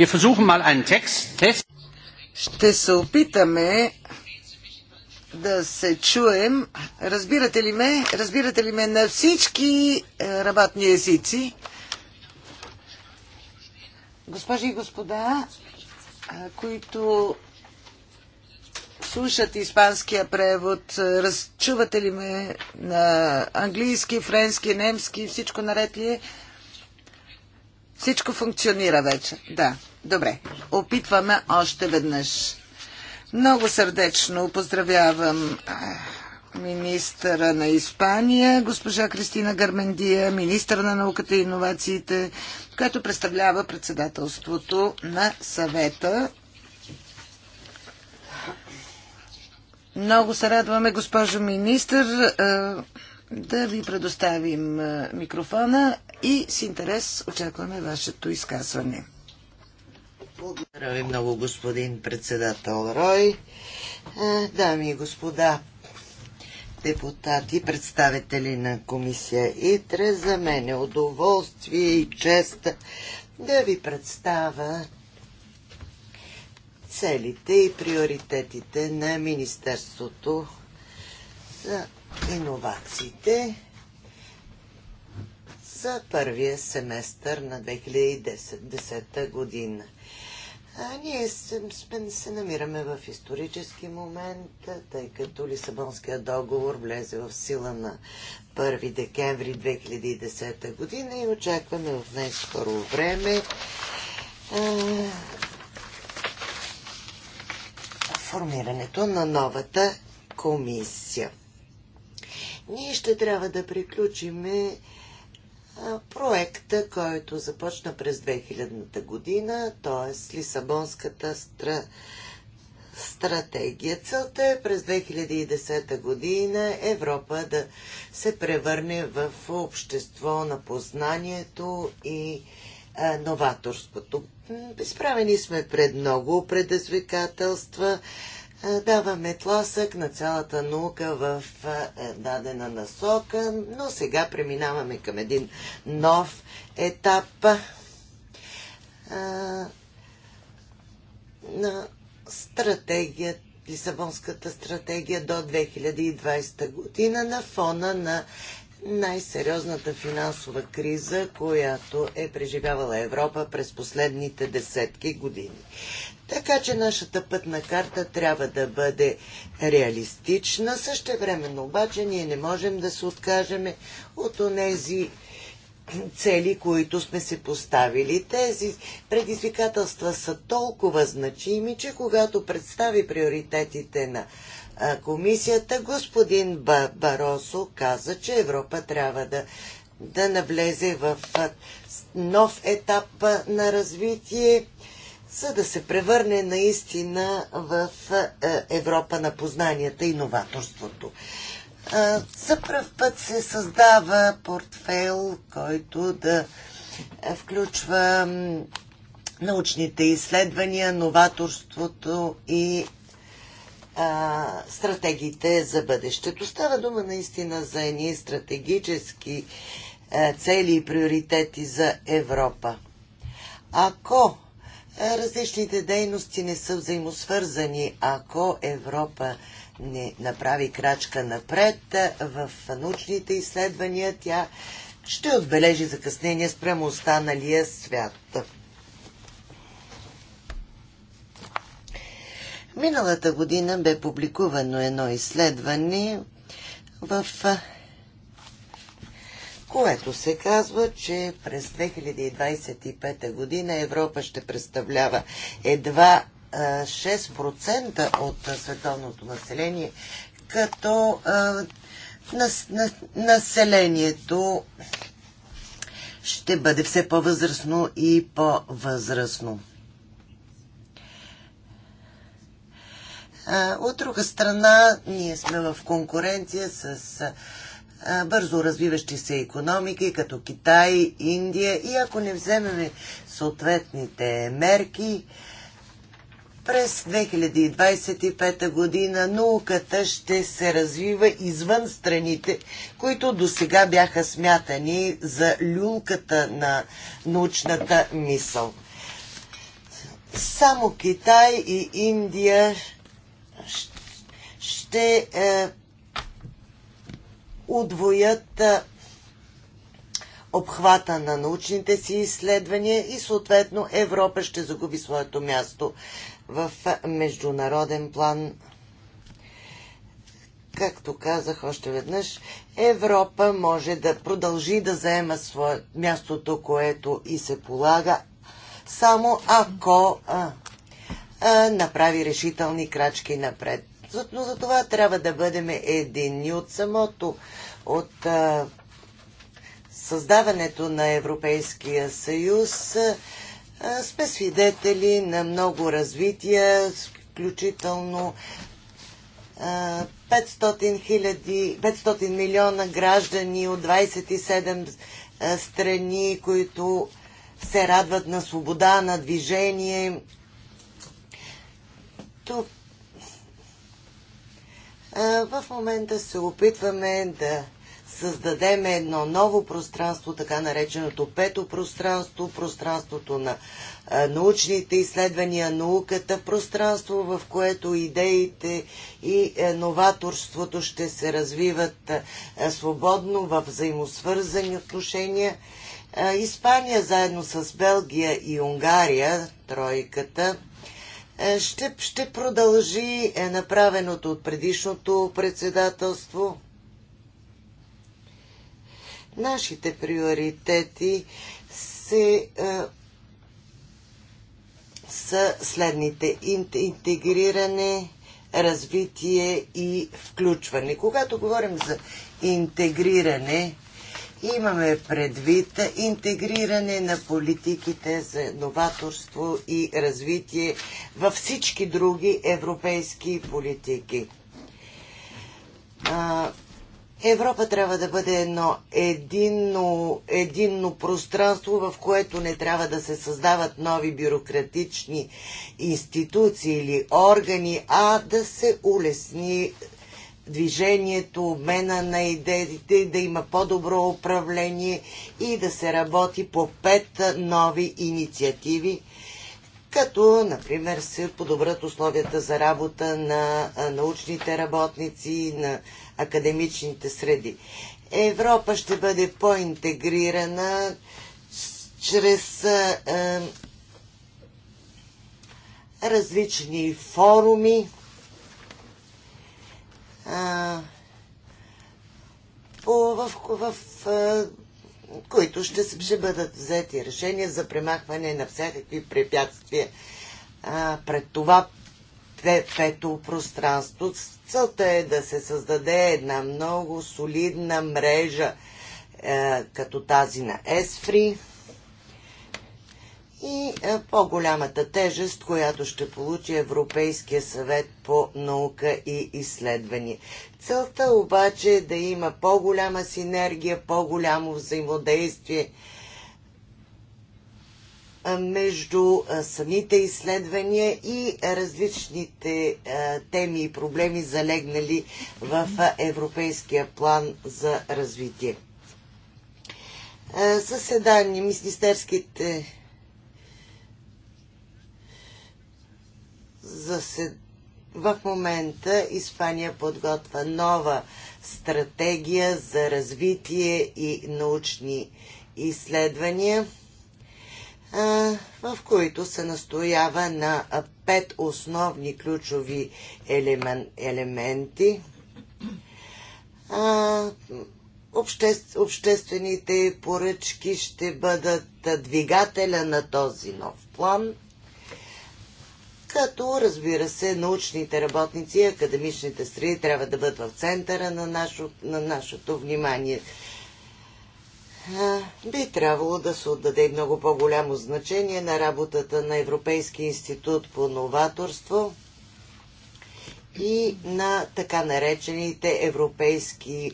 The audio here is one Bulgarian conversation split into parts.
Wir versuchen mal einen Text, Test. Ще се опитаме да се чуем. Разбирате ли ме? Разбирате ли ме на всички е, работни езици? Госпожи и господа, е, които слушат испанския превод, е, разчувате ли ме на английски, френски, немски, всичко наред ли е? Всичко функционира вече, да. Добре, опитваме още веднъж. Много сърдечно поздравявам министъра на Испания, госпожа Кристина Гармендия, министъра на науката и иновациите, която представлява председателството на съвета. Много се радваме, госпожо министър, да ви предоставим микрофона и с интерес очакваме вашето изказване. Благодаря ви много, господин председател Рой. Е, дами и господа депутати, представители на комисия ИТРЕ, за мен е удоволствие и чест да ви представя целите и приоритетите на Министерството за иновациите за първия семестър на 2010 година. А, ние сме, се намираме в исторически момент, тъй като Лисабонския договор влезе в сила на 1 декември 2010 година и очакваме в най-скоро време а, формирането на новата комисия. Ние ще трябва да приключиме проекта, който започна през 2000-та година, т.е. Лисабонската стра... стратегия. Целта е през 2010 година Европа да се превърне в общество на познанието и новаторското. новаторството. Изправени сме пред много предизвикателства даваме тласък на цялата наука в е, дадена насока, но сега преминаваме към един нов етап на стратегията Лисабонската стратегия до 2020 година на фона на най-сериозната финансова криза, която е преживявала Европа през последните десетки години. Така че нашата пътна карта трябва да бъде реалистична. Също обаче ние не можем да се откажем от онези цели, които сме се поставили. Тези предизвикателства са толкова значими, че когато представи приоритетите на комисията, господин Баросо каза, че Европа трябва да, да навлезе в нов етап на развитие за да се превърне наистина в е, Европа на познанията и новаторството. Е, за пръв път се създава портфел, който да включва научните изследвания, новаторството и е, стратегиите за бъдещето. Става дума наистина за едни стратегически цели и приоритети за Европа. Ако различните дейности не са взаимосвързани. Ако Европа не направи крачка напред в научните изследвания, тя ще отбележи закъснение спрямо останалия свят. Миналата година бе публикувано едно изследване в което се казва, че през 2025 година Европа ще представлява едва 6% от световното население, като населението ще бъде все по-възрастно и по-възрастно. От друга страна, ние сме в конкуренция с бързо развиващи се економики, като Китай, Индия и ако не вземем съответните мерки, през 2025 година науката ще се развива извън страните, които до сега бяха смятани за люлката на научната мисъл. Само Китай и Индия ще е, удвоят обхвата на научните си изследвания и съответно Европа ще загуби своето място в международен план. Както казах още веднъж, Европа може да продължи да заема свое, мястото, което и се полага, само ако а, а, направи решителни крачки напред. Но за това трябва да бъдем едини от самото, от а, създаването на Европейския съюз. А, сме свидетели на много развития, включително 500, 000, 500 милиона граждани от 27 страни, които се радват на свобода, на движение. Тук в момента се опитваме да създадем едно ново пространство, така нареченото пето пространство, пространството на научните изследвания, науката, пространство, в което идеите и е, новаторството ще се развиват е, свободно в взаимосвързани отношения. Е, Испания заедно с Белгия и Унгария, тройката, е, ще, ще продължи е направеното от предишното председателство. Нашите приоритети се, е, са следните. Интегриране, развитие и включване. Когато говорим за интегриране, имаме предвид интегриране на политиките за новаторство и развитие във всички други европейски политики. Европа трябва да бъде едно единно, единно пространство, в което не трябва да се създават нови бюрократични институции или органи, а да се улесни движението, обмена на идеите, да има по-добро управление и да се работи по пет нови инициативи, като, например, се подобрат условията за работа на научните работници, на академичните среди. Европа ще бъде по-интегрирана чрез е, различни форуми, по, в, в, в в които ще, ще бъдат взети решения за премахване на всякакви препятствия а, пред това пето пространство. Целта е да се създаде една много солидна мрежа а, е, като тази на Есфри и е, по-голямата тежест, която ще получи Европейския съвет по наука и изследвания. Целта обаче е да има по-голяма синергия, по-голямо взаимодействие е, между е, самите изследвания и различните теми и проблеми, залегнали в Европейския план за развитие. Съседание, министерските се... в момента Испания подготвя нова стратегия за развитие и научни изследвания, в които се настоява на пет основни ключови елемен... елементи. Обще... Обществените поръчки ще бъдат двигателя на този нов план – като разбира се научните работници и академичните среди трябва да бъдат в центъра на, нашо, на нашето внимание. би трябвало да се отдаде много по-голямо значение на работата на Европейския институт по новаторство и на така наречените европейски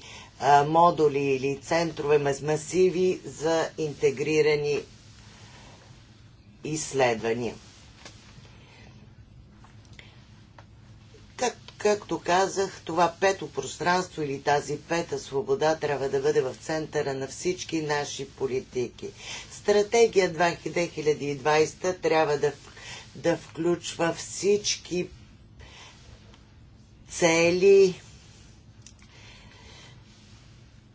модули или центрове, масиви за интегрирани изследвания. Както казах, това пето пространство или тази пета свобода трябва да бъде в центъра на всички наши политики. Стратегия 2020 трябва да, да включва всички цели,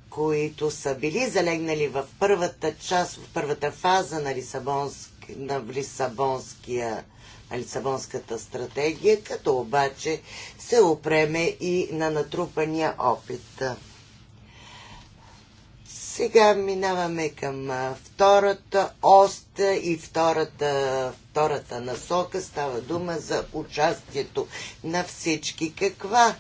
които са били залегнали в първата част, в първата фаза на, Лисабонск, на Лисабонския Лисабонската стратегия, като обаче се опреме и на натрупания опит. Сега минаваме към втората ост и втората, втората насока. Става дума за участието на всички. Каква?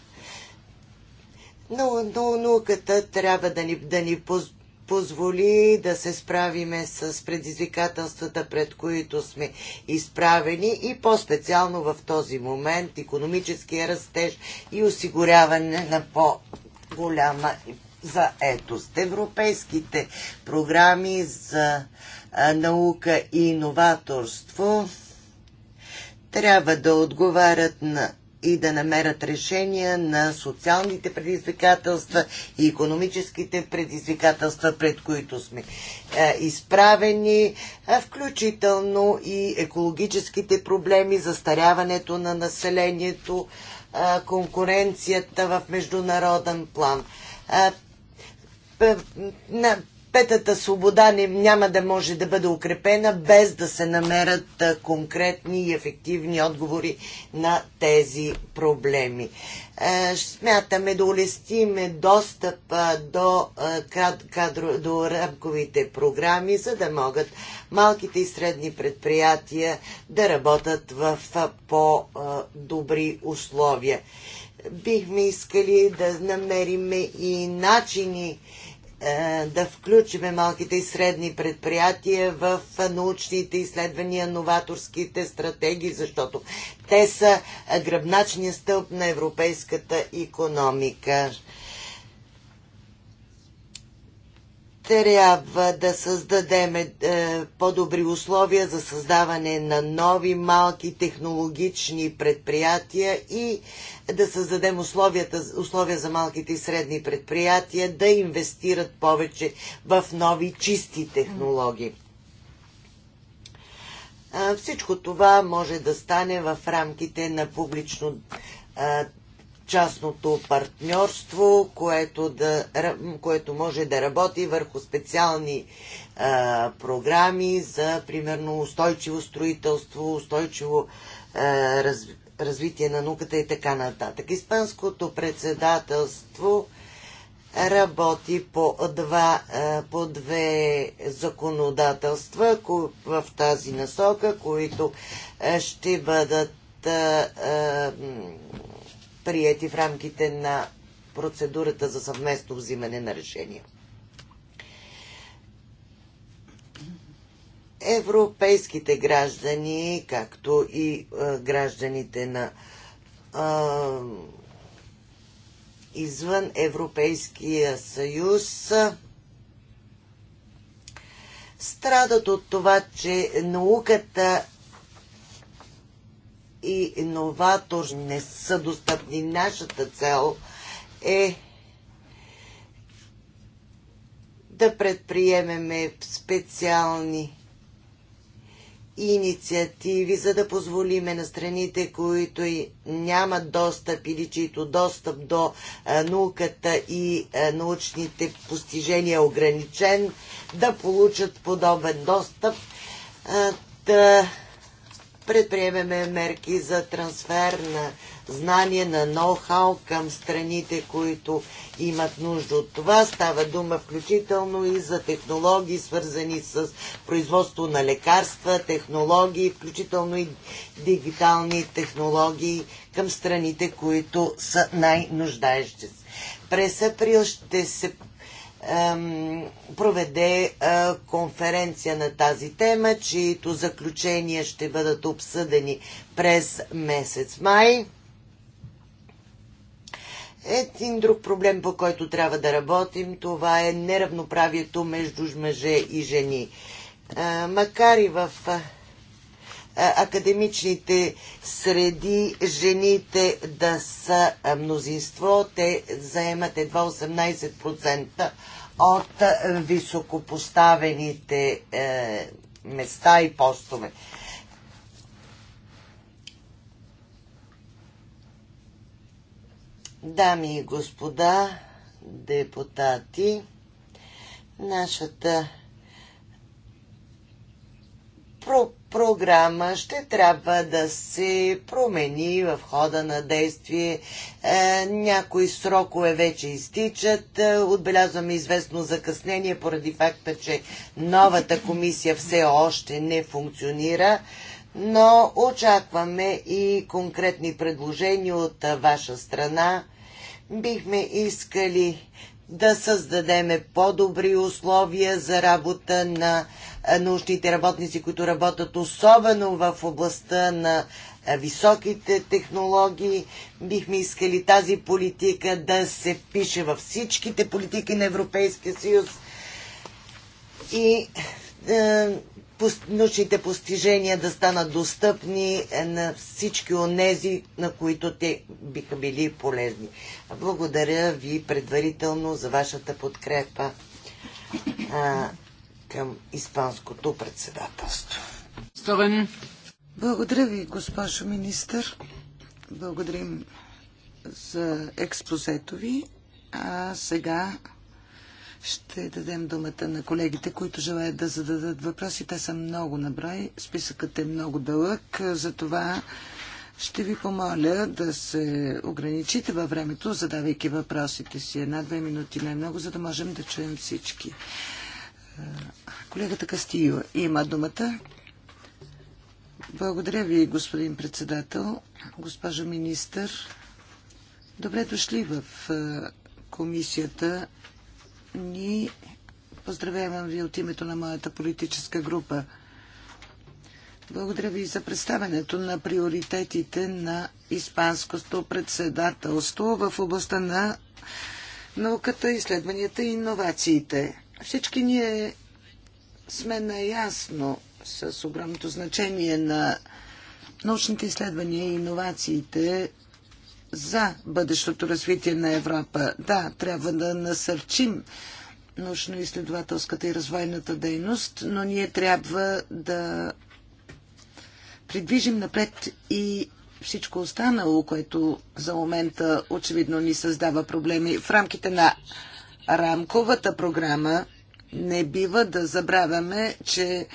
Но, но науката трябва да ни, да ни позволи позволи да се справиме с предизвикателствата, пред които сме изправени и по-специално в този момент економическия растеж и осигуряване на по-голяма заетост. Европейските програми за наука и иноваторство трябва да отговарят на и да намерят решения на социалните предизвикателства и економическите предизвикателства, пред които сме е, изправени, включително и екологическите проблеми, застаряването на населението, конкуренцията в международен план петата свобода не, няма да може да бъде укрепена без да се намерят конкретни и ефективни отговори на тези проблеми. Е, смятаме да улестиме достъп до, кадро, до рамковите програми, за да могат малките и средни предприятия да работят в по-добри условия. Бихме искали да намериме и начини е, да включиме малките и средни предприятия в научните изследвания, новаторските стратегии, защото те са гръбначния стълб на европейската економика. трябва да създадем е, по-добри условия за създаване на нови малки технологични предприятия и да създадем условията, условия за малките и средни предприятия да инвестират повече в нови чисти технологии. Е, всичко това може да стане в рамките на публично е, частното партньорство, което, да, което може да работи върху специални а, програми за, примерно, устойчиво строителство, устойчиво а, раз, развитие на науката и така нататък. Испанското председателство работи по, два, по две законодателства в тази насока, които ще бъдат приети в рамките на процедурата за съвместно взимане на решения. Европейските граждани, както и гражданите на а, извън Европейския съюз, страдат от това, че науката и иноваторни не са достъпни. Нашата цел е да предприемеме специални инициативи, за да позволиме на страните, които нямат достъп или чието достъп до науката и научните постижения е ограничен, да получат подобен достъп, да предприемеме мерки за трансфер на знание, на ноу-хау към страните, които имат нужда от това. Става дума включително и за технологии, свързани с производство на лекарства, технологии, включително и дигитални технологии към страните, които са най-нуждаещи През април ще се проведе конференция на тази тема, чието заключения ще бъдат обсъдени през месец май. Един друг проблем, по който трябва да работим, това е неравноправието между мъже и жени. Макар и в академичните среди жените да са мнозинство. Те заемат едва 18% от високопоставените е, места и постове. Дами и господа, депутати, нашата проп програма ще трябва да се промени в хода на действие. Е, някои срокове вече изтичат. Е, отбелязваме известно закъснение поради факта, че новата комисия все още не функционира, но очакваме и конкретни предложения от ваша страна. Бихме искали да създадеме по-добри условия за работа на научните работници, които работят особено в областта на високите технологии. Бихме искали тази политика да се пише във всичките политики на Европейския съюз и е, научните постижения да станат достъпни на всички онези, на които те биха били полезни. Благодаря ви предварително за вашата подкрепа към Испанското председателство. Сторен. Благодаря ви, госпожо министър. Благодарим за експозето ви. А сега ще дадем думата на колегите, които желаят да зададат въпроси. Те са много наброй. Списъкът е много дълъг. Затова ще ви помоля да се ограничите във времето, задавайки въпросите си. Една-две минути най-много, за да можем да чуем всички. Колегата Кастио има думата. Благодаря ви, господин председател, госпожо министър. Добре дошли в е, комисията. Ни поздравявам ви от името на моята политическа група. Благодаря ви за представенето на приоритетите на Испанското председателство в областта на науката, изследванията и иновациите. Всички ние сме наясно с огромното значение на научните изследвания и иновациите за бъдещото развитие на Европа. Да, трябва да насърчим научно-изследователската и развойната дейност, но ние трябва да придвижим напред и всичко останало, което за момента очевидно ни създава проблеми в рамките на рамковата програма не бива да забравяме, че е,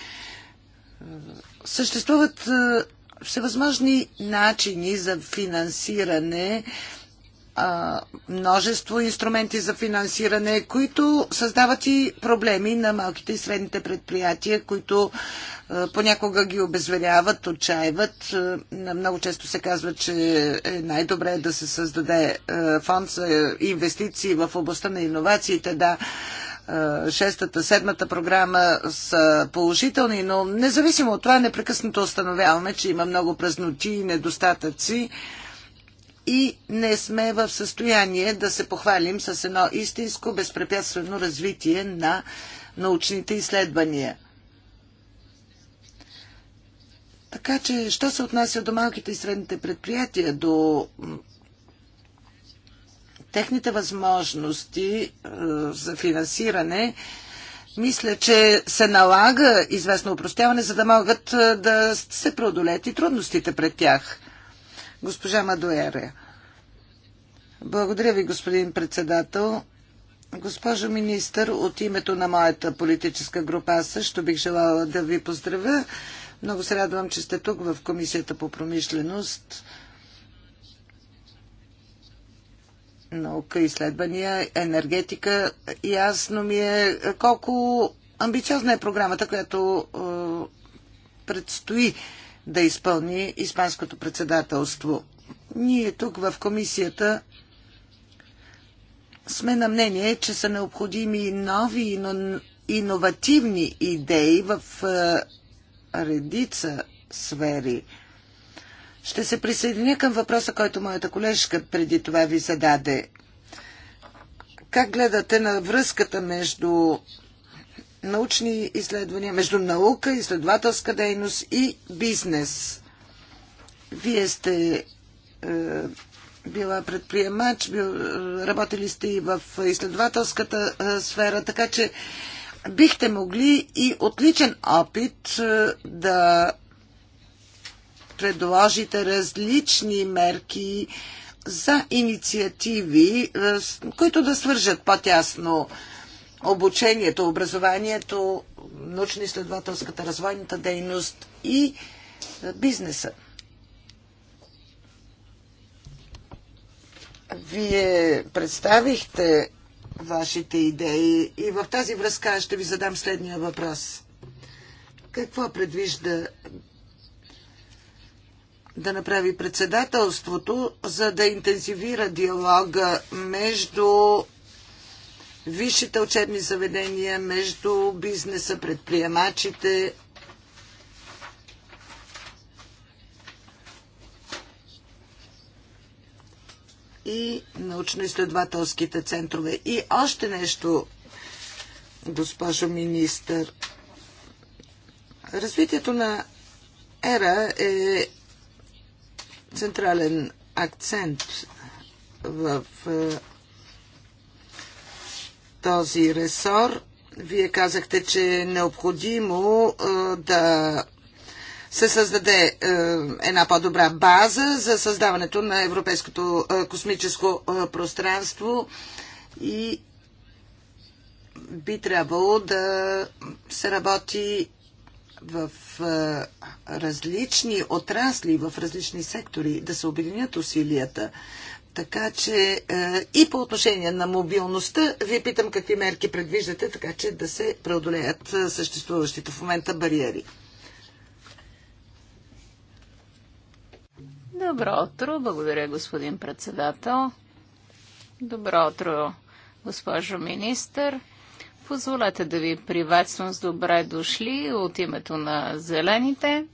съществуват е, всевъзможни начини за финансиране а, множество инструменти за финансиране, които създават и проблеми на малките и средните предприятия, които а, понякога ги обезверяват, отчаиват. А, много често се казва, че е най-добре да се създаде а, фонд за инвестиции в областта на иновациите. Да, шестата, седмата програма са положителни, но независимо от това, непрекъснато установяваме, че има много празноти и недостатъци и не сме в състояние да се похвалим с едно истинско безпрепятствено развитие на научните изследвания. Така че, що се отнася до малките и средните предприятия, до техните възможности е, за финансиране, мисля, че се налага известно упростяване, за да могат е, да се преодолеят и трудностите пред тях – Госпожа Мадуере. Благодаря ви, господин председател. Госпожо министър, от името на моята политическа група аз също бих желала да ви поздравя. Много се радвам, че сте тук в Комисията по промишленост, наука, изследвания, енергетика. Ясно ми е колко амбициозна е програмата, която е, предстои да изпълни Испанското председателство. Ние тук в комисията сме на мнение, че са необходими нови иновативни идеи в е, редица сфери. Ще се присъединя към въпроса, който моята колежка преди това ви зададе. Как гледате на връзката между научни изследвания, между наука, изследователска дейност и бизнес. Вие сте е, била предприемач, бил, работили сте и в изследователската е, сфера, така че бихте могли и отличен опит е, да предложите различни мерки за инициативи, е, които да свържат по-тясно обучението, образованието, научно-изследователската, развойната дейност и бизнеса. Вие представихте вашите идеи и в тази връзка ще ви задам следния въпрос. Какво предвижда да направи председателството, за да интензивира диалога между висшите учебни заведения, между бизнеса, предприемачите. и научно-изследователските центрове. И още нещо, госпожо министър. Развитието на ера е централен акцент в е, този ресор. Вие казахте, че е необходимо е, да се създаде е, една по-добра база за създаването на европейското е, космическо пространство и би трябвало да се работи в различни отрасли, в различни сектори, да се объединят усилията. Така че е, и по отношение на мобилността ви питам какви мерки предвиждате, така че да се преодолеят е, съществуващите в момента бариери. Добро утро, благодаря господин председател. Добро утро, госпожо министър. Позволете да ви приветствам с добре дошли от името на Зелените.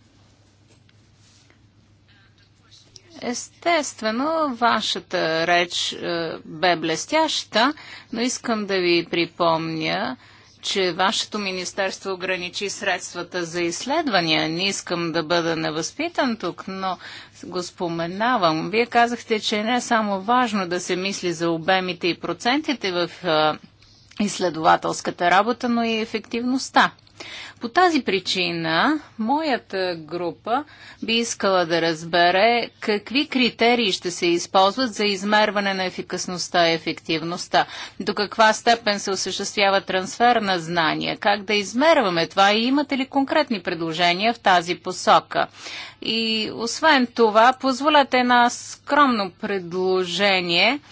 Естествено, вашата реч е, бе блестяща, но искам да ви припомня, че вашето министерство ограничи средствата за изследвания. Не искам да бъда невъзпитан тук, но го споменавам. Вие казахте, че не е само важно да се мисли за обемите и процентите в е, изследователската работа, но и ефективността. По тази причина, моята група би искала да разбере какви критерии ще се използват за измерване на ефикасността и ефективността, до каква степен се осъществява трансфер на знания, как да измерваме това и имате ли конкретни предложения в тази посока. И освен това, позволете една скромно предложение –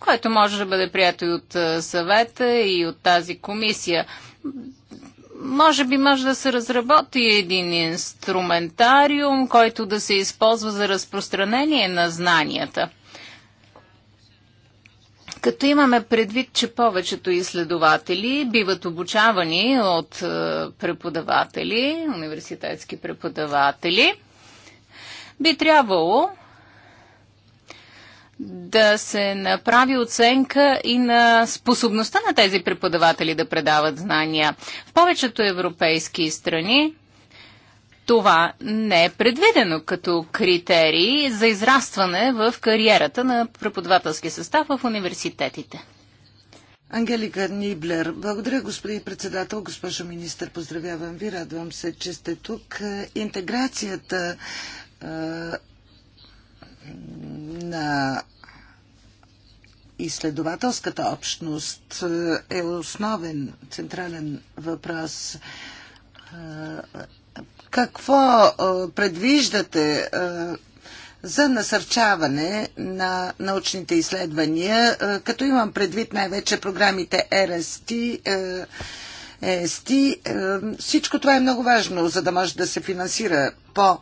което може да бъде прието и от съвета, и от тази комисия може би може да се разработи един инструментариум, който да се използва за разпространение на знанията. Като имаме предвид, че повечето изследователи биват обучавани от е, преподаватели, университетски преподаватели, би трябвало да се направи оценка и на способността на тези преподаватели да предават знания. В повечето европейски страни това не е предвидено като критерии за израстване в кариерата на преподавателски състав в университетите. Ангелика Ниблер, благодаря господин председател, госпожо министър, поздравявам ви, радвам се, че сте тук. Интеграцията на изследователската общност е основен, централен въпрос. Какво предвиждате за насърчаване на научните изследвания, като имам предвид най-вече програмите RST, ЕСТ. Всичко това е много важно, за да може да се финансира по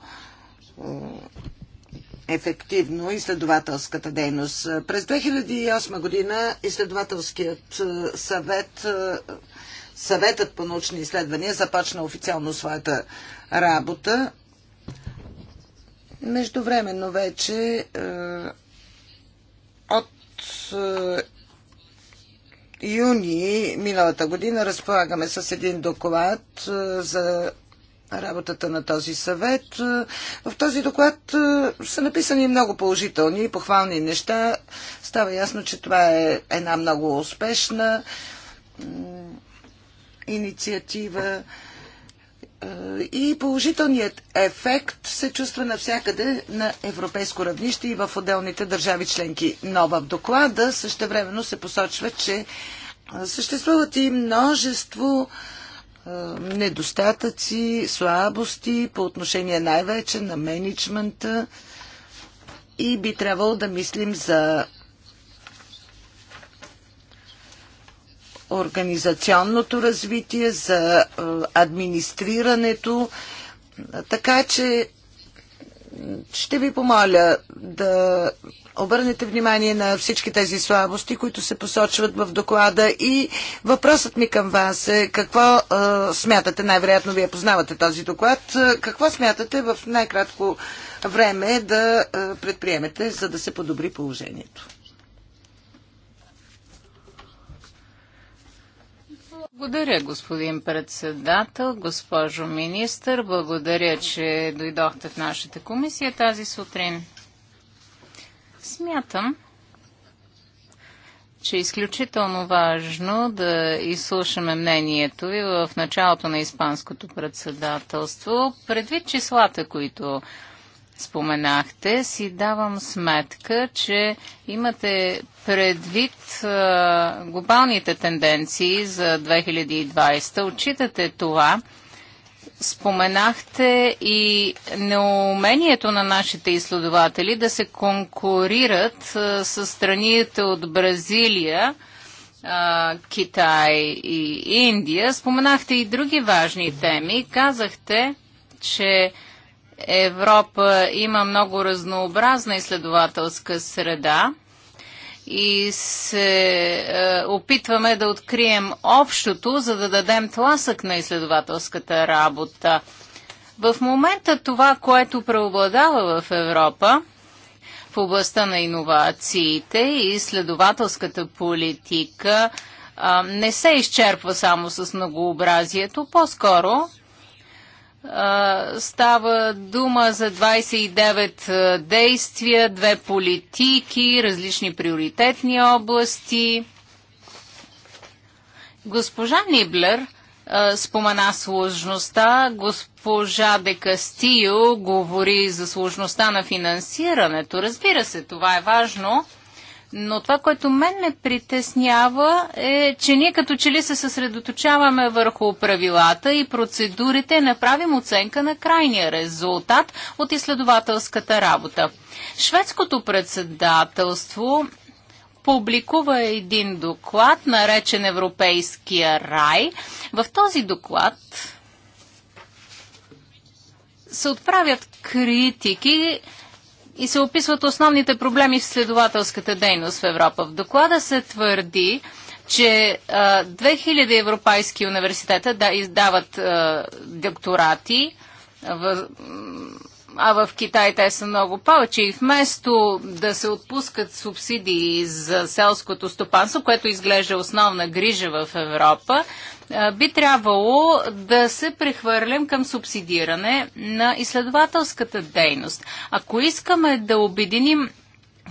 ефективно изследователската дейност. През 2008 година изследователският е, съвет, е, съветът по научни изследвания започна официално своята работа. Междувременно вече е, от юни миналата година разполагаме с един доклад за работата на този съвет. В този доклад е, са написани много положителни и похвални неща. Става ясно, че това е една много успешна инициатива. Е, и положителният ефект се чувства навсякъде на европейско равнище и в отделните държави членки. Но в доклада същевременно се посочва, че съществуват и множество недостатъци, слабости по отношение най-вече на менеджмента и би трябвало да мислим за организационното развитие, за администрирането. Така че ще ви помоля да обърнете внимание на всички тези слабости, които се посочват в доклада и въпросът ми към вас е какво е, смятате, най-вероятно вие познавате този доклад, е, какво смятате в най-кратко време да е, предприемете, за да се подобри положението? Благодаря, господин председател, госпожо министър. Благодаря, че дойдохте в нашата комисия тази сутрин. Смятам, че е изключително важно да изслушаме мнението ви в началото на Испанското председателство. Предвид числата, които споменахте, си давам сметка, че имате предвид а, глобалните тенденции за 2020. Отчитате това Споменахте и неумението на нашите изследователи да се конкурират с страните от Бразилия, Китай и Индия. Споменахте и други важни теми. Казахте, че Европа има много разнообразна изследователска среда и се е, опитваме да открием общото, за да дадем тласък на изследователската работа. В момента това, което преобладава в Европа в областта на иновациите и изследователската политика, не се изчерпва само с многообразието, по-скоро Става дума за 29 действия, две политики, различни приоритетни области. Госпожа Ниблер спомена сложността, госпожа Де Кастио говори за сложността на финансирането. Разбира се, това е важно но това, което мен ме притеснява е, че ние като че ли се съсредоточаваме върху правилата и процедурите, направим оценка на крайния резултат от изследователската работа. Шведското председателство публикува един доклад, наречен Европейския рай. В този доклад се отправят критики и се описват основните проблеми в следователската дейност в Европа. В доклада се твърди, че а, 2000 европейски университета да, издават а, докторати а в Китай те са много повече. И вместо да се отпускат субсидии за селското стопанство, което изглежда основна грижа в Европа, би трябвало да се прехвърлим към субсидиране на изследователската дейност. Ако искаме да обединим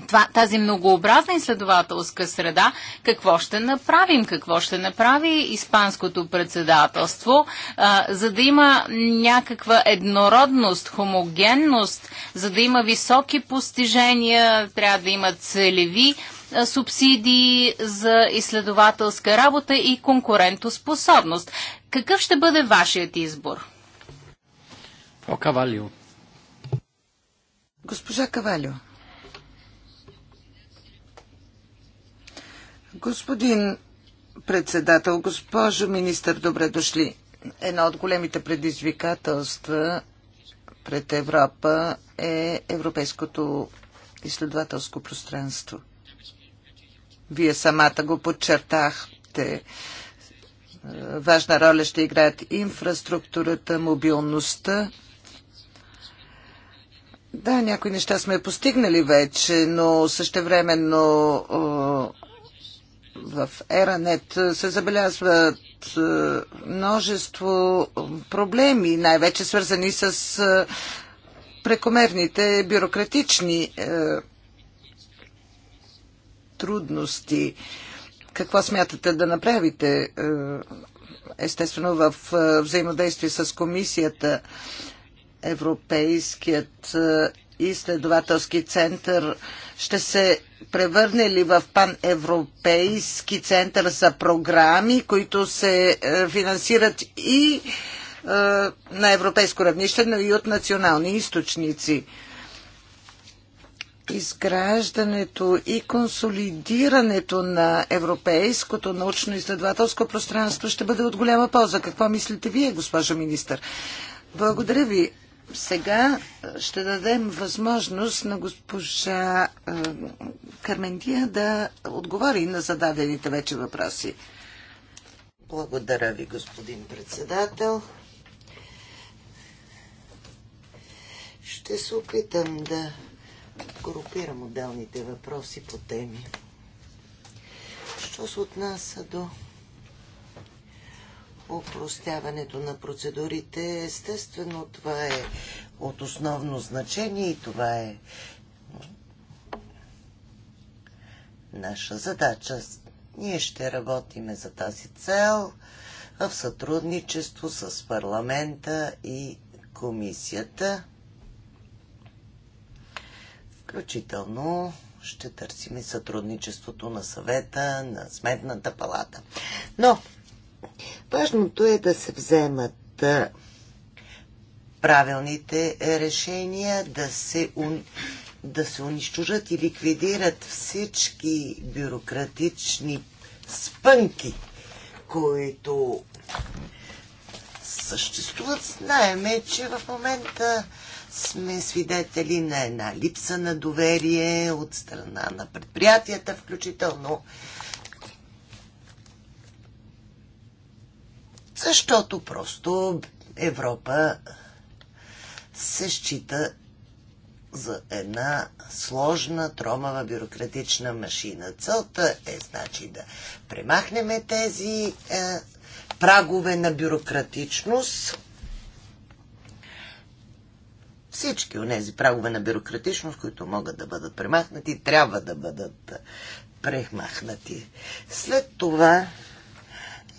това, тази многообразна изследователска среда, какво ще направим, какво ще направи Испанското председателство, а, за да има някаква еднородност, хомогенност, за да има високи постижения, трябва да има целеви субсидии за изследователска работа и конкурентоспособност. Какъв ще бъде вашият избор? О, Кавалио. Госпожа Кавалио. Господин председател, госпожо министър, добре дошли. Едно от големите предизвикателства пред Европа е европейското изследователско пространство. Вие самата го подчертахте. Важна роля ще играят инфраструктурата, мобилността. Да, някои неща сме постигнали вече, но същевременно в Еранет се забелязват множество проблеми, най-вече свързани с прекомерните бюрократични трудности. Какво смятате да направите, естествено, в взаимодействие с комисията? Европейският изследователски център ще се превърне ли в паневропейски център за програми, които се е, финансират и е, на европейско равнище, но и от национални източници. Изграждането и консолидирането на европейското научно-изследователско пространство ще бъде от голяма полза. Какво мислите вие, госпожо министър? Благодаря ви. Сега е, ще дадем възможност на госпожа е, Кармендия да отговори на зададените вече въпроси. Благодаря ви, господин председател. Ще се опитам да групирам отделните въпроси по теми. Що се отнася до упростяването на процедурите. Естествено, това е от основно значение и това е наша задача. Ние ще работиме за тази цел в сътрудничество с парламента и комисията. Включително ще търсим и сътрудничеството на съвета, на сметната палата. Но Важното е да се вземат правилните е, решения, да се, да се унищожат и ликвидират всички бюрократични спънки, които съществуват. Знаеме, че в момента сме свидетели на една липса на доверие от страна на предприятията, включително защото просто Европа се счита за една сложна, тромава, бюрократична машина. Целта е, значи, да премахнеме тези е, прагове на бюрократичност. Всички от тези прагове на бюрократичност, които могат да бъдат премахнати, трябва да бъдат премахнати. След това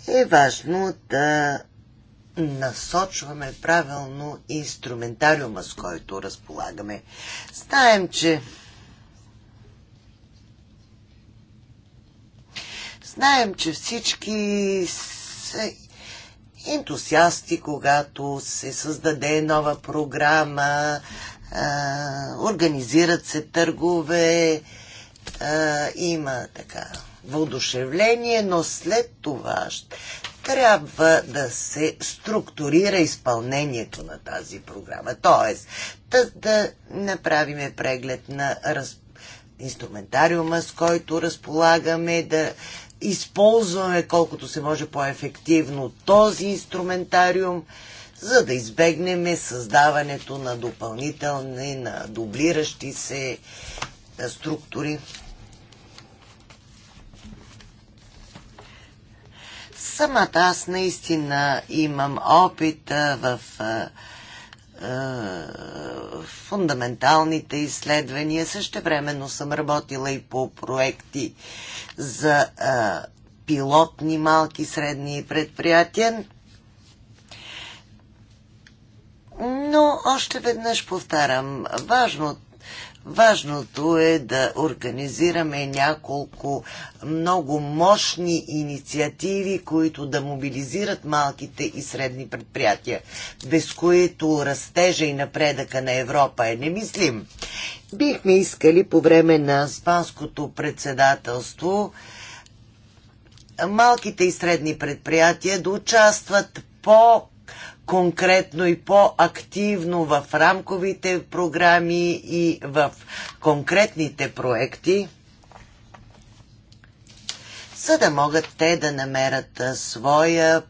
е важно да насочваме правилно инструментариума, с който разполагаме. Знаем, че Знаем, че всички са ентусиасти, когато се създаде нова програма, организират се търгове, има така въодушевление, но след това трябва да се структурира изпълнението на тази програма. Тоест, да, да направиме преглед на раз... инструментариума, с който разполагаме, да използваме колкото се може по-ефективно този инструментариум, за да избегнем създаването на допълнителни, на дублиращи се структури. Самата аз наистина имам опит в фундаменталните изследвания. Също времено съм работила и по проекти за а, пилотни малки, средни предприятия. Но още веднъж повтарям, важното. Важното е да организираме няколко много мощни инициативи, които да мобилизират малките и средни предприятия, без които растежа и напредъка на Европа е немислим. Бихме искали по време на Испанското председателство малките и средни предприятия да участват по конкретно и по-активно в рамковите програми и в конкретните проекти, за да могат те да намерят своя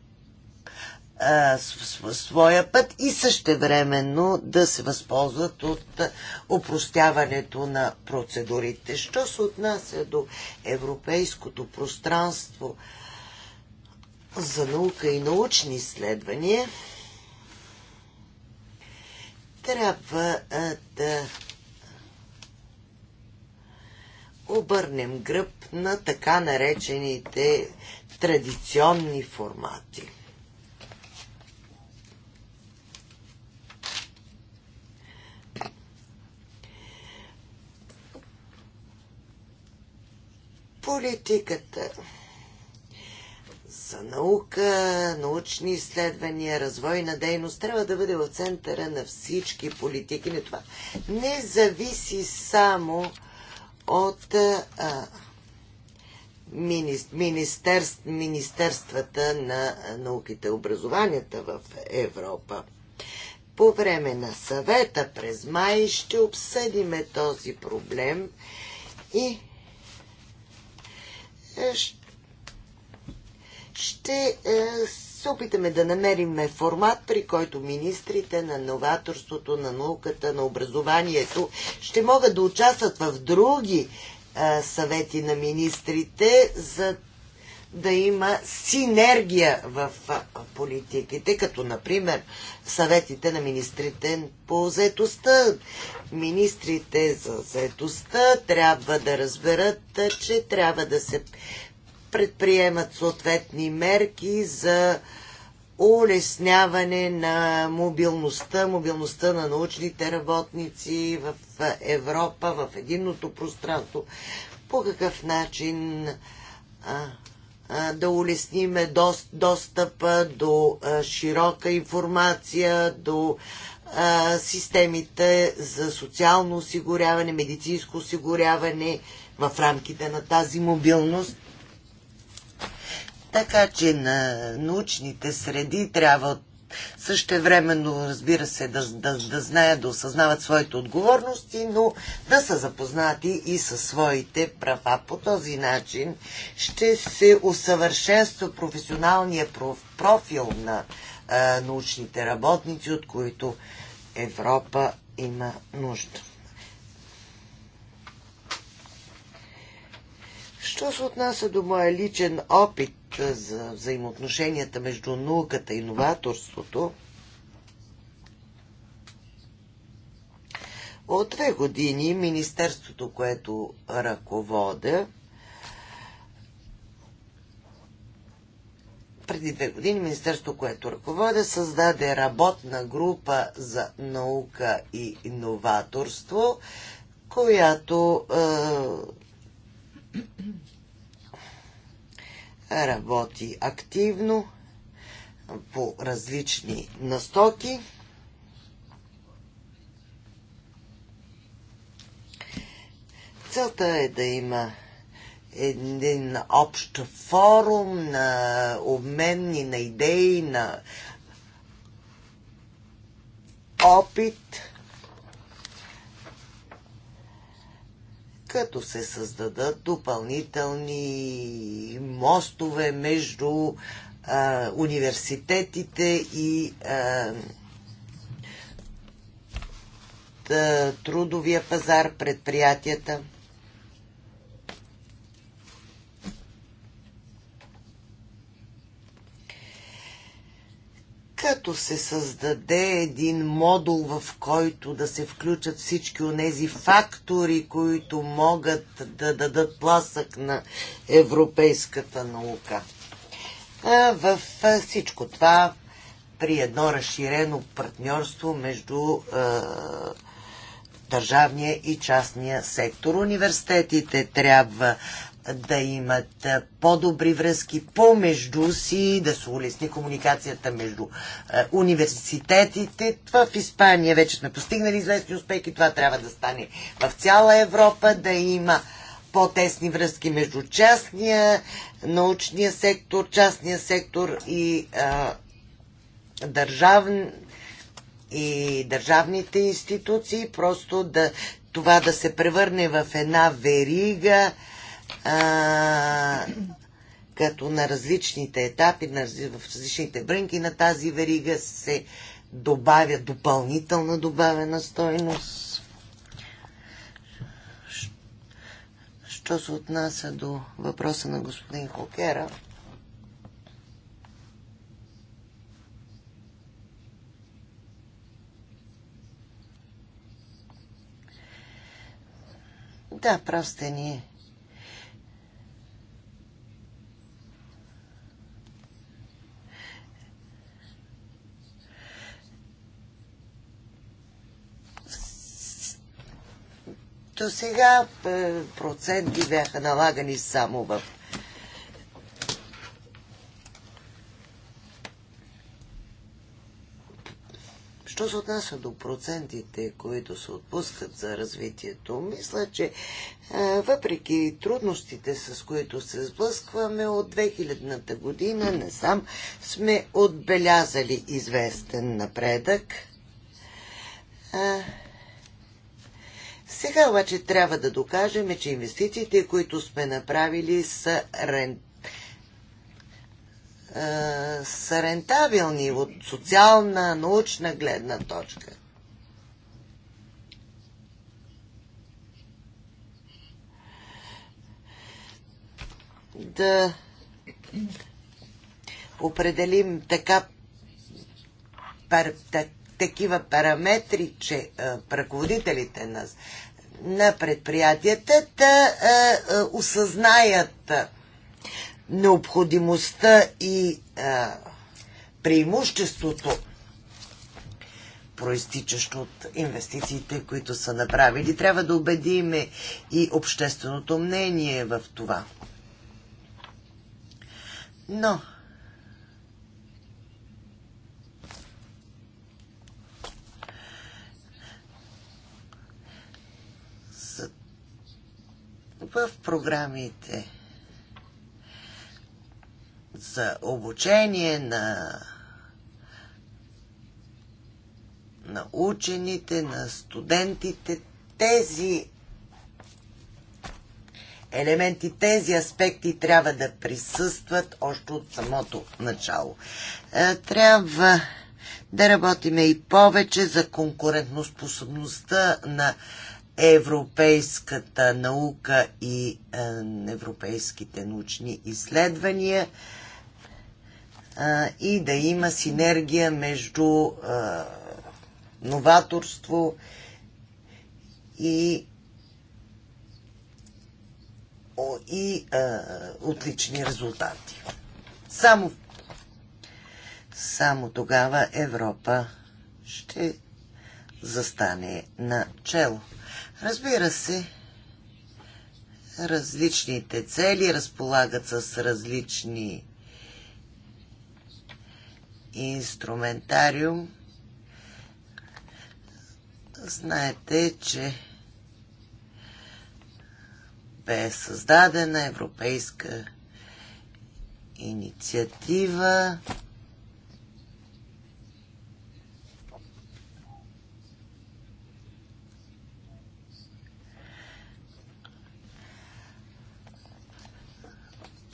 своя път и същевременно да се възползват от опростяването на процедурите. Що се отнася до европейското пространство за наука и научни изследвания, трябва а, да обърнем гръб на така наречените традиционни формати. Политиката са наука, научни изследвания, развойна дейност, трябва да бъде в центъра на всички политики. Не, това не зависи само от а, министерств, министерствата на науките и образованията в Европа. По време на съвета през май ще обсъдиме този проблем и ще ще е, се опитаме да намерим формат, при който министрите на новаторството, на науката, на образованието ще могат да участват в други е, съвети на министрите, за да има синергия в е, политиките, като например съветите на министрите по заетостта. Министрите за заетостта трябва да разберат, че трябва да се предприемат съответни мерки за улесняване на мобилността, мобилността на научните работници в Европа, в единното пространство. По какъв начин а, а, да улесниме дост, достъпа до а, широка информация, до а, системите за социално осигуряване, медицинско осигуряване в рамките на тази мобилност. Така че на научните среди трябва същевременно, разбира се, да, да, да знаят, да осъзнават своите отговорности, но да са запознати и със своите права. По този начин ще се усъвършенства професионалния профил на а, научните работници, от които Европа има нужда. Що се отнася до моя личен опит е, за взаимоотношенията между науката и новаторството, от две години Министерството, което ръководя. преди две години Министерството, което ръководя, създаде работна група за наука и иноваторство, която е, работи активно по различни настоки. Целта е да има един общ форум на обменни на идеи, на опит като се създадат допълнителни мостове между а, университетите и а, трудовия пазар, предприятията. като се създаде един модул, в който да се включат всички от тези фактори, които могат да дадат пласък на европейската наука. В всичко това при едно разширено партньорство между е, държавния и частния сектор. Университетите трябва да имат по-добри връзки помежду си, да се улесни комуникацията между университетите. Това в Испания вече сме постигнали известни успехи, това трябва да стане в цяла Европа, да има по-тесни връзки между частния, научния сектор, частния сектор и, а, държав... и държавните институции, просто да това да се превърне в една верига а, като на различните етапи, на, в различните брънки на тази верига се добавя допълнителна добавена стойност. Що се отнася до въпроса на господин Хокера, Да, прав сте ние. До сега е, проценти бяха налагани само в Що се отнася до процентите, които се отпускат за развитието, мисля, че е, въпреки трудностите, с които се сблъскваме от 2000-та година, не сам сме отбелязали известен напредък. Е, сега обаче трябва да докажем, че инвестициите, които сме направили, са, рен... а, са рентабилни от социална, научна гледна точка. Да определим така, пар, так, такива параметри, че ръководителите на, на предприятията да осъзнаят необходимостта и преимуществото проистичащо от инвестициите, които са направили. Трябва да убедиме и общественото мнение в това. Но в програмите за обучение на на учените, на студентите, тези елементи, тези аспекти трябва да присъстват още от самото начало. Е, трябва да работиме и повече за конкурентноспособността на европейската наука и е, европейските научни изследвания е, и да има синергия между е, новаторство и и а, отлични резултати. Само, само тогава Европа ще застане на чело. Разбира се, различните цели разполагат с различни инструментариум. Знаете, че бе създадена европейска инициатива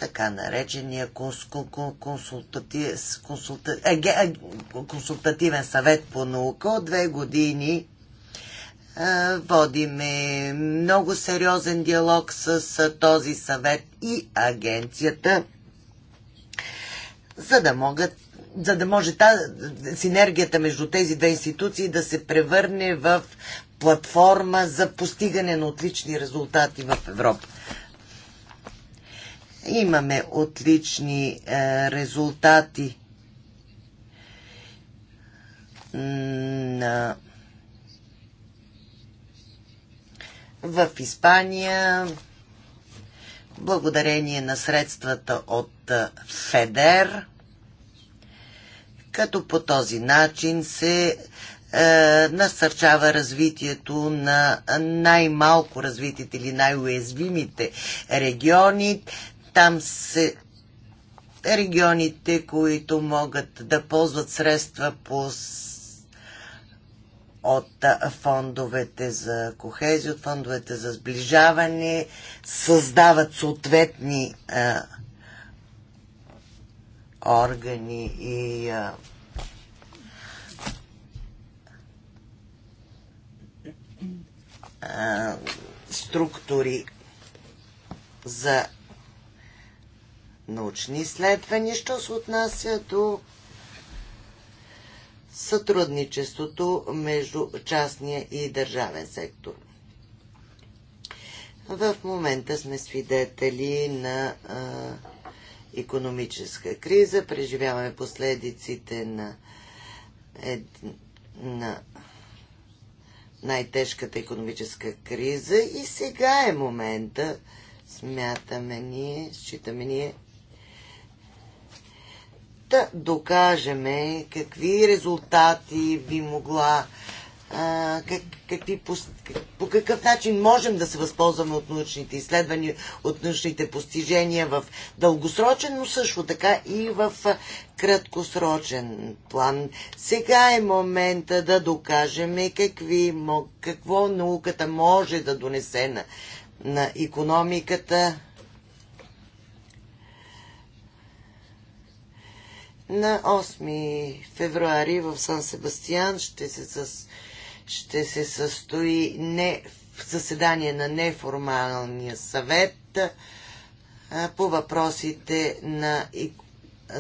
така наречения консултативен, е, консултативен съвет по наука. От две години водиме много сериозен диалог с този съвет и агенцията, за да могат за да може та, синергията между тези две институции да се превърне в платформа за постигане на отлични резултати в Европа. Имаме отлични е, резултати на в Испания, благодарение на средствата от е, ФЕДЕР, като по този начин се е, насърчава развитието на най-малко развитите или най-уязвимите региони. Там се регионите, които могат да ползват средства по от фондовете за кохезия, от фондовете за сближаване, създават съответни а, органи и а, а, структури за научни изследвания, що се отнася до сътрудничеството между частния и държавен сектор. В момента сме свидетели на а, економическа криза, преживяваме последиците на, ед, на най-тежката економическа криза и сега е момента, смятаме ние, считаме ние, да докажеме какви резултати би могла, как, какви, по, по какъв начин можем да се възползваме от научните изследвания, от научните постижения в дългосрочен, но също така и в краткосрочен план. Сега е момента да докажеме какви, какво науката може да донесе на, на економиката, На 8 февруари в Сан Себастиан ще се, със... ще се състои не... заседание на неформалния съвет по въпросите на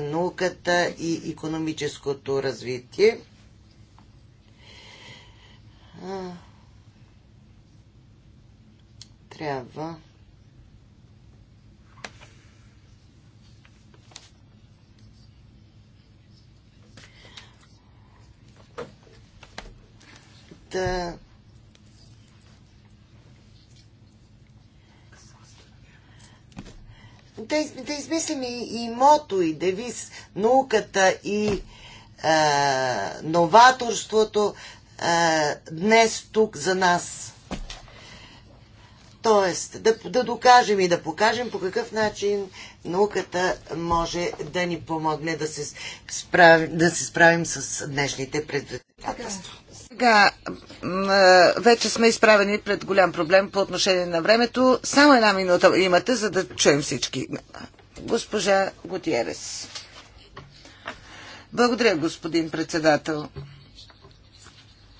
науката и економическото развитие. Трябва да да, из, да измислим и, и мото, и девиз, науката и а, новаторството а, днес тук за нас. Тоест, да, да докажем и да покажем по какъв начин науката може да ни помогне да се, справим, да се справим с днешните предизвикателства. Сега вече сме изправени пред голям проблем по отношение на времето. Само една минута имате, за да чуем всички. Госпожа Готиерес. Благодаря, господин председател.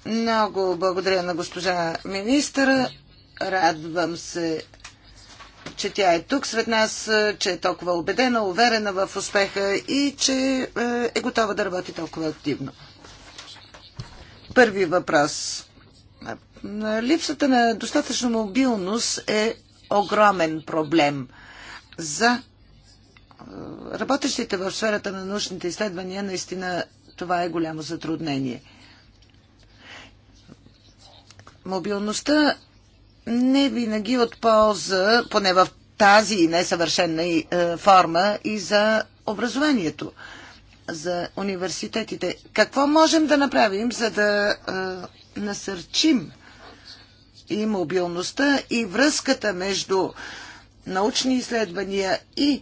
Много благодаря на госпожа министъра. Радвам се, че тя е тук сред нас, че е толкова убедена, уверена в успеха и че е, е готова да работи толкова активно. Първи въпрос. Липсата на достатъчно мобилност е огромен проблем за е, работещите в сферата на научните изследвания. Наистина това е голямо затруднение. Мобилността не винаги е от полза, поне в тази несъвършена е, форма и за образованието за университетите. Какво можем да направим, за да а, насърчим и мобилността и връзката между научни изследвания и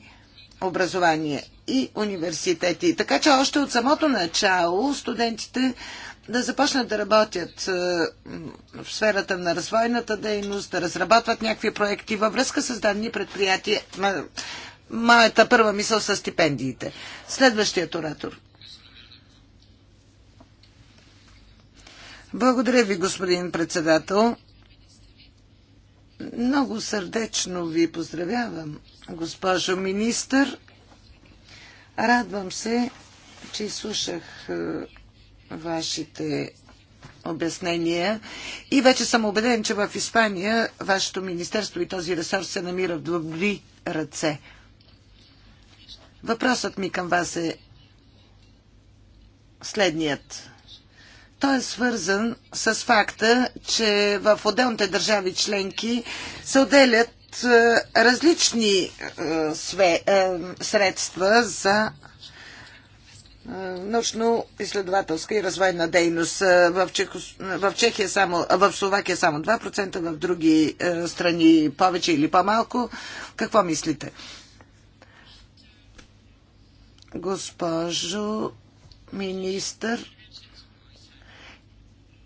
образование и университети. Така че още от самото начало студентите да започнат да работят в сферата на развойната дейност, да разработват някакви проекти във връзка с данни предприятия моята първа мисъл са стипендиите. Следващият оратор. Благодаря ви, господин председател. Много сърдечно ви поздравявам, госпожо министър. Радвам се, че изслушах е, вашите обяснения и вече съм убеден, че в Испания вашето министерство и този ресурс се намира в добри ръце. Въпросът ми към вас е следният. Той е свързан с факта, че в отделните държави членки се отделят е, различни е, е, средства за научно-изследователска и развойна дейност. В, Чехия само, в Словакия само 2%, в други страни повече или по-малко. Какво мислите? Госпожо министър,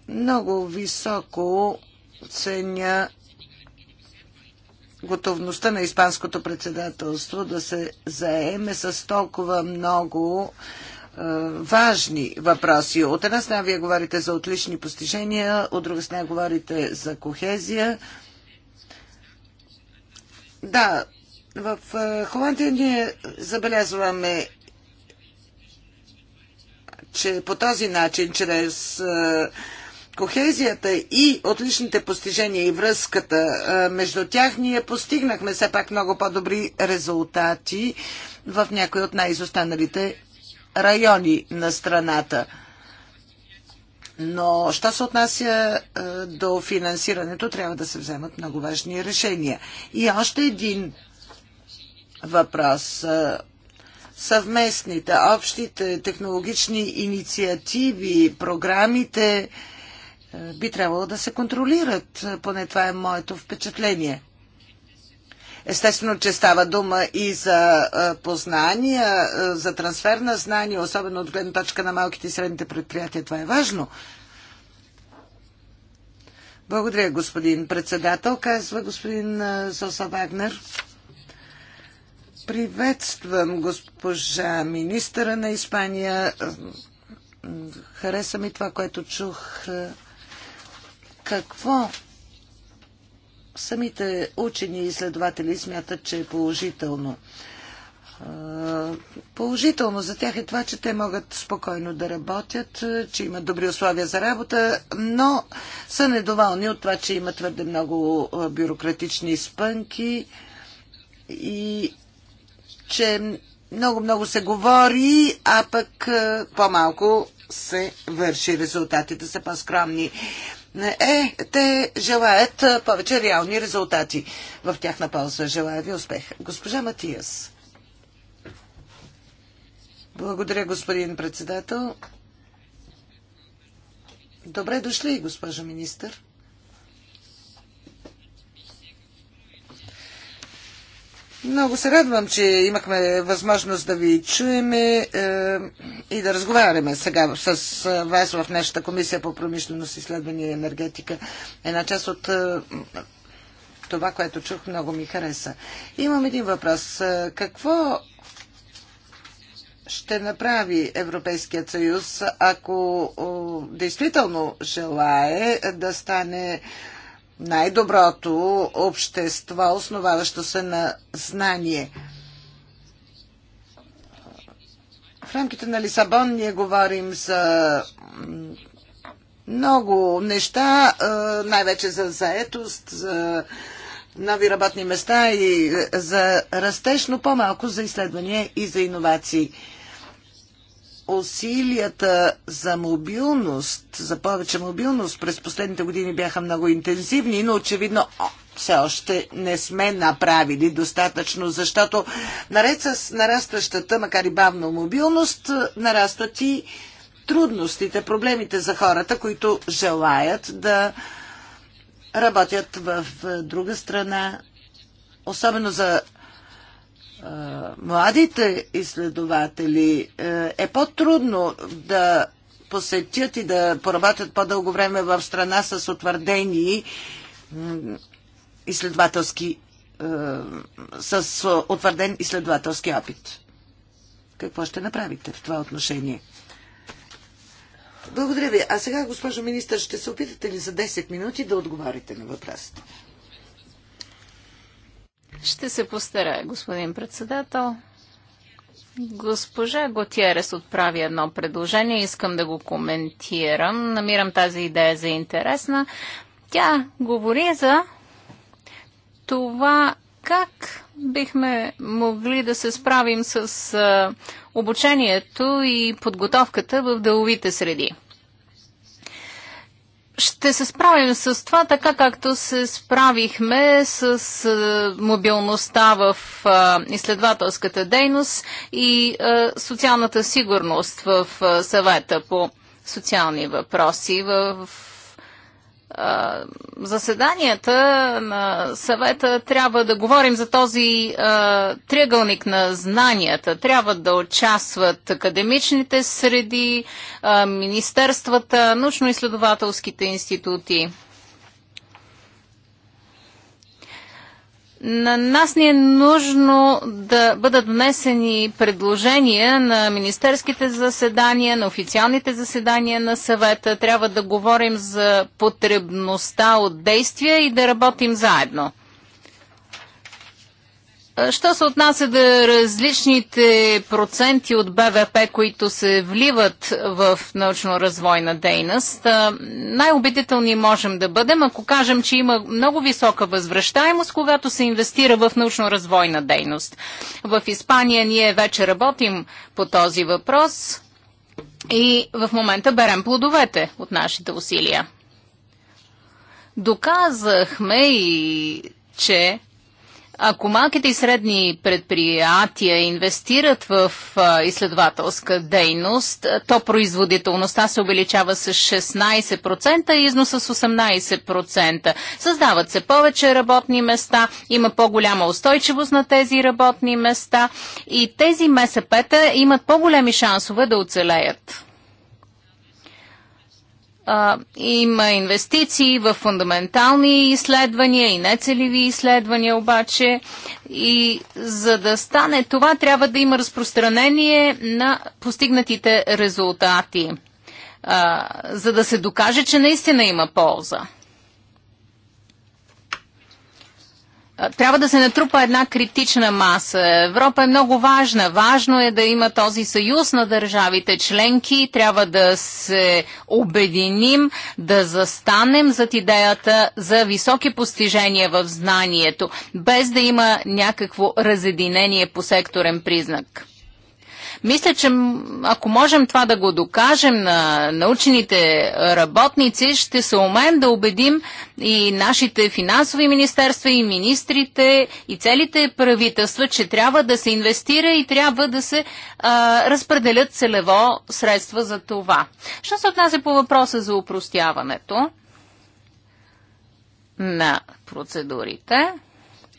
много високо ценя готовността на Испанското председателство да се заеме с толкова много е, важни въпроси. От една страна вие говорите за отлични постижения, от друга страна говорите за кохезия. Да, в е, Холандия ние забелязваме че по този начин, чрез кохезията и отличните постижения и връзката между тях, ние постигнахме все пак много по-добри резултати в някои от най-изостаналите райони на страната. Но, що се отнася до финансирането, трябва да се вземат много важни решения. И още един въпрос съвместните, общите технологични инициативи, програмите е, би трябвало да се контролират. Е, поне това е моето впечатление. Естествено, че става дума и за е, познания, за трансфер на знания, особено от гледна точка на малките и средните предприятия. Това е важно. Благодаря, господин председател, казва господин Соса Вагнер. Приветствам госпожа министъра на Испания. Хареса ми това, което чух. Какво самите учени и изследователи смятат, че е положително? Положително за тях е това, че те могат спокойно да работят, че имат добри условия за работа, но са недоволни от това, че има твърде много бюрократични спънки и че много-много се говори, а пък е, по-малко се върши. Резултатите са по-скромни. Е, те желаят е, повече реални резултати. В тяхна полза желая ви успех. Госпожа Матиас. Благодаря, господин председател. Добре дошли, госпожо министър. Много се радвам, че имахме възможност да ви чуем е, и да разговаряме сега с е, вас в нашата комисия по промишленост, изследвания и енергетика. Една част от е, това, което чух, много ми хареса. Имам един въпрос. Какво ще направи Европейският съюз, ако действително желае да стане най-доброто общество, основаващо се на знание. В рамките на Лисабон ние говорим за много неща, най-вече за заетост, за нови работни места и за растеж, но по-малко за изследвания и за иновации усилията за мобилност, за повече мобилност през последните години бяха много интензивни, но очевидно все още не сме направили достатъчно, защото наред с нарастващата, макар и бавно мобилност, нарастват и трудностите, проблемите за хората, които желаят да работят в друга страна, особено за младите изследователи е, е по-трудно да посетят и да поработят по-дълго време в страна с утвърдени изследователски е, с утвърден изследователски опит. Какво ще направите в това отношение? Благодаря ви. А сега, госпожо министър, ще се опитате ли за 10 минути да отговорите на въпросите? Ще се постарая, господин председател. Госпожа Готиерес отправи едно предложение, искам да го коментирам. Намирам тази идея за интересна. Тя говори за това как бихме могли да се справим с обучението и подготовката в деловите среди ще се справим с това така, както се справихме с мобилността в изследователската дейност и социалната сигурност в съвета по социални въпроси в заседанията на съвета трябва да говорим за този триъгълник на знанията. Трябва да участват академичните среди, министерствата, научно-изследователските институти. На нас ни е нужно да бъдат донесени предложения на министерските заседания, на официалните заседания на съвета. Трябва да говорим за потребността от действия и да работим заедно. Що се отнася до различните проценти от БВП, които се вливат в научно-развойна дейност, най-убедителни можем да бъдем, ако кажем, че има много висока възвръщаемост, когато се инвестира в научно-развойна дейност. В Испания ние вече работим по този въпрос и в момента берем плодовете от нашите усилия. Доказахме и че ако малките и средни предприятия инвестират в изследователска дейност, то производителността се увеличава с 16% и износа с 18%. Създават се повече работни места, има по-голяма устойчивост на тези работни места и тези МСП-та имат по-големи шансове да оцелеят има инвестиции в фундаментални изследвания и нецеливи изследвания обаче. И за да стане това, трябва да има разпространение на постигнатите резултати, за да се докаже, че наистина има полза. трябва да се натрупа една критична маса. Европа е много важна. Важно е да има този съюз на държавите членки. Трябва да се обединим, да застанем зад идеята за високи постижения в знанието, без да има някакво разединение по секторен признак. Мисля, че ако можем това да го докажем на научените работници, ще се умеем да убедим и нашите финансови министерства, и министрите, и целите правителства, че трябва да се инвестира и трябва да се а, разпределят целево средства за това. Що се отнася по въпроса за упростяването? на процедурите.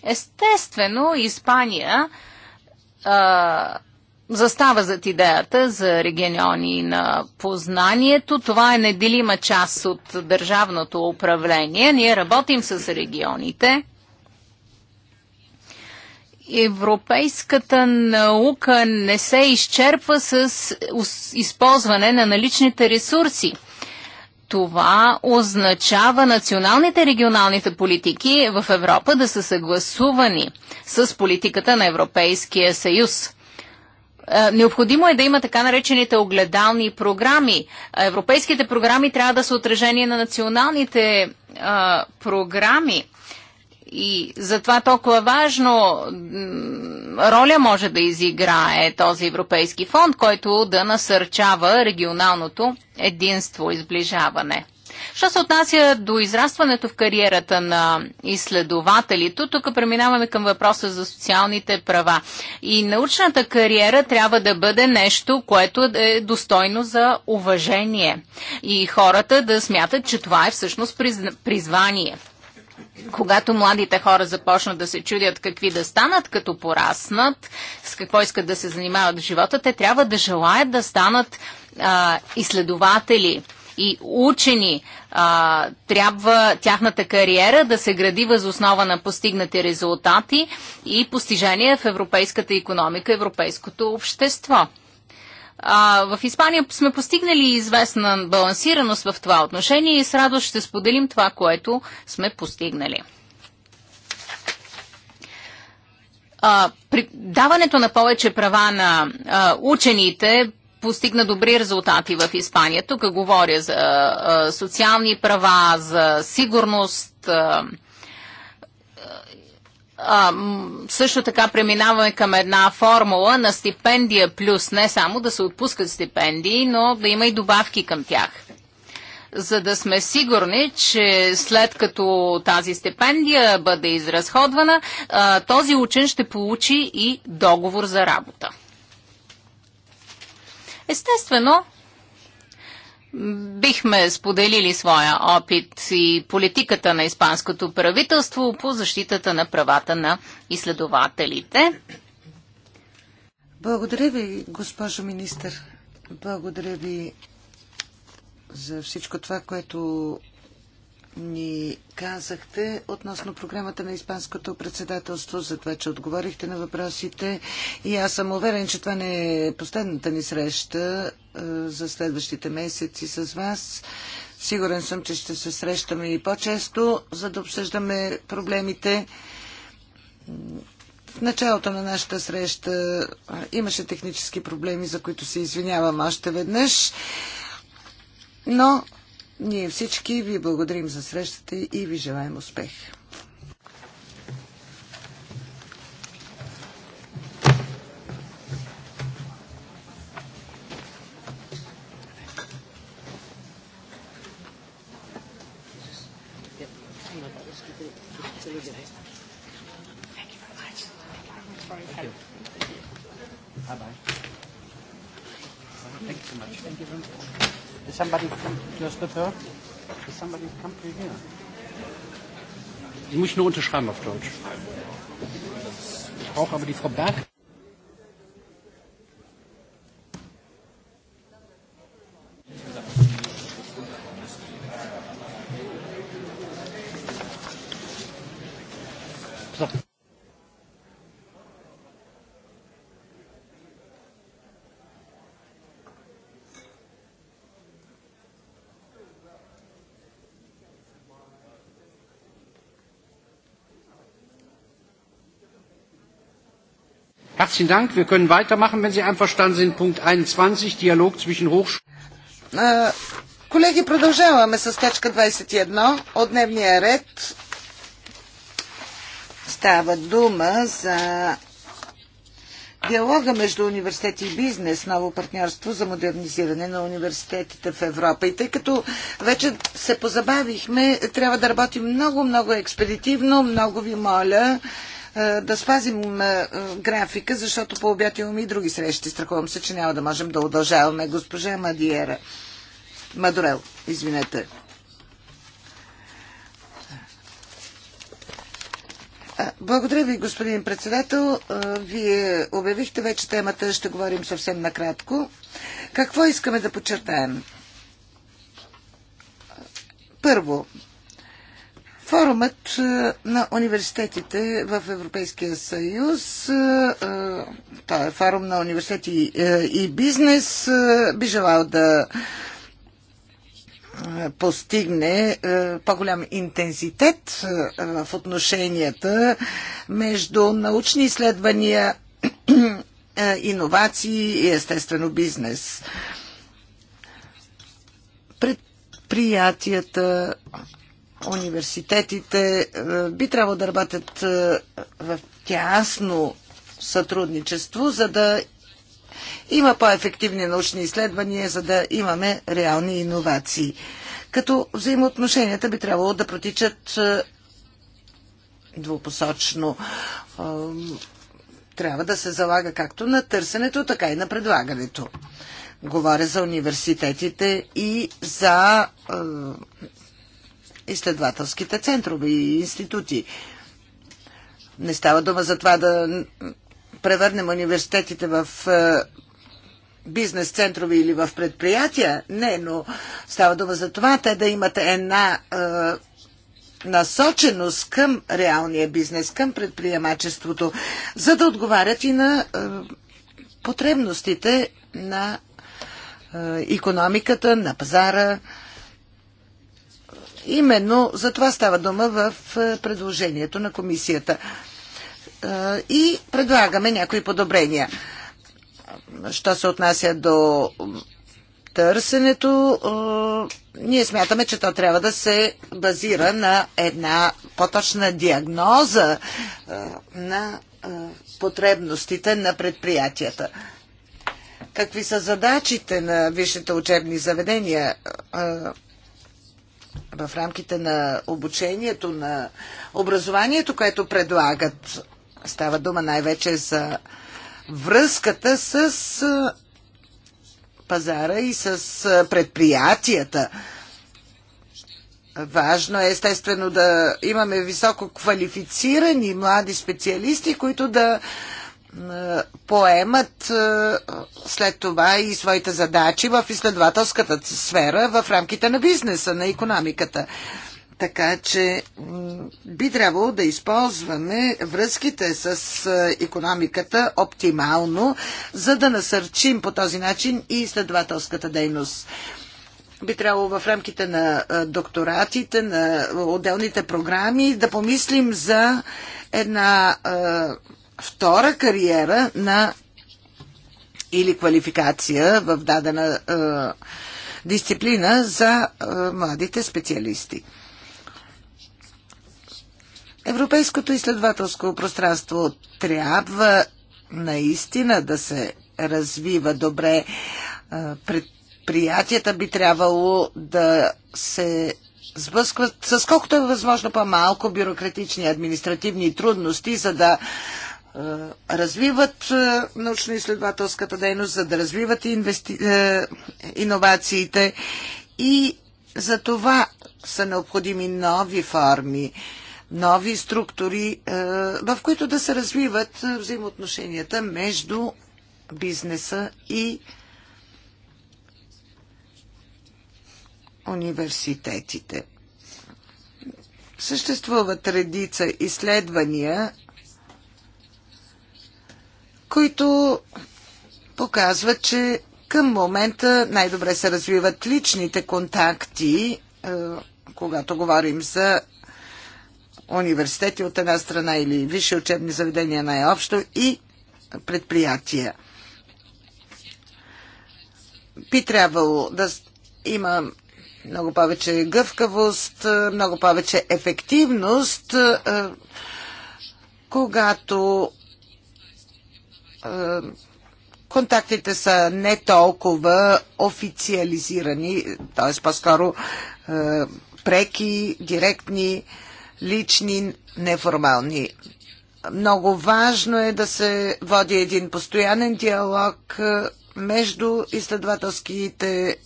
Естествено, Испания а, застава зад идеята за региони на познанието. Това е неделима част от държавното управление. Ние работим с регионите. Европейската наука не се изчерпва с използване на наличните ресурси. Това означава националните регионалните политики в Европа да са съгласувани с политиката на Европейския съюз. Е, необходимо е да има така наречените огледални програми. Е, европейските програми трябва да са отражение на националните а, е, програми. И затова толкова важно роля може да изиграе този Европейски фонд, който да насърчава регионалното единство и сближаване. Що се отнася до израстването в кариерата на изследователите, тук преминаваме към въпроса за социалните права. И научната кариера трябва да бъде нещо, което е достойно за уважение. И хората да смятат, че това е всъщност призвание когато младите хора започнат да се чудят какви да станат, като пораснат, с какво искат да се занимават в живота, те трябва да желаят да станат а, изследователи и учени, а, трябва тяхната кариера да се гради възоснова на постигнати резултати и постижения в европейската економика, европейското общество. А, в Испания сме постигнали известна балансираност в това отношение и с радост ще споделим това, което сме постигнали. А, при даването на повече права на а, учените постигна добри резултати в Испания. Тук говоря за социални права, за сигурност. също така преминаваме към една формула на стипендия плюс. Не само да се отпускат стипендии, но да има и добавки към тях. За да сме сигурни, че след като тази стипендия бъде изразходвана, този учен ще получи и договор за работа. Естествено, бихме споделили своя опит и политиката на испанското правителство по защитата на правата на изследователите. Благодаря ви, госпожо министър. Благодаря ви за всичко това, което ни казахте относно програмата на Испанското председателство, за това, че отговорихте на въпросите. И аз съм уверен, че това не е последната ни среща е, за следващите месеци с вас. Сигурен съм, че ще се срещаме и по-често, за да обсъждаме проблемите. В началото на нашата среща имаше технически проблеми, за които се извинявам още веднъж. Но ние всички ви благодарим за срещата и ви желаем успех. somebody just the third? Did somebody come to here? Die muss nur unterschreiben auf Deutsch. Ich brauche aber die Frau Berg. Herzlichen Dank. Wir können weitermachen, wenn Sie einverstanden sind. Punkt 21, zwischen Hochschulen. Е, колеги, продължаваме с точка 21 от дневния ред. Става дума за диалога между университети и бизнес, ново партньорство за модернизиране на университетите в Европа. И тъй като вече се позабавихме, трябва да работим много, много експедитивно. Много ви моля, е, да спазим е, графика, защото по обяд имаме и други срещи. Страхувам се, че няма да можем да удължаваме госпожа Мадиера. Мадорел, извинете. Е, благодаря ви, господин председател. Вие обявихте вече темата, ще говорим съвсем накратко. Какво искаме да подчертаем? Първо, Форумът е, на университетите в Европейския съюз, е, е, той е форум на университети и бизнес, би желал да постигне по-голям интензитет в отношенията между научни изследвания, иновации и естествено бизнес. Предприятията, университетите е, би трябвало да работят е, в тясно сътрудничество, за да има по-ефективни научни изследвания, за да имаме реални иновации. Като взаимоотношенията би трябвало да протичат е, двупосочно. Трябва да се залага както на търсенето, така и на предлагането. Говоря за университетите и за изследователските центрове и институти. Не става дума за това да превърнем университетите в е, бизнес центрове или в предприятия. Не, но става дума за това те да имат една е, насоченост към реалния бизнес, към предприемачеството, за да отговарят и на е, потребностите на економиката, на пазара. Именно за това става дума в е, предложението на комисията. Е, и предлагаме някои подобрения. Що се отнася до търсенето, е, ние смятаме, че то трябва да се базира на една по-точна диагноза на потребностите на предприятията. Какви са задачите на висшите учебни заведения в рамките на обучението, на образованието, което предлагат. Става дума най-вече за връзката с пазара и с предприятията. Важно е естествено да имаме високо квалифицирани млади специалисти, които да поемат след това и своите задачи в изследователската сфера в рамките на бизнеса, на економиката. Така че би трябвало да използваме връзките с економиката оптимално, за да насърчим по този начин и изследователската дейност. Би трябвало в рамките на докторатите, на отделните програми да помислим за една втора кариера на или квалификация в дадена е, дисциплина за е, младите специалисти. Европейското изследователско пространство трябва наистина да се развива добре. Е, предприятията би трябвало да се сблъскват с колкото е възможно по-малко бюрократични административни трудности, за да е, развиват е, научно-изследователската дейност, за да развиват инвести... Е, иновациите и за това са необходими нови форми, нови структури, в които да се развиват взаимоотношенията между бизнеса и университетите. Съществуват редица изследвания които показват, че към момента най-добре се развиват личните контакти, е, когато говорим за университети от една страна или висши учебни заведения най-общо и предприятия. Би трябвало да има много повече гъвкавост, е, много повече ефективност, е, когато е, контактите са не толкова официализирани, т.е. по-скоро е, преки, директни, лични, неформални. Много важно е да се води един постоянен диалог е, между изследователските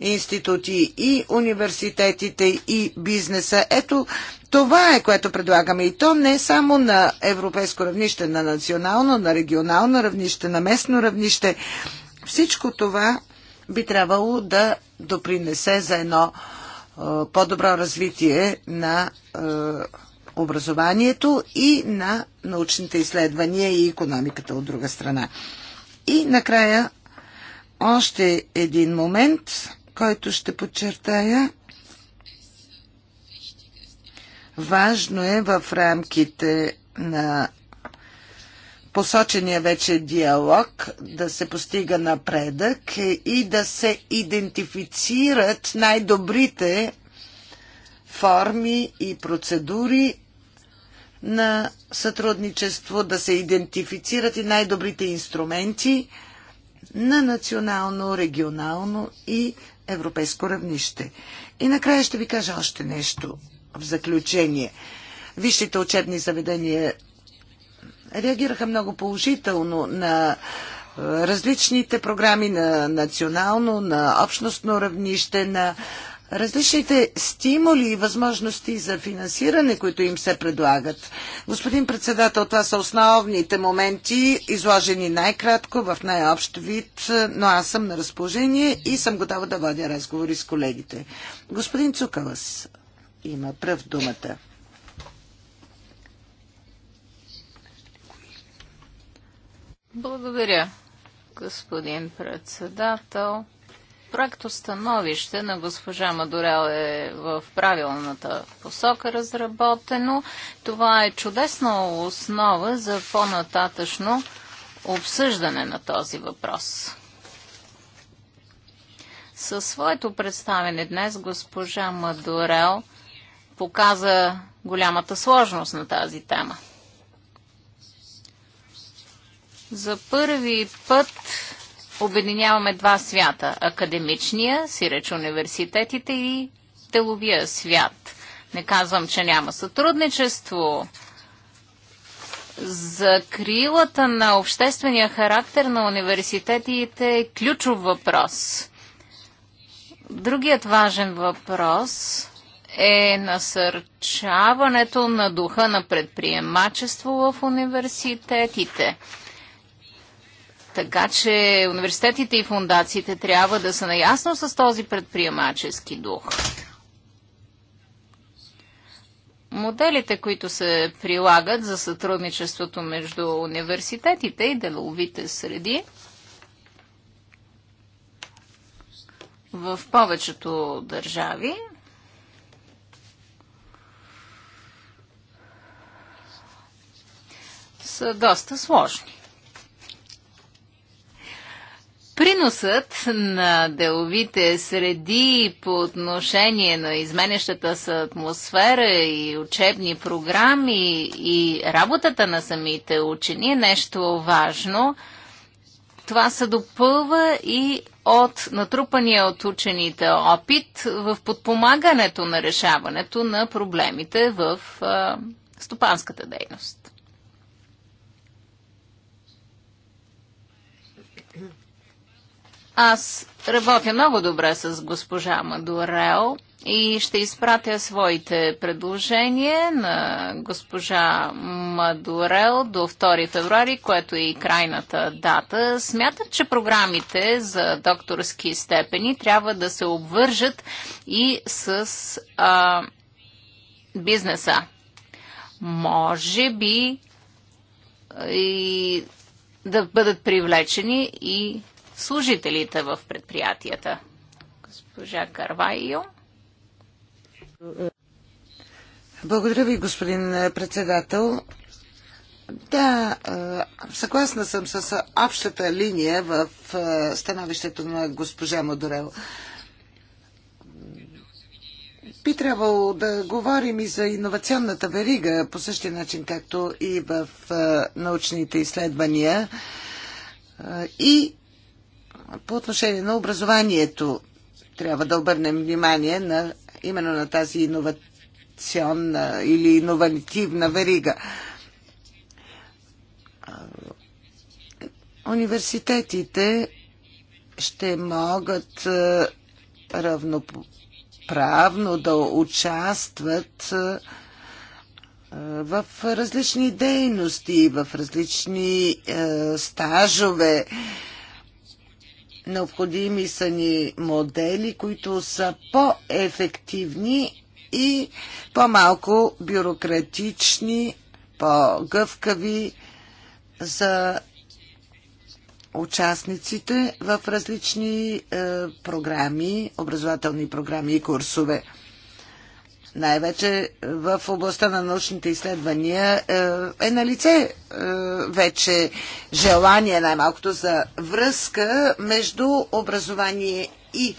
институти и университетите и бизнеса. Ето, това е което предлагаме и то не само на европейско равнище, на национално, на регионално равнище, на местно равнище. Всичко това би трябвало да допринесе за едно е, по-добро развитие на е, образованието и на научните изследвания и економиката от друга страна. И накрая още един момент, който ще подчертая. Важно е в рамките на посочения вече диалог, да се постига напредък и да се идентифицират най-добрите форми и процедури на сътрудничество, да се идентифицират и най-добрите инструменти на национално, регионално и европейско равнище. И накрая ще ви кажа още нещо в заключение. Висшите учебни заведения реагираха много положително на различните програми на национално, на общностно равнище, на различните стимули и възможности за финансиране, които им се предлагат. Господин председател, това са основните моменти, изложени най-кратко, в най-общ вид, но аз съм на разположение и съм готова да водя разговори с колегите. Господин Цукалас има пръв думата. Благодаря, господин председател. Проекто становище на госпожа Мадорел е в правилната посока разработено. Това е чудесна основа за по-нататъчно обсъждане на този въпрос. Със своето представене днес госпожа Мадорел – показа голямата сложност на тази тема. За първи път обединяваме два свята – академичния, си реч университетите и теловия свят. Не казвам, че няма сътрудничество. Закрилата на обществения характер на университетите е ключов въпрос. Другият важен въпрос е насърчаването на духа на предприемачество в университетите. Така че университетите и фундациите трябва да са наясно с този предприемачески дух. Моделите, които се прилагат за сътрудничеството между университетите и деловите среди, в повечето държави са доста сложни. Приносът на деловите среди по отношение на изменящата се атмосфера и учебни програми и работата на самите учени е нещо важно. Това се допълва и от натрупания от учените опит в подпомагането на решаването на проблемите в стопанската дейност. Аз работя много добре с госпожа Мадурел и ще изпратя своите предложения на госпожа Мадурел до 2 февруари, което е и крайната дата. Смятам, че програмите за докторски степени трябва да се обвържат и с а, бизнеса. Може би и да бъдат привлечени и служителите в предприятията. Госпожа Карвайо. Благодаря ви, господин председател. Да, съгласна съм с общата линия в становището на госпожа Модорел. Би трябвало да говорим и за иновационната верига по същия начин, както и в научните изследвания и по отношение на образованието трябва да обърнем внимание на именно на тази иновационна или иновативна верига. Университетите ще могат равноправно да участват в различни дейности, в различни стажове, Необходими са ни модели, които са по-ефективни и по-малко бюрократични, по-гъвкави за участниците в различни е, програми, образователни програми и курсове най-вече е, в областта на научните изследвания, е, е на лице е, вече желание най-малкото за връзка между образование и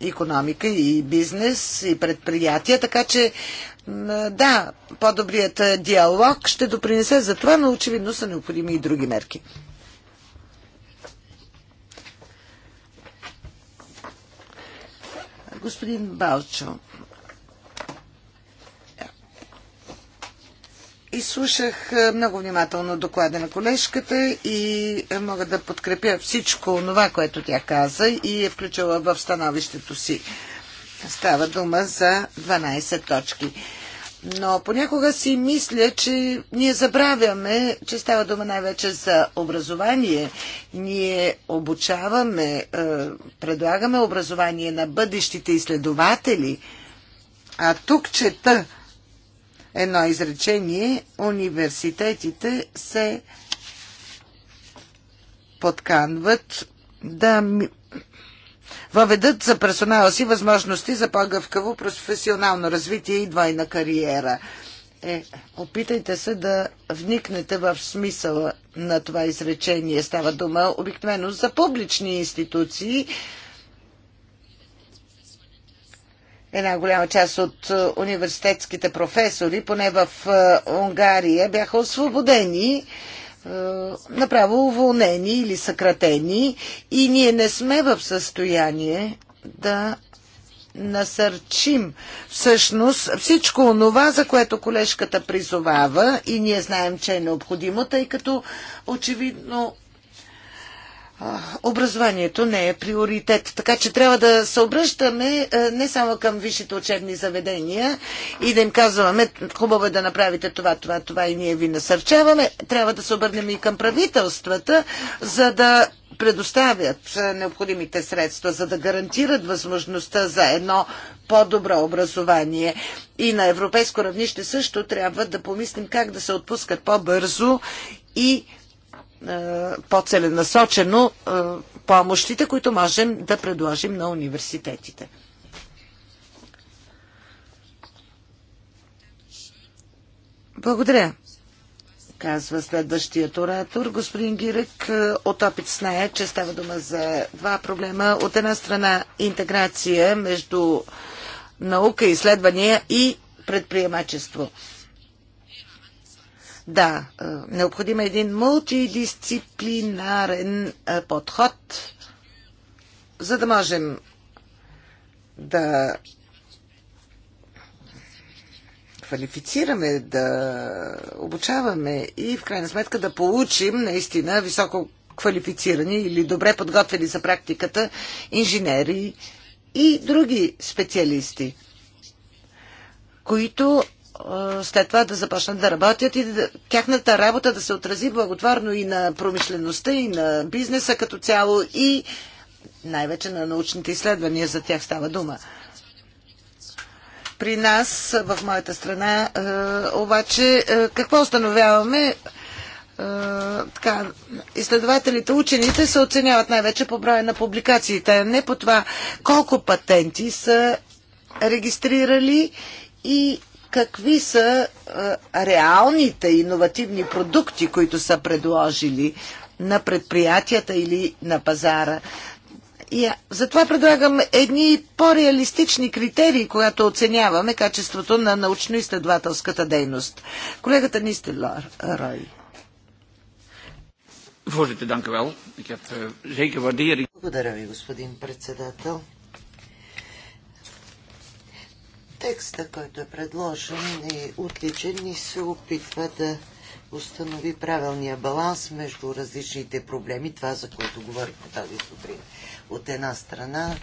економика и бизнес и предприятия, така че да, по-добрият диалог ще допринесе за това, но очевидно са необходими и други мерки. Господин Балчо, Изслушах е, много внимателно доклада на колежката и е, мога да подкрепя всичко това, което тя каза и е включила в становището си. Става дума за 12 точки. Но понякога си мисля, че ние забравяме, че става дума най-вече за образование. Ние обучаваме, е, предлагаме образование на бъдещите изследователи. А тук чета едно изречение университетите се подканват да въведат за персонала си възможности за по-гъвкаво професионално развитие и двойна кариера. Е, опитайте се да вникнете в смисъла на това изречение. Става дума обикновено за публични институции, една голяма част от е, университетските професори, поне в е, Унгария, бяха освободени е, направо уволнени или съкратени и ние не сме в състояние да насърчим всъщност всичко онова, за което колежката призовава и ние знаем, че е необходимо, тъй като очевидно образованието не е приоритет. Така че трябва да се обръщаме не само към висшите учебни заведения и да им казваме хубаво е да направите това, това, това и ние ви насърчаваме. Трябва да се обърнем и към правителствата, за да предоставят необходимите средства, за да гарантират възможността за едно по-добро образование. И на европейско равнище също трябва да помислим как да се отпускат по-бързо и е, по-целенасочено е, помощите, които можем да предложим на университетите. Благодаря, казва следващият оратор. Господин Гирек, е, от опит знае, че става дума за два проблема. От една страна интеграция между наука, изследвания и предприемачество – да, е, необходим е един мултидисциплинарен е, подход, за да можем да квалифицираме, да обучаваме и в крайна сметка да получим наистина високо квалифицирани или добре подготвени за практиката инженери и други специалисти, които след това да започнат да работят и да, тяхната работа да се отрази благотворно и на промишлеността, и на бизнеса като цяло, и най-вече на научните изследвания, за тях става дума. При нас, в моята страна, обаче, какво установяваме? така, изследователите, учените се оценяват най-вече по броя на публикациите, а не по това колко патенти са регистрирали и какви са реалните иновативни продукти, които са предложили на предприятията или на пазара. И затова предлагам едни по-реалистични критерии, когато оценяваме качеството на научно-изследователската дейност. Колегата Нистелар Рой. Eh, Благодаря ви, господин председател. Текста, който е предложен е отличен и се опитва да установи правилния баланс между различните проблеми, това за което говорихме тази сутрин. От една страна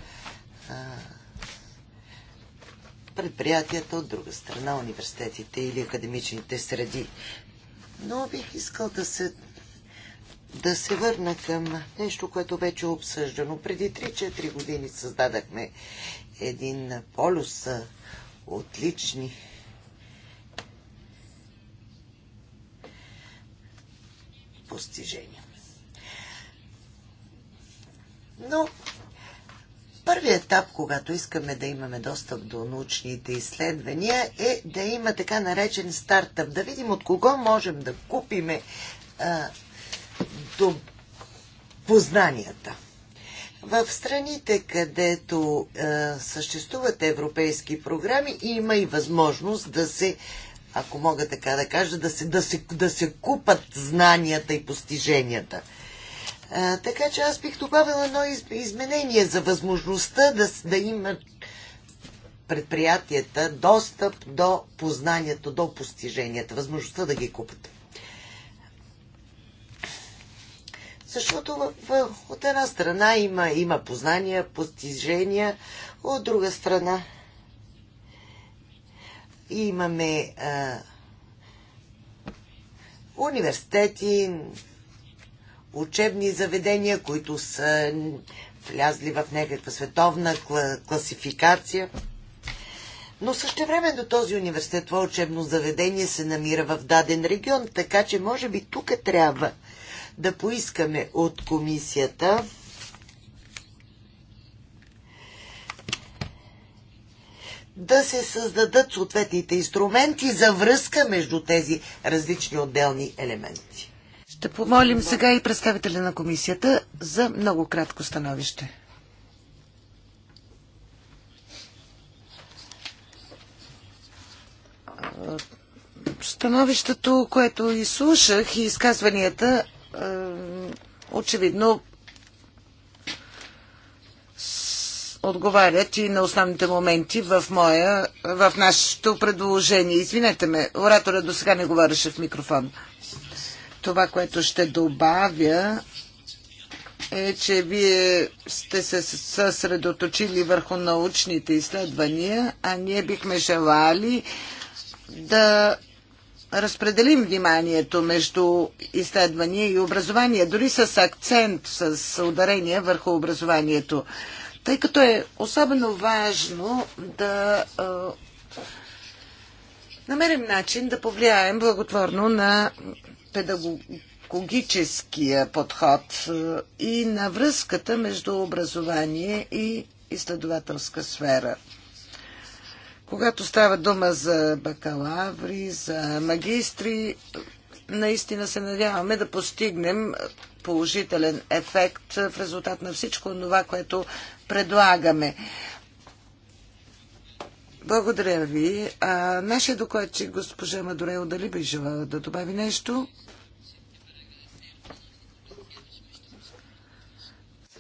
предприятията, от друга страна университетите или академичните среди. Но бих искал да се, да се върна към нещо, което вече е обсъждано. Преди 3-4 години създадахме един полюс отлични. постижения. Но първият етап, когато искаме да имаме достъп до научните изследвания, е да има така наречен стартъп. Да видим от кого можем да купиме а, до познанията. В страните, където е, съществуват европейски програми, има и възможност да се, ако мога така да кажа, да се, да се, да се купат знанията и постиженията. Е, така че аз бих добавила едно изменение за възможността да, да имат предприятията достъп до познанието, до постиженията, възможността да ги купат. Защото в, в, от една страна има, има познания, постижения, от друга страна имаме а, университети, учебни заведения, които са влязли в някаква световна класификация. Но също време до този университет, това учебно заведение се намира в даден регион, така че може би тук трябва да поискаме от комисията да се създадат съответните инструменти за връзка между тези различни отделни елементи. Ще помолим сега и представителя на комисията за много кратко становище. Становището, което изслушах и изказванията, очевидно отговарят и на основните моменти в, моя, в нашето предложение. Извинете ме, оратора до сега не говореше в микрофон. Това, което ще добавя е, че вие сте се съсредоточили върху научните изследвания, а ние бихме желали да разпределим вниманието между изследвания и образование, дори с акцент, с ударение върху образованието, тъй като е особено важно да намерим начин да повлияем благотворно на педагогическия подход и на връзката между образование и изследователска сфера. Когато става дума за бакалаври, за магистри, наистина се надяваме да постигнем положителен ефект в резултат на всичко това, което предлагаме. Благодаря ви. А, нашия докладчик, госпожа Мадорео, дали би желала да добави нещо?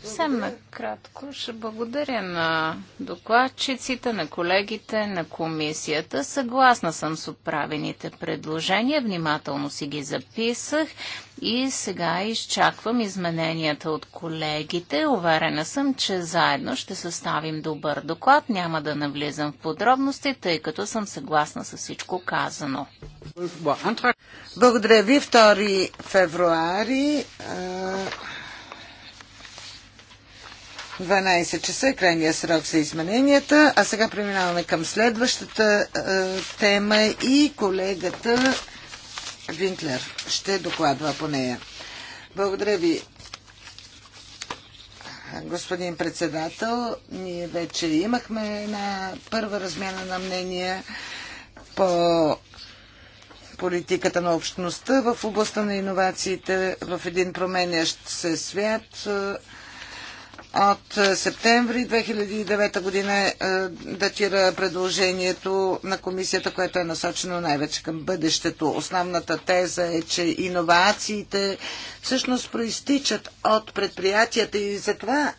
Съвсем накратко ще благодаря на докладчиците, на колегите, на комисията. Съгласна съм с отправените предложения, внимателно си ги записах и сега изчаквам измененията от колегите. Уверена съм, че заедно ще съставим добър доклад. Няма да навлизам в подробности, тъй като съм съгласна с всичко казано. Благодаря ви. 2 февруари. 12 часа е крайния срок за измененията. А сега преминаваме към следващата е, тема и колегата Винклер ще докладва по нея. Благодаря ви, господин председател. Ние вече имахме една първа размяна на мнения по политиката на общността в областта на иновациите в един променящ се свят. Е, от септември 2009 година е, датира предложението на комисията, което е насочено най-вече към бъдещето. Основната теза е, че иновациите всъщност проистичат от предприятията и затова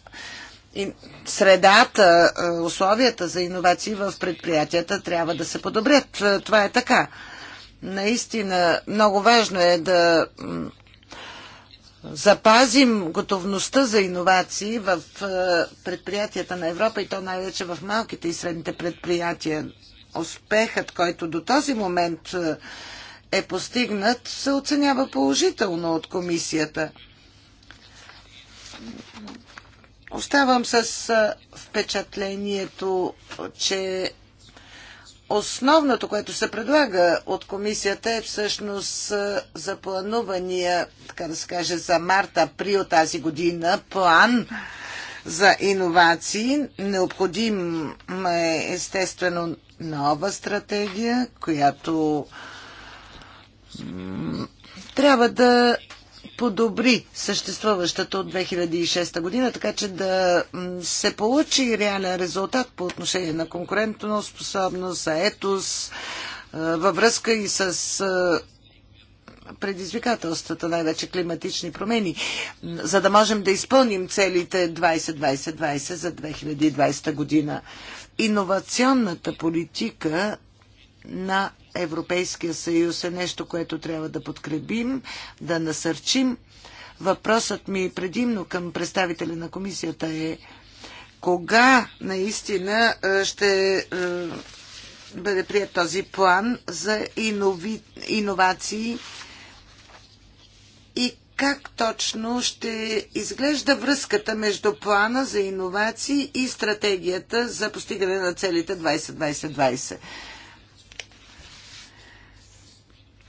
средата, е, условията за иновации в предприятията трябва да се подобрят. Е, това е така. Наистина, много важно е да запазим готовността за иновации в е, предприятията на Европа и то най-вече в малките и средните предприятия. Успехът, който до този момент е, е постигнат, се оценява положително от комисията. Оставам с е, впечатлението, че основното, което се предлага от комисията е всъщност за планувания, така да се каже, за март-април тази година план за иновации. Необходим е естествено нова стратегия, която трябва да подобри съществуващата от 2006 година, така че да се получи реален резултат по отношение на конкурентно способност, етос, е, във връзка и с е, предизвикателствата, най-вече климатични промени, за да можем да изпълним целите 20-20-20 за 2020 година. Иновационната политика на Европейския съюз е нещо, което трябва да подкрепим, да насърчим. Въпросът ми предимно към представителя на комисията е кога наистина е, ще е, бъде прият този план за инови, иновации и как точно ще изглежда връзката между плана за иновации и стратегията за постигане на целите 2020-2020.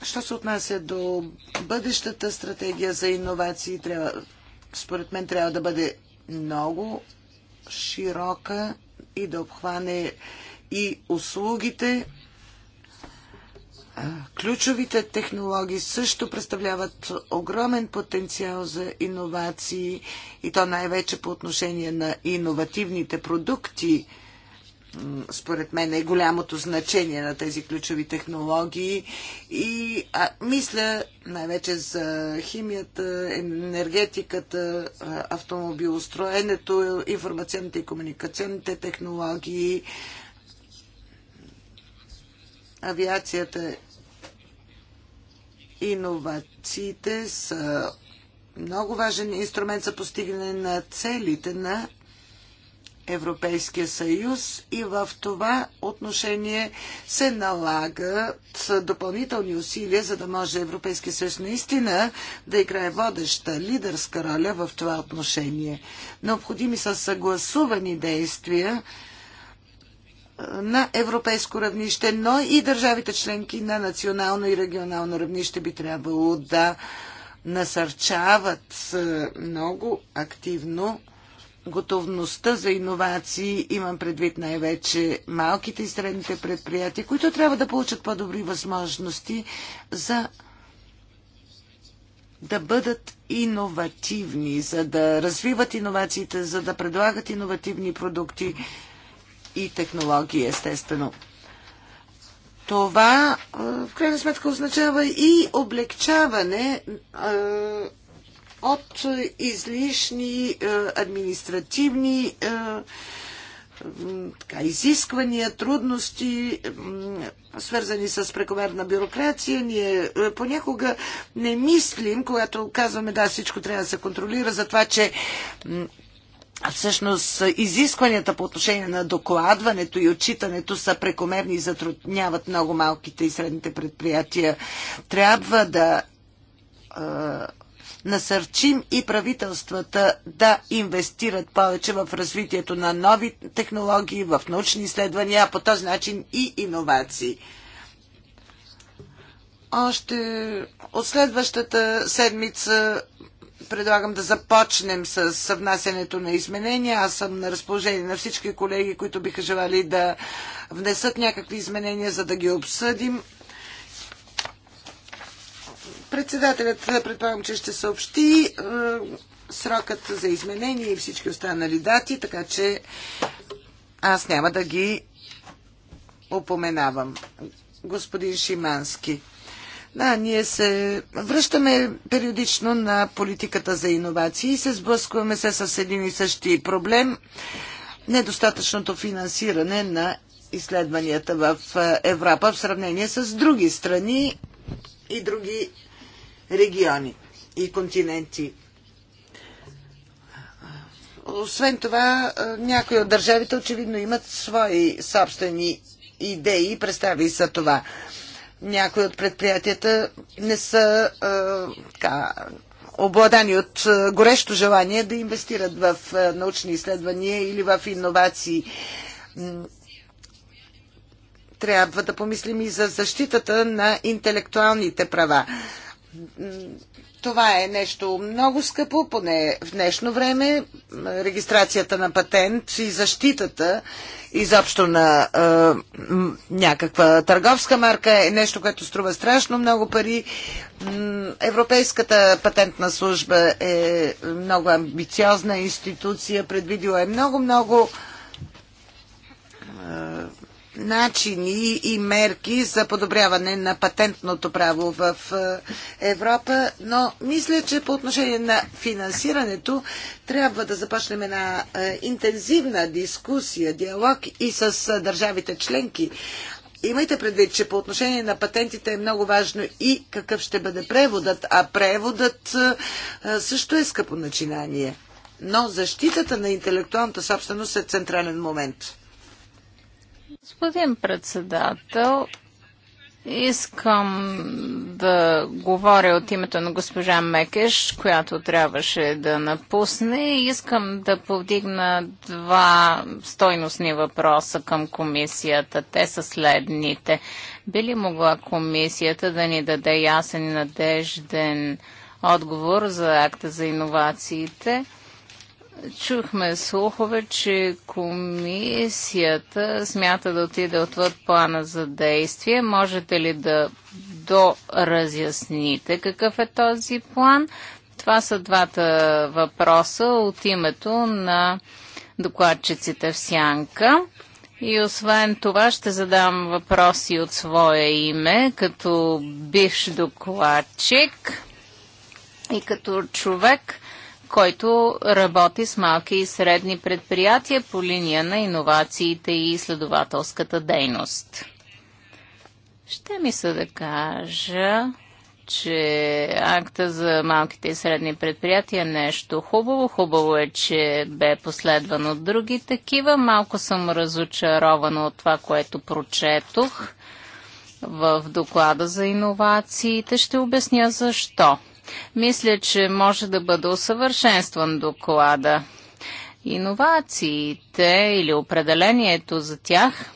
Що се отнася до бъдещата стратегия за иновации, трябва, според мен трябва да бъде много широка и да обхване и услугите. Ключовите технологии също представляват огромен потенциал за иновации и то най-вече по отношение на иновативните продукти – според мен е голямото значение на тези ключови технологии и а, мисля най-вече за химията, енергетиката, автомобилостроенето, информационните и комуникационните технологии, авиацията, иновациите са много важен инструмент за постигане на целите на Европейския съюз и в това отношение се налагат допълнителни усилия, за да може Европейския съюз наистина да играе водеща, лидерска роля в това отношение. Необходими са съгласувани действия на европейско равнище, но и държавите членки на национално и регионално равнище би трябвало да насърчават много активно готовността за иновации, имам предвид най-вече малките и средните предприятия, които трябва да получат по-добри възможности за да бъдат иновативни, за да развиват иновациите, за да предлагат иновативни продукти и технологии, естествено. Това е, в крайна сметка означава и облегчаване е, от излишни е, административни е, така, изисквания, трудности, свързани с прекомерна бюрокрация. Ние е, понякога не мислим, когато казваме да, всичко трябва да се контролира, за това, че всъщност изискванията по отношение на докладването и отчитането са прекомерни и затрудняват много малките и средните предприятия. Трябва да насърчим и правителствата да инвестират повече в развитието на нови технологии, в научни изследвания, а по този начин и иновации. Още от следващата седмица предлагам да започнем с съвнасянето на изменения. Аз съм на разположение на всички колеги, които биха желали да внесат някакви изменения, за да ги обсъдим. Председателят предполагам, че ще съобщи е, срокът за изменение и всички останали дати, така че аз няма да ги упоменавам. Господин Шимански. Да, ние се връщаме периодично на политиката за иновации и се сблъскваме се с един и същи проблем недостатъчното финансиране на изследванията в е, Европа в сравнение с други страни и други региони и континенти. Освен това, някои от държавите очевидно имат свои собствени идеи и представи за това. Някои от предприятията не са е, така, обладани от горещо желание да инвестират в научни изследвания или в иновации. Трябва да помислим и за защитата на интелектуалните права. Това е нещо много скъпо, поне в днешно време. Регистрацията на патент и защитата изобщо на е, някаква търговска марка е нещо, което струва страшно много пари. Европейската патентна служба е много амбициозна институция, предвидила е много-много начини и мерки за подобряване на патентното право в е, Европа, но мисля, че по отношение на финансирането трябва да започнем една е, интензивна дискусия, диалог и с е, държавите членки. Имайте предвид, че по отношение на патентите е много важно и какъв ще бъде преводът, а преводът също е скъпо начинание. Но защитата на интелектуалната собственост е централен момент. Господин председател, Искам да говоря от името на госпожа Мекеш, която трябваше да напусне. Искам да повдигна два стойностни въпроса към комисията. Те са следните. Би ли могла комисията да ни даде ясен и надежден отговор за акта за иновациите? Чухме слухове, че комисията смята да отиде отвъд плана за действие. Можете ли да доразясните какъв е този план? Това са двата въпроса от името на докладчиците в Сянка. И освен това ще задам въпроси от свое име, като бивш докладчик и като човек, който работи с малки и средни предприятия по линия на иновациите и изследователската дейност. Ще ми се да кажа, че акта за малките и средни предприятия е нещо хубаво. Хубаво е, че бе последван от други такива. Малко съм разочарована от това, което прочетох в доклада за иновациите. Ще обясня защо. Мисля, че може да бъде усъвършенстван доклада. Иновациите или определението за тях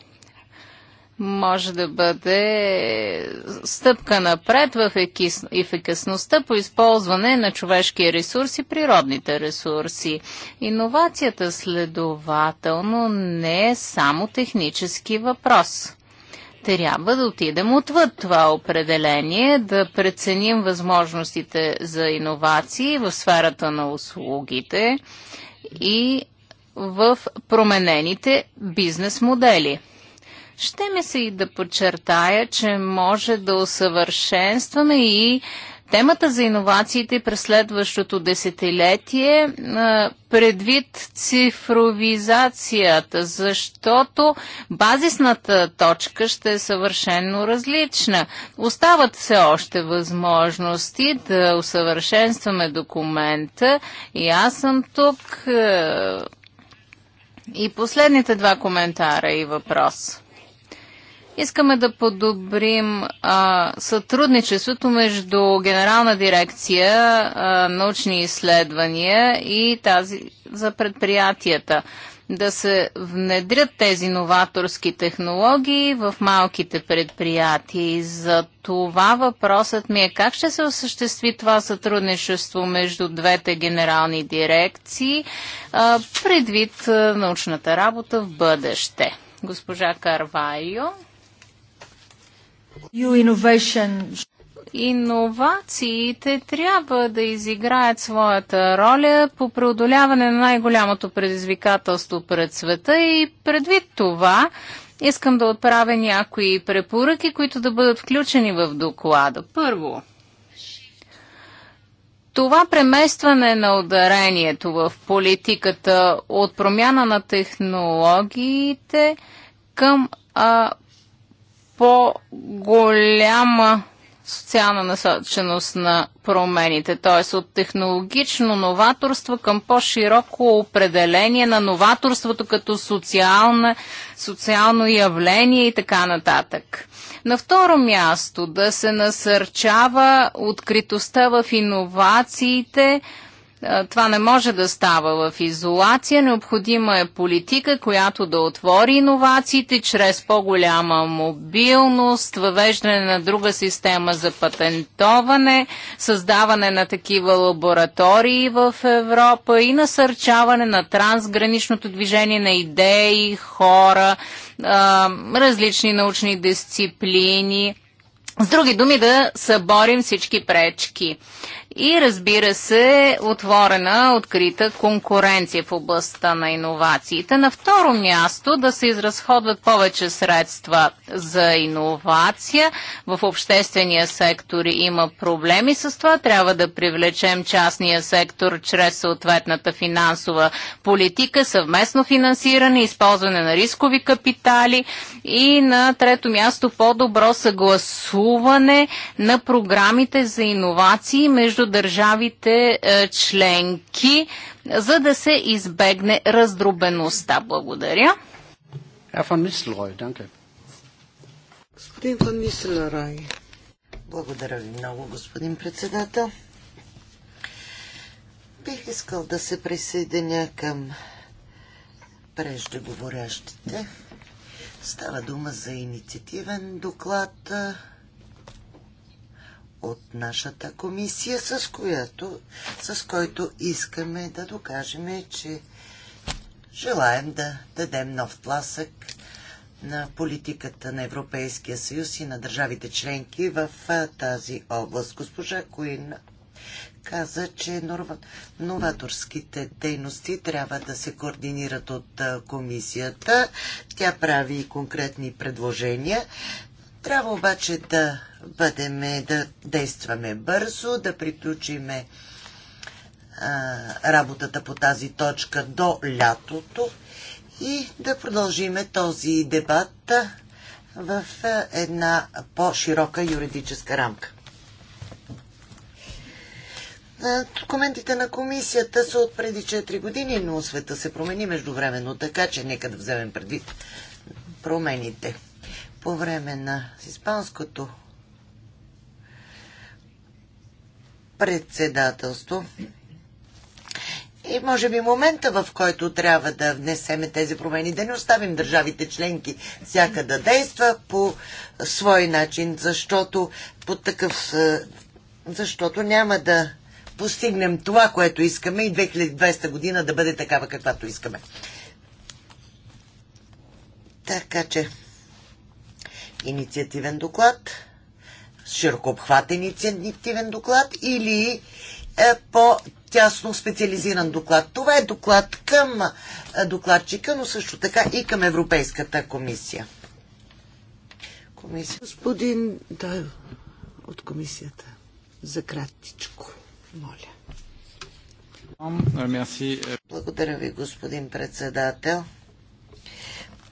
може да бъде стъпка напред в ефикасността по използване на човешки ресурси, природните ресурси. Иновацията следователно не е само технически въпрос трябва да отидем отвъд това определение, да преценим възможностите за иновации в сферата на услугите и в променените бизнес модели. Ще ми се и да подчертая, че може да усъвършенстваме и Темата за иновациите през следващото десетилетие е, предвид цифровизацията, защото базисната точка ще е съвършенно различна. Остават все още възможности да усъвършенстваме документа и аз съм тук. Е, и последните два коментара и въпрос. Искаме да подобрим а, сътрудничеството между Генерална дирекция а, научни изследвания и тази за предприятията. Да се внедрят тези новаторски технологии в малките предприятия. И за това въпросът ми е как ще се осъществи това сътрудничество между двете генерални дирекции а, предвид а, научната работа в бъдеще. Госпожа Карвайо. Иновациите трябва да изиграят своята роля по преодоляване на най-голямото предизвикателство пред света и предвид това искам да отправя някои препоръки, които да бъдат включени в доклада. Първо, това преместване на ударението в политиката от промяна на технологиите към а, по-голяма социална насоченост на промените, т.е. от технологично новаторство към по-широко определение на новаторството като социална, социално явление и така нататък. На второ място да се насърчава откритостта в иновациите, това не може да става в изолация. Необходима е политика, която да отвори иновациите чрез по-голяма мобилност, въвеждане на друга система за патентоване, създаване на такива лаборатории в Европа и насърчаване на трансграничното движение на идеи, хора, различни научни дисциплини с други думи, да съборим всички пречки. И разбира се, отворена, открита конкуренция в областта на иновациите. На второ място да се изразходват повече средства за иновация. В обществения сектор има проблеми с това. Трябва да привлечем частния сектор чрез съответната финансова политика, съвместно финансиране, използване на рискови капитали и на трето място по-добро съгласуване публикуване на програмите за иновации между държавите е, членки, за да се избегне раздробеността. Благодаря. Господин Ван Благодаря ви много, господин председател. Бих искал да се присъединя към преждеговорящите. Става дума за инициативен доклад, от нашата комисия, с, която, с който искаме да докажем, че желаем да дадем нов тласък на политиката на Европейския съюз и на държавите членки в тази област. Госпожа Коин каза, че новаторските дейности трябва да се координират от комисията. Тя прави конкретни предложения. Трябва обаче да бъдеме, да действаме бързо, да приключиме работата по тази точка до лятото и да продължиме този дебат в една по-широка юридическа рамка. Документите на комисията са от преди 4 години, но света се промени междувременно, така че нека да вземем предвид промените. По време на испанското председателство. И може би момента, в който трябва да внесеме тези промени, да не оставим държавите членки всяка да действа по свой начин, защото по такъв е, защото няма да постигнем това, което искаме и 2020 година да бъде такава, каквато искаме. Така че, инициативен доклад широкообхватен инициативен доклад или е, по-тясно специализиран доклад. Това е доклад към е, докладчика, но също така и към Европейската комисия. комисия. Господин Дайл от комисията, за кратичко, моля. Благодаря ви, господин председател.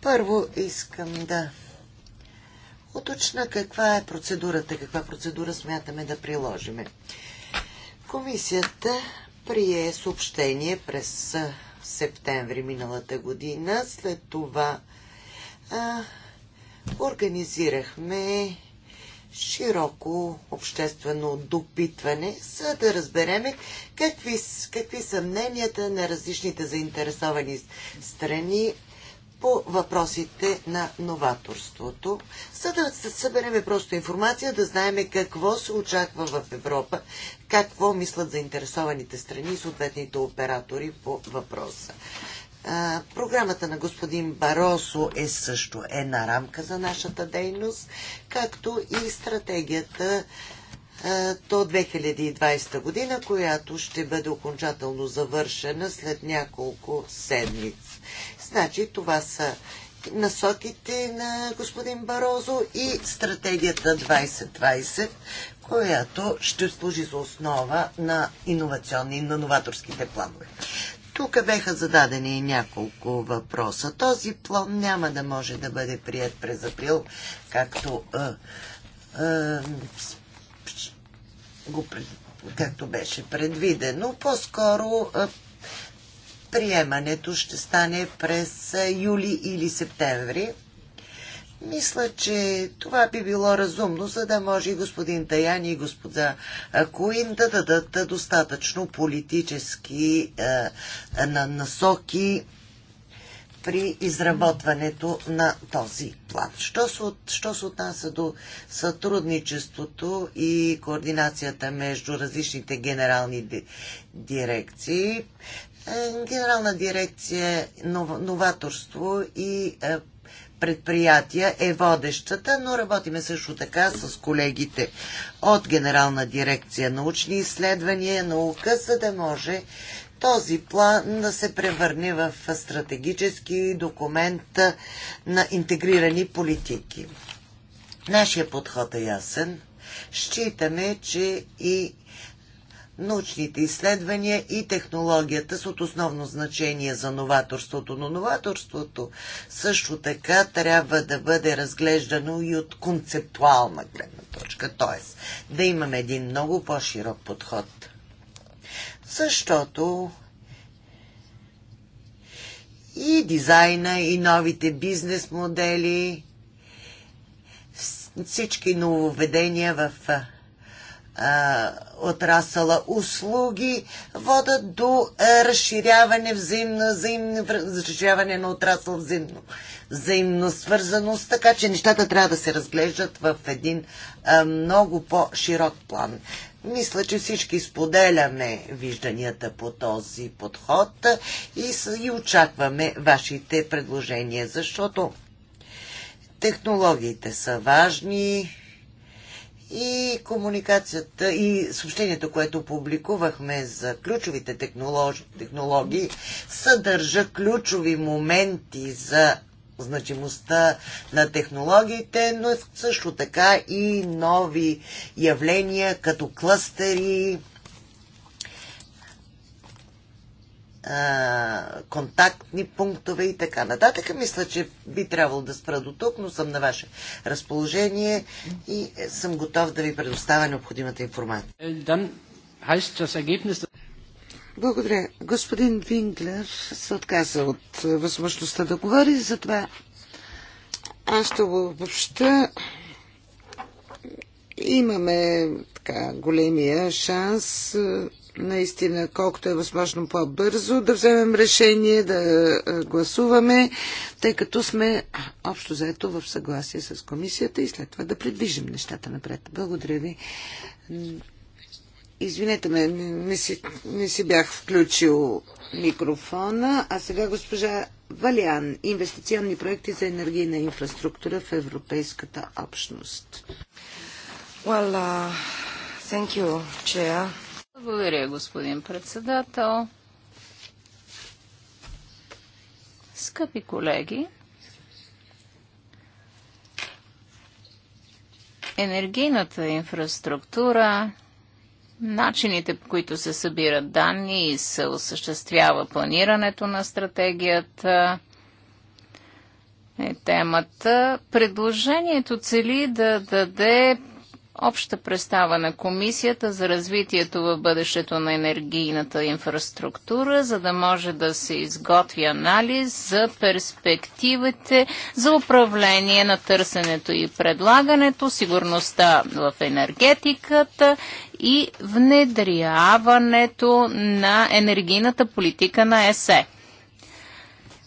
Първо искам да уточна каква е процедурата, каква процедура смятаме да приложиме. Комисията прие съобщение през септември миналата година. След това а, организирахме широко обществено допитване, за да разбереме какви, какви са мненията на различните заинтересовани страни по въпросите на новаторството, за да събереме просто информация, да знаеме какво се очаква в Европа, какво мислят заинтересованите страни и съответните оператори по въпроса. програмата на господин Баросо е също една рамка за нашата дейност, както и стратегията до 2020 година, която ще бъде окончателно завършена след няколко седмици. Значи това са насоките на господин Барозо и стратегията 2020, която ще служи за основа на иновационни и на новаторските планове. Тук беха зададени няколко въпроса. Този план няма да може да бъде прият през април, както, а, а, го, както беше предвидено. По-скоро приемането ще стане през юли или септември. Мисля, че това би било разумно, за да може и господин Таян и господа Коин да дадат достатъчно политически насоки при изработването на този план. Що се, от, що се отнася до сътрудничеството и координацията между различните генерални дирекции, е, Генерална дирекция новаторство и е, предприятия е водещата, но работиме също така с колегите от Генерална дирекция научни изследвания, наука, за да може този план да се превърне в стратегически документ е, на интегрирани политики. Нашия подход е ясен. Считаме, че и научните изследвания и технологията са от основно значение за новаторството, но новаторството също така трябва да бъде разглеждано и от концептуална гледна точка, т.е. да имаме един много по-широк подход. Защото и дизайна, и новите бизнес модели, всички нововведения в отрасъла услуги водат до е, разширяване, взаимно, взаимно, разширяване на отрасъл взаимно, взаимно свързаност, така че нещата трябва да се разглеждат в един е, много по-широк план. Мисля, че всички споделяме вижданията по този подход и, и очакваме вашите предложения, защото технологиите са важни, и комуникацията и съобщението, което публикувахме за ключовите технологии, технологии съдържа ключови моменти за значимостта на технологиите, но също така и нови явления като клъстери, контактни пунктове и така нататък. Мисля, че би трябвало да спра до тук, но съм на ваше разположение и съм готов да ви предоставя необходимата информация. Е, Благодаря. Господин Винглер се отказа от възможността да говори, затова аз ще го Имаме така, големия шанс наистина колкото е възможно по-бързо да вземем решение, да е, гласуваме, тъй като сме общо заето в съгласие с комисията и след това да придвижим нещата напред. Благодаря ви. Извинете ме, не си, не си бях включил микрофона, а сега госпожа Валиан, инвестиционни проекти за енергийна инфраструктура в Европейската общност. Well, uh, thank you, Chair. Благодаря, господин председател. Скъпи колеги, енергийната инфраструктура, начините по които се събират данни и се осъществява планирането на стратегията, е темата. Предложението цели да даде обща представа на Комисията за развитието в бъдещето на енергийната инфраструктура, за да може да се изготви анализ за перспективите за управление на търсенето и предлагането, сигурността в енергетиката и внедряването на енергийната политика на ЕСЕ.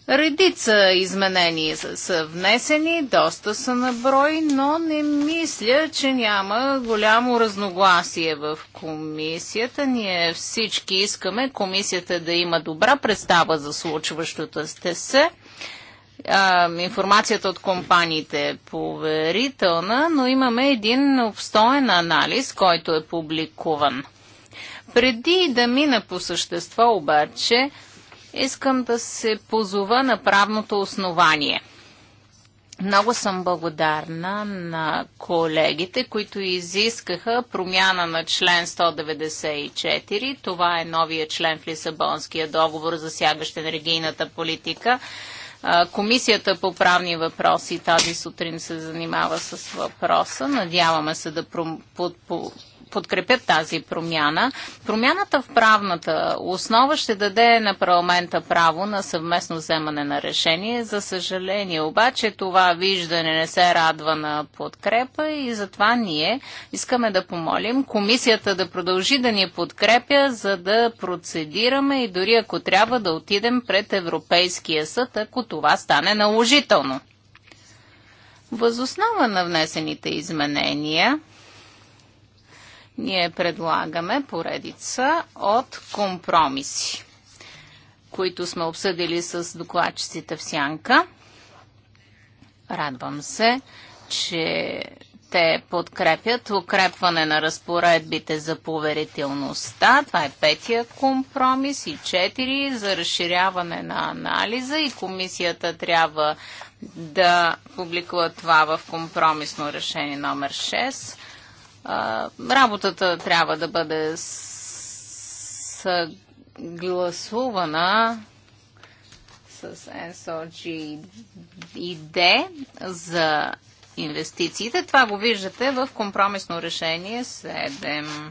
Редица изменения са, са внесени, доста са на брой, но не мисля, че няма голямо разногласие в комисията. Ние всички искаме комисията да има добра представа за случващото сте се. А, информацията от компаниите е поверителна, но имаме един обстоен анализ, който е публикуван. Преди да мина по същество обаче, Искам да се позова на правното основание. Много съм благодарна на колегите, които изискаха промяна на член 194. Това е новия член в Лисабонския договор, за сягаща енергийната политика. Комисията по правни въпроси тази сутрин се занимава с въпроса. Надяваме се да подкрепят тази промяна. Промяната в правната основа ще даде на парламента право на съвместно вземане на решение. За съжаление обаче това виждане не се радва на подкрепа и затова ние искаме да помолим комисията да продължи да ни подкрепя, за да процедираме и дори ако трябва да отидем пред Европейския съд, ако това стане наложително. Възоснова на внесените изменения, ние предлагаме поредица от компромиси, които сме обсъдили с докладчиците в Сянка. Радвам се, че те подкрепят укрепване на разпоредбите за поверителността. Това е петия компромис и четири за разширяване на анализа и комисията трябва да публикува това в компромисно решение номер 6 работата трябва да бъде съгласувана с NSOGID за инвестициите. Това го виждате в компромисно решение 7.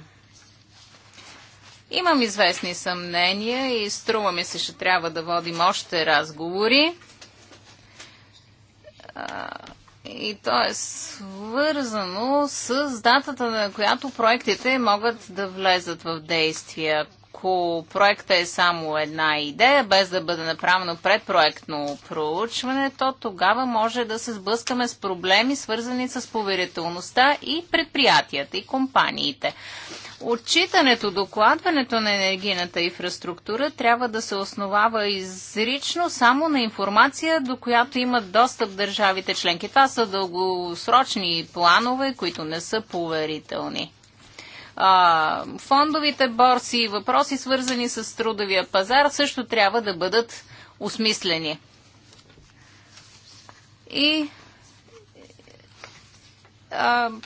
Имам известни съмнения и струва ми се, ще трябва да водим още разговори и то е свързано с датата, на която проектите могат да влезат в действие. Ако проекта е само една идея, без да бъде направено предпроектно проучване, то тогава може да се сблъскаме с проблеми, свързани с поверителността и предприятията и компаниите. Отчитането, докладването на енергийната инфраструктура трябва да се основава изрично само на информация, до която имат достъп държавите членки. Това са дългосрочни планове, които не са поверителни. А, фондовите борси и въпроси, свързани с трудовия пазар, също трябва да бъдат осмислени. И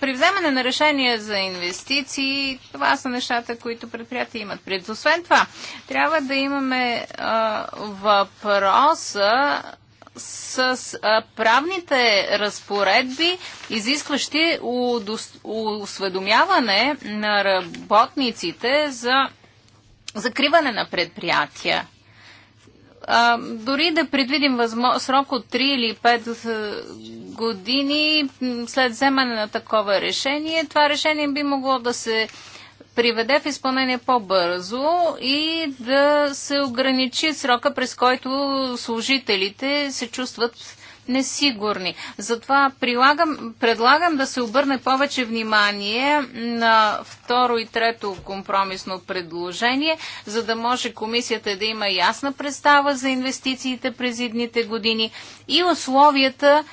при вземане на решение за инвестиции, това са нещата, които предприятия имат пред. Освен това, трябва да имаме а, въпроса с а, правните разпоредби, изискващи осведомяване на работниците за закриване на предприятия а, дори да предвидим възмо... срок от 3 или 5 години след вземане на такова решение, това решение би могло да се приведе в изпълнение по-бързо и да се ограничи срока, през който служителите се чувстват несигурни. Затова прилагам, предлагам да се обърне повече внимание на второ и трето компромисно предложение, за да може комисията да има ясна представа за инвестициите през едните години и условията,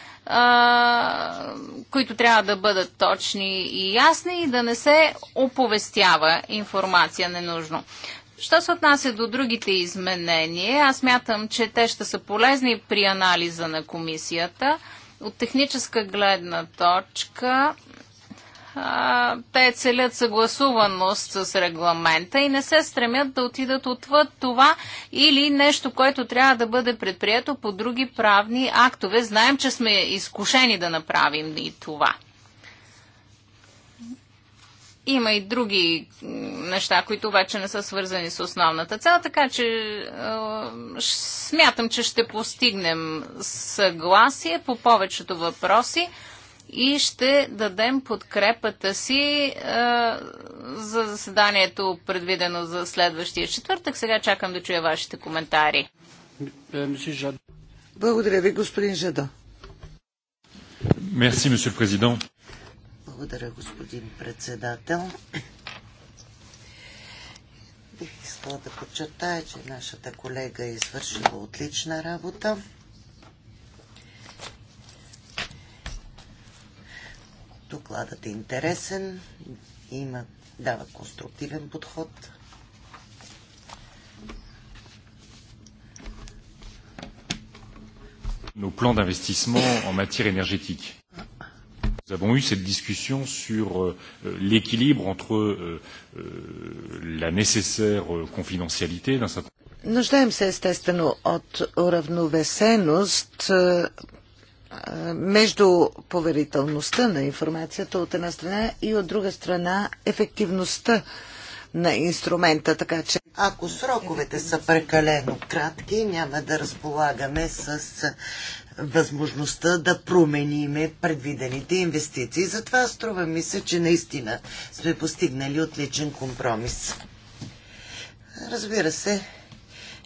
които трябва да бъдат точни и ясни и да не се оповестява информация ненужно. Що се отнася до другите изменения, аз мятам, че те ще са полезни при анализа на комисията. От техническа гледна точка те целят съгласуваност с регламента и не се стремят да отидат отвъд това или нещо, което трябва да бъде предприето по други правни актове. Знаем, че сме изкушени да направим и това. Има и други неща, които вече не са свързани с основната цел, така че е, смятам, че ще постигнем съгласие по повечето въпроси и ще дадем подкрепата си е, за заседанието, предвидено за следващия четвъртък. Сега чакам да чуя вашите коментари. Благодаря ви, господин Жадо. Мерси, господин президент. Благодаря, господин председател. Бих искала да подчертая, че нашата колега е извършила отлична работа. Докладът е интересен, има, дава конструктивен подход. Nos plans d'investissement en matière énergétique. Nous avons eu cette discussion sur euh, l'équilibre entre euh, euh, la nécessaire confidentialité d'un certain Нуждаем се естествено от уравновесеност е, е, между поверителността на информацията от една страна и от друга страна ефективността на инструмента, така че... Ако сроковете са прекалено кратки, няма да разполагаме с възможността да промениме предвидените инвестиции. Затова струва ми се, че наистина сме постигнали отличен компромис. Разбира се,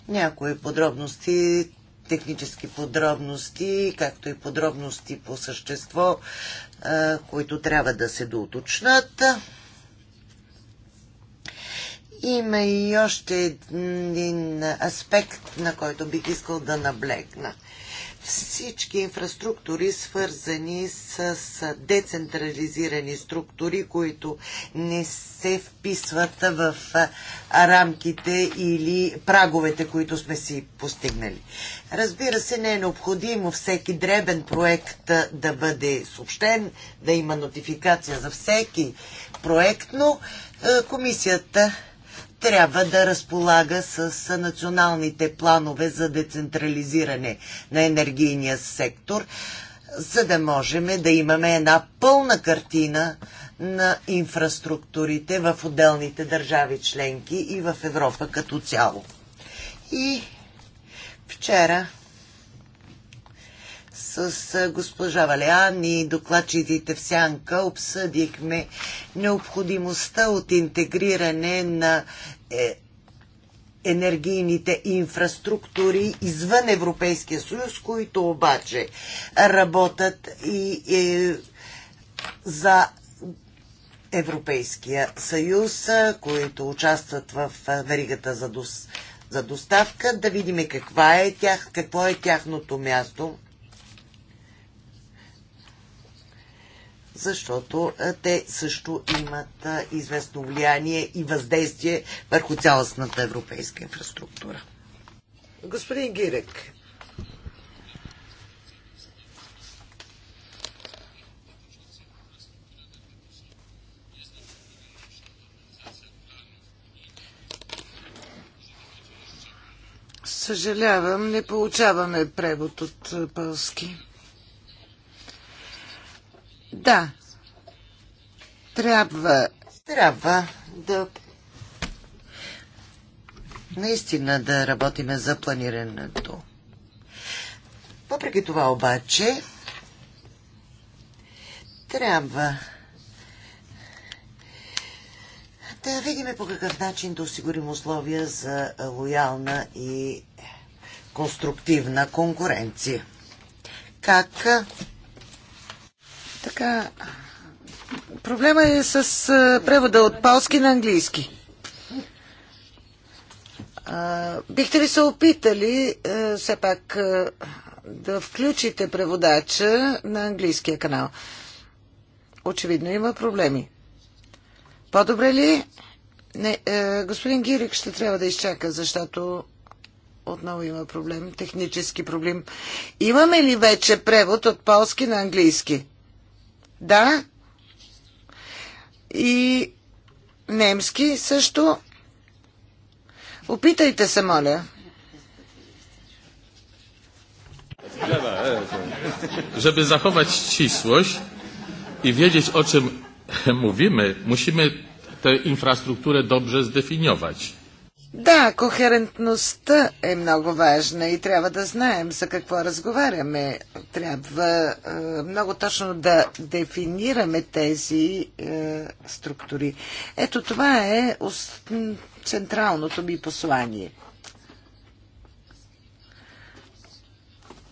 някои подробности, технически подробности, както и подробности по същество, които трябва да се доуточнат. Има и още един аспект, на който бих искал да наблегна – всички инфраструктури, свързани с децентрализирани структури, които не се вписват в рамките или праговете, които сме си постигнали. Разбира се, не е необходимо всеки дребен проект да бъде съобщен, да има нотификация за всеки проект, но комисията трябва да разполага с националните планове за децентрализиране на енергийния сектор, за да можем да имаме една пълна картина на инфраструктурите в отделните държави членки и в Европа като цяло. И вчера с госпожа Валян и докладчиците в Сянка обсъдихме необходимостта от интегриране на е, енергийните инфраструктури извън Европейския съюз, които обаче работят и, и е, за Европейския съюз, които участват в веригата за, за доставка, да видим каква е тях, какво е тяхното място защото те също имат известно влияние и въздействие върху цялостната европейска инфраструктура. Господин Гирек, Съжалявам, не получаваме превод от полски. Да. Трябва. Трябва да. Наистина да работиме за планирането. Въпреки това обаче, трябва да видим по какъв начин да осигурим условия за лоялна и конструктивна конкуренция. Как така, проблема е с превода от полски на английски. бихте ли се опитали все пак да включите преводача на английския канал? Очевидно има проблеми. По-добре ли? Не, господин Гирик ще трябва да изчака, защото отново има проблем, технически проблем. Имаме ли вече превод от полски на английски? Да. И немски също. Опитайте се, моля. Żeby zachować ścisłość i wiedzieć o czym mówimy, musimy tę infrastrukturę dobrze zdefiniować. Да, кохерентността е много важна и трябва да знаем за какво разговаряме. Трябва е, много точно да дефинираме тези е, структури. Ето това е централното ми послание.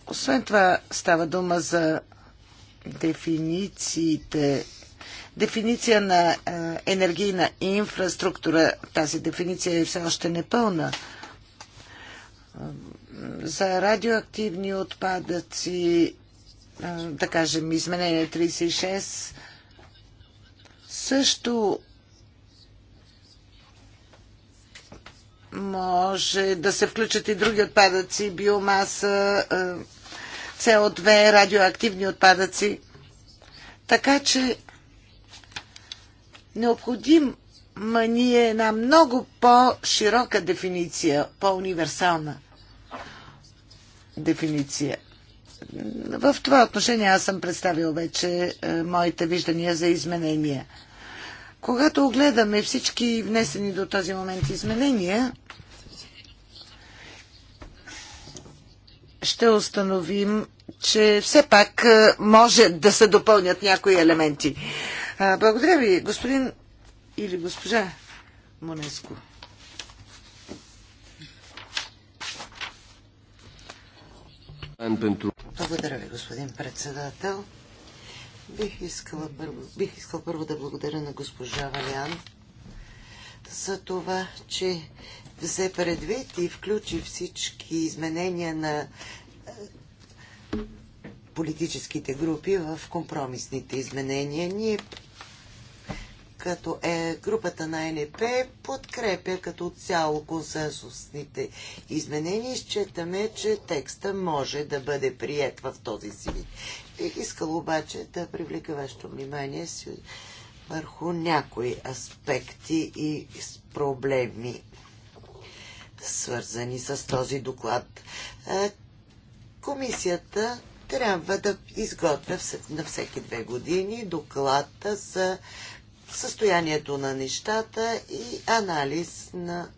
Освен това става дума за дефинициите дефиниция на е, енергийна инфраструктура. Тази дефиниция е все още непълна. За радиоактивни отпадъци, е, да кажем, изменение 36 също може да се включат и други отпадъци, биомаса, со е, 2 радиоактивни отпадъци. Така че Необходим ни е една много по-широка дефиниция, по-универсална дефиниция. В това отношение аз съм представил вече е, моите виждания за изменения. Когато огледаме всички внесени до този момент изменения, ще установим, че все пак е, може да се допълнят някои елементи. Благодаря ви, господин или госпожа Монеско. Благодаря ви, господин председател. Бих, искала първо, бих искал първо да благодаря на госпожа Валян за това, че взе предвид и включи всички изменения на е, политическите групи в компромисните изменения. Ние като е групата на НП подкрепя като цяло консенсусните изменения и считаме, че текста може да бъде прият в този си вид. Бих искал обаче да привлека вашето внимание си върху някои аспекти и проблеми, свързани с този доклад. Комисията трябва да изготвя на всеки две години доклада за състоянието на нещата и анализ на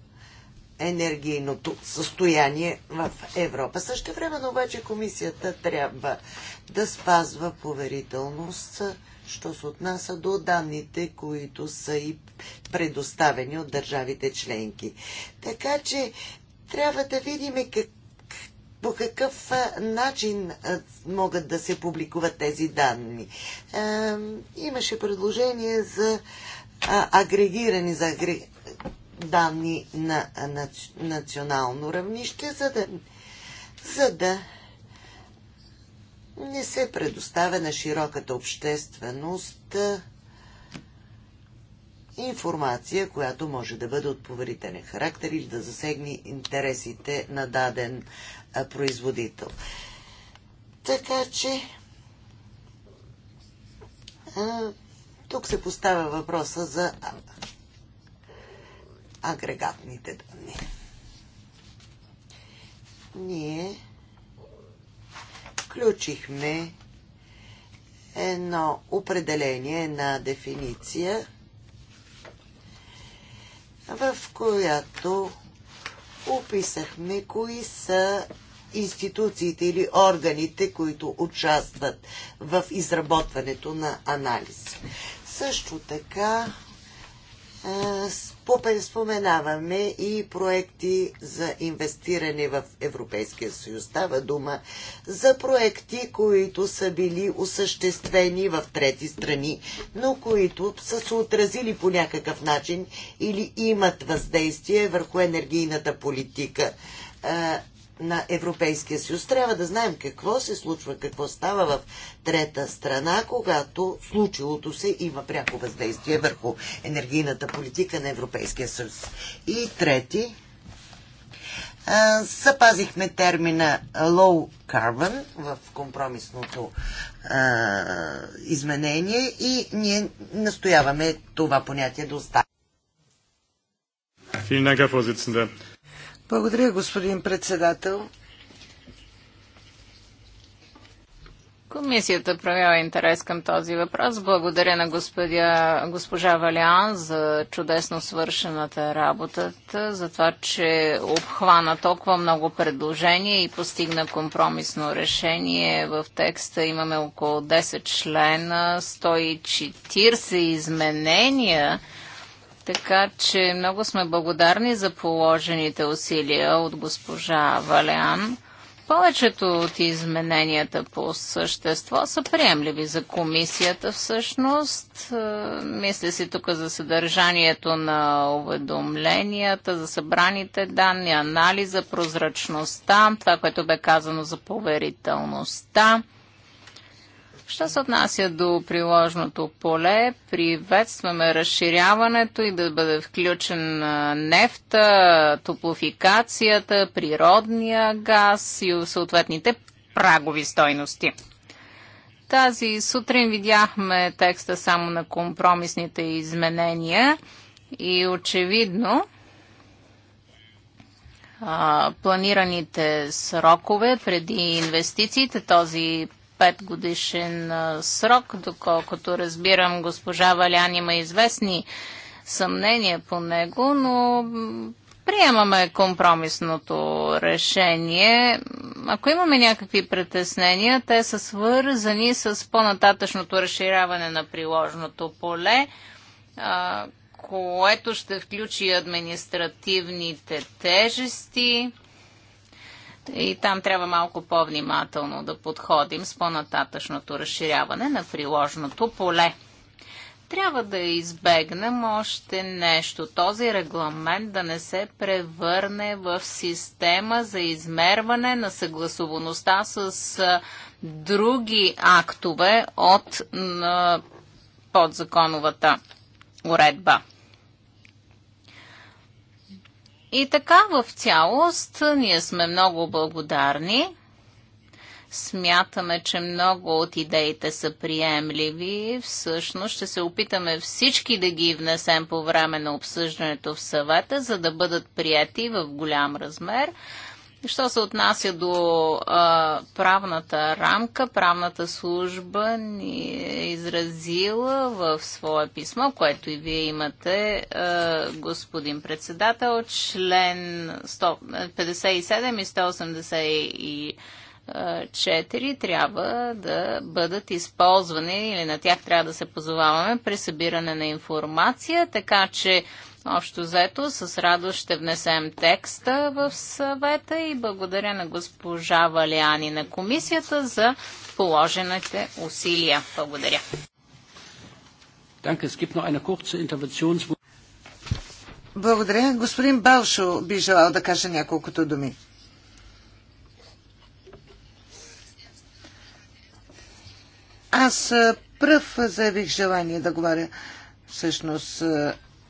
енергийното състояние в Европа. Също време обаче комисията трябва да спазва поверителност, що се отнася до данните, които са и предоставени от държавите членки. Така че трябва да видим как, по какъв начин могат да се публикуват тези данни. Имаше предложение за агрегирани, за агрег... данни на национално равнище, за да, за да не се предоставя на широката общественост информация, която може да бъде от поверителен характер или да засегне интересите на даден производител. Така че тук се поставя въпроса за агрегатните данни. Ние включихме едно определение на дефиниция, в която описахме кои са институциите или органите, които участват в изработването на анализ. Също така е, споменаваме и проекти за инвестиране в Европейския съюз. Става дума за проекти, които са били осъществени в трети страни, но които са се отразили по някакъв начин или имат въздействие върху енергийната политика е, на Европейския съюз. Трябва да знаем какво се случва, какво става в трета страна, когато случилото се има пряко въздействие върху енергийната политика на Европейския съюз. И трети, запазихме термина low carbon в компромисното а, изменение и ние настояваме това понятие да остане. Vielen Dank, Herr Vorsitzender. Благодаря, господин председател. Комисията проявява интерес към този въпрос. Благодаря на господя, госпожа Валян за чудесно свършената работата, за това, че обхвана толкова много предложения и постигна компромисно решение. В текста имаме около 10 члена, 140 изменения така че много сме благодарни за положените усилия от госпожа Валян. Повечето от измененията по същество са приемливи за комисията всъщност. Е, мисля си тук за съдържанието на уведомленията, за събраните данни, анализа, прозрачността, това, което бе казано за поверителността. Що се отнася до приложното поле, приветстваме разширяването и да бъде включен нефта, топлофикацията, природния газ и съответните прагови стойности. Тази сутрин видяхме текста само на компромисните изменения и очевидно планираните срокове преди инвестициите, този 5 годишен срок, доколкото разбирам госпожа Валян има известни съмнения по него, но приемаме компромисното решение. Ако имаме някакви притеснения, те са свързани с по-нататъчното разширяване на приложното поле, което ще включи административните тежести и там трябва малко по-внимателно да подходим с по-нататъчното разширяване на приложното поле. Трябва да избегнем още нещо. Този регламент да не се превърне в система за измерване на съгласуваността с други актове от подзаконовата уредба. И така в цялост ние сме много благодарни. Смятаме, че много от идеите са приемливи. Всъщност ще се опитаме всички да ги внесем по време на обсъждането в съвета, за да бъдат прияти в голям размер. Що се отнася до а, правната рамка, правната служба ни е изразила в свое писмо, което и вие имате, а, господин председател, член 157 и 184 трябва да бъдат използвани или на тях трябва да се позоваваме при събиране на информация, така че Общо взето, с радост ще внесем текста в съвета и благодаря на госпожа Валяни на комисията за положените усилия. Благодаря. Благодаря. Господин Балшо би желал да каже няколкото думи. Аз пръв заявих желание да говоря. Всъщност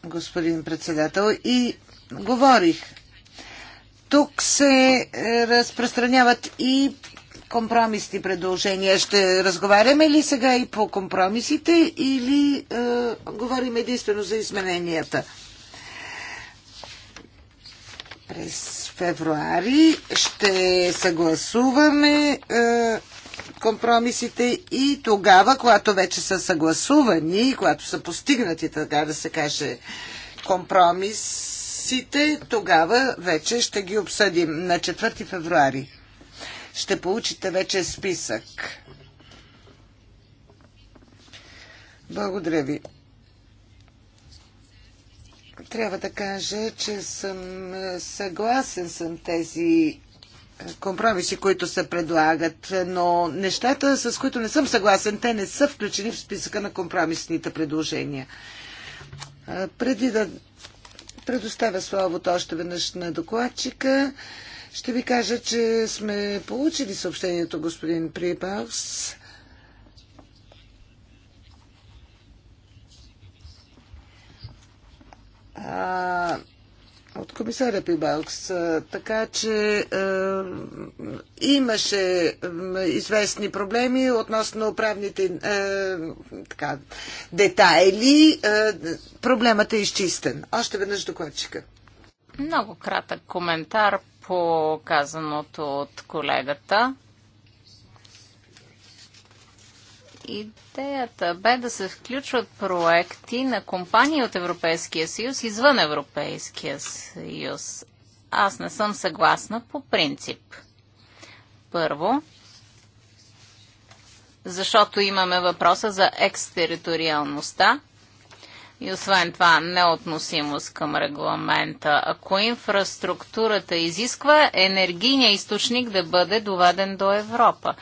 господин председател, и говорих. Тук се е, разпространяват и компромисни предложения. Ще разговаряме ли сега и по компромисите или е, говорим единствено за измененията? През февруари ще съгласуваме е, компромисите и тогава, когато вече са съгласувани, когато са постигнати, така да се каже, компромисите, тогава вече ще ги обсъдим на 4 февруари. Ще получите вече списък. Благодаря ви. Трябва да кажа, че съм е, съгласен с тези компромиси, които се предлагат, но нещата, с които не съм съгласен, те не са включени в списъка на компромисните предложения. Преди да предоставя словото още веднъж на докладчика, ще ви кажа, че сме получили съобщението, господин Прибалс. А, от комисаря Пибалкс. Така че е, имаше известни проблеми относно правните е, така, детайли. Е, проблемът е изчистен. Още веднъж докладчика. Много кратък коментар по казаното от колегата. Идеята бе да се включват проекти на компании от Европейския съюз извън Европейския съюз. Аз не съм съгласна по принцип. Първо, защото имаме въпроса за екстериториалността и освен това неотносимост към регламента. Ако инфраструктурата изисква, енергийният източник да бъде доведен до Европа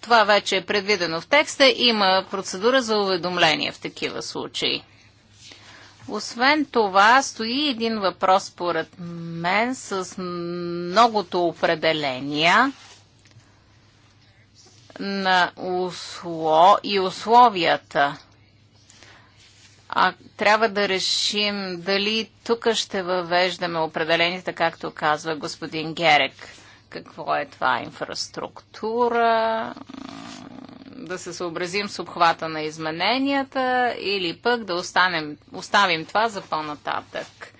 това вече е предвидено в текста. Има процедура за уведомление в такива случаи. Освен това, стои един въпрос, според мен, с многото определения на усло и условията. А трябва да решим дали тук ще въвеждаме определените, както казва господин Герек. Какво е това? Инфраструктура? Да се съобразим с обхвата на измененията или пък да останем, оставим това за по-нататък?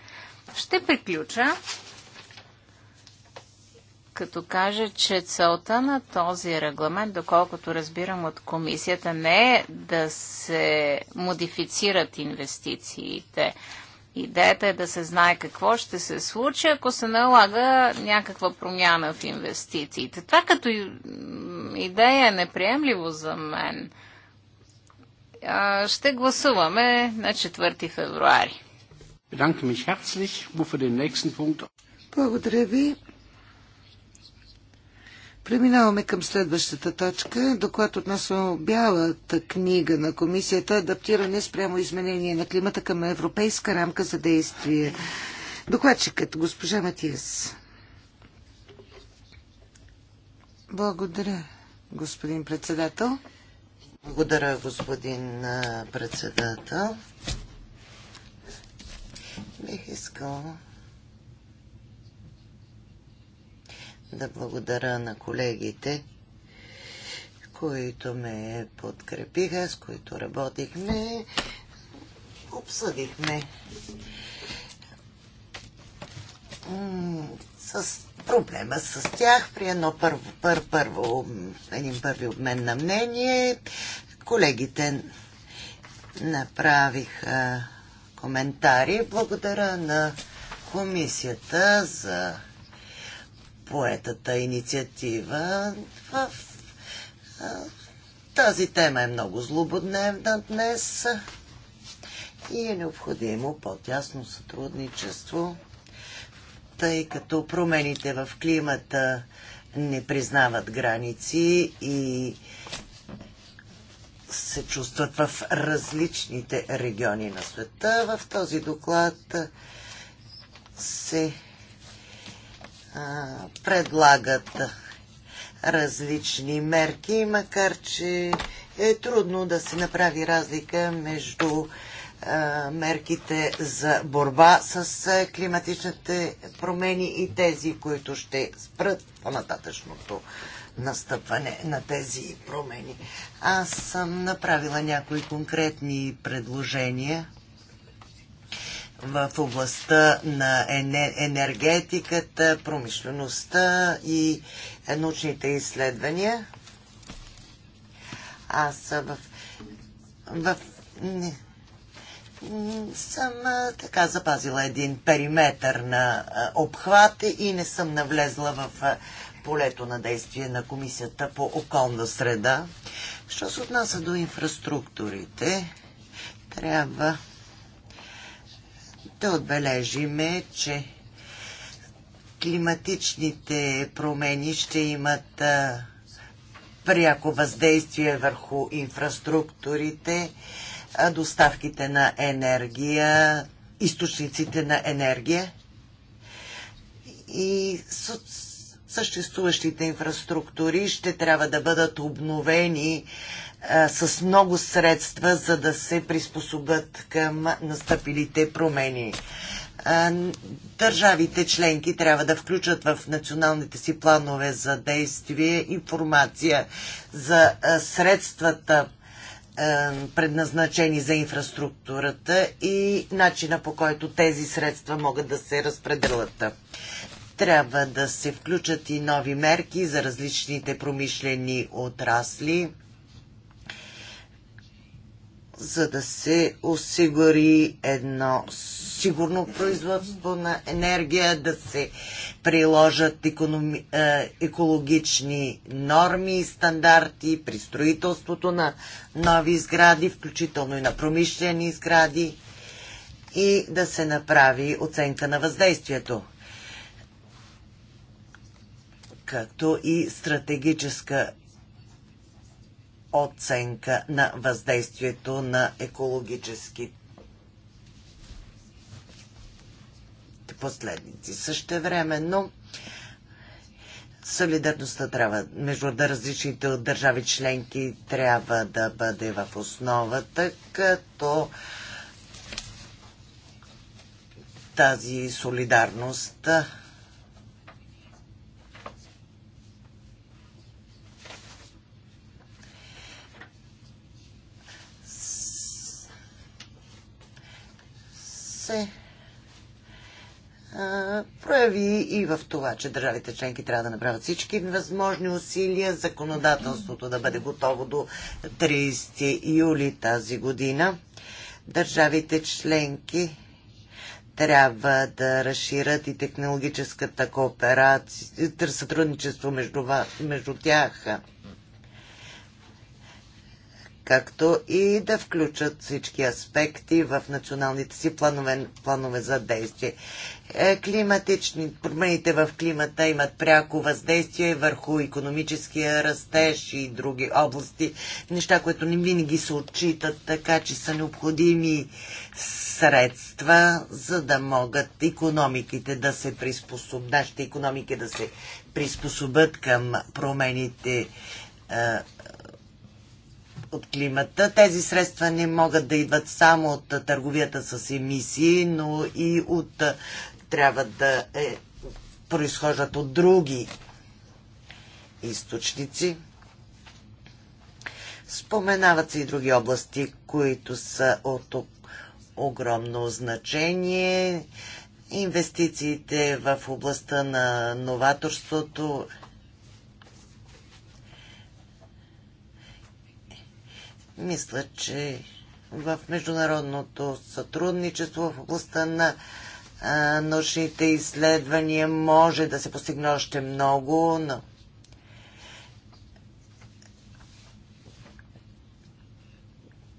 Ще приключа като кажа, че целта на този регламент, доколкото разбирам от комисията, не е да се модифицират инвестициите, Идеята е да се знае какво ще се случи, ако се налага някаква промяна в инвестициите. Това като идея е неприемливо за мен. Ще гласуваме на 4 февруари. Благодаря ви. Преминаваме към следващата точка. Доклад относно бялата книга на комисията Адаптиране спрямо изменение на климата към европейска рамка за действие. Докладчикът госпожа Матиас. Благодаря, господин председател. Благодаря, господин председател. Бих искала да благодаря на колегите, които ме подкрепиха, с които работихме, обсъдихме с проблема с тях при едно първо, пър, първо, един първи обмен на мнение. Колегите направиха коментари. Благодаря на комисията за поетата инициатива. В тази тема е много злободневна днес и е необходимо по-тясно сътрудничество, тъй като промените в климата не признават граници и се чувстват в различните региони на света. В този доклад се предлагат различни мерки, макар че е трудно да се направи разлика между мерките за борба с климатичните промени и тези, които ще спрат по-нататъчното настъпване на тези промени. Аз съм направила някои конкретни предложения в областта на енергетиката, промишлеността и научните изследвания. Аз в, в не, съм така запазила един периметр на обхват и не съм навлезла в полето на действие на Комисията по околна среда. Що се отнася до инфраструктурите, трябва да отбележиме, че климатичните промени ще имат пряко въздействие върху инфраструктурите, доставките на енергия, източниците на енергия и съществуващите инфраструктури ще трябва да бъдат обновени а, с много средства, за да се приспособят към настъпилите промени. А, държавите членки трябва да включат в националните си планове за действие информация за а, средствата предназначени за инфраструктурата и начина по който тези средства могат да се разпределят. Трябва да се включат и нови мерки за различните промишлени отрасли за да се осигури едно сигурно производство на енергия, да се приложат економи, е, екологични норми и стандарти при строителството на нови сгради, включително и на промишлени сгради и да се направи оценка на въздействието както и стратегическа оценка на въздействието на екологическите последници. Също време, но солидарността трябва между различните държави членки трябва да бъде в основата, като тази солидарност се прояви и в това, че държавите членки трябва да направят всички възможни усилия законодателството да бъде готово до 30 юли тази година. Държавите членки трябва да разширят и технологическата кооперация, сътрудничество между, между тях както и да включат всички аспекти в националните си планове, планове за действие. Е, климатични промените в климата имат пряко въздействие върху економическия растеж и други области, неща, които не винаги се отчитат, така че са необходими средства, за да могат економиките да се приспособят, нашите економики да се приспособят към промените е, от климата. Тези средства не могат да идват само от търговията с емисии, но и от трябва да е, произхождат от други източници. Споменават се и други области, които са от огромно значение. Инвестициите в областта на новаторството Мисля, че в международното сътрудничество в областта на а, научните изследвания може да се постигне още много, но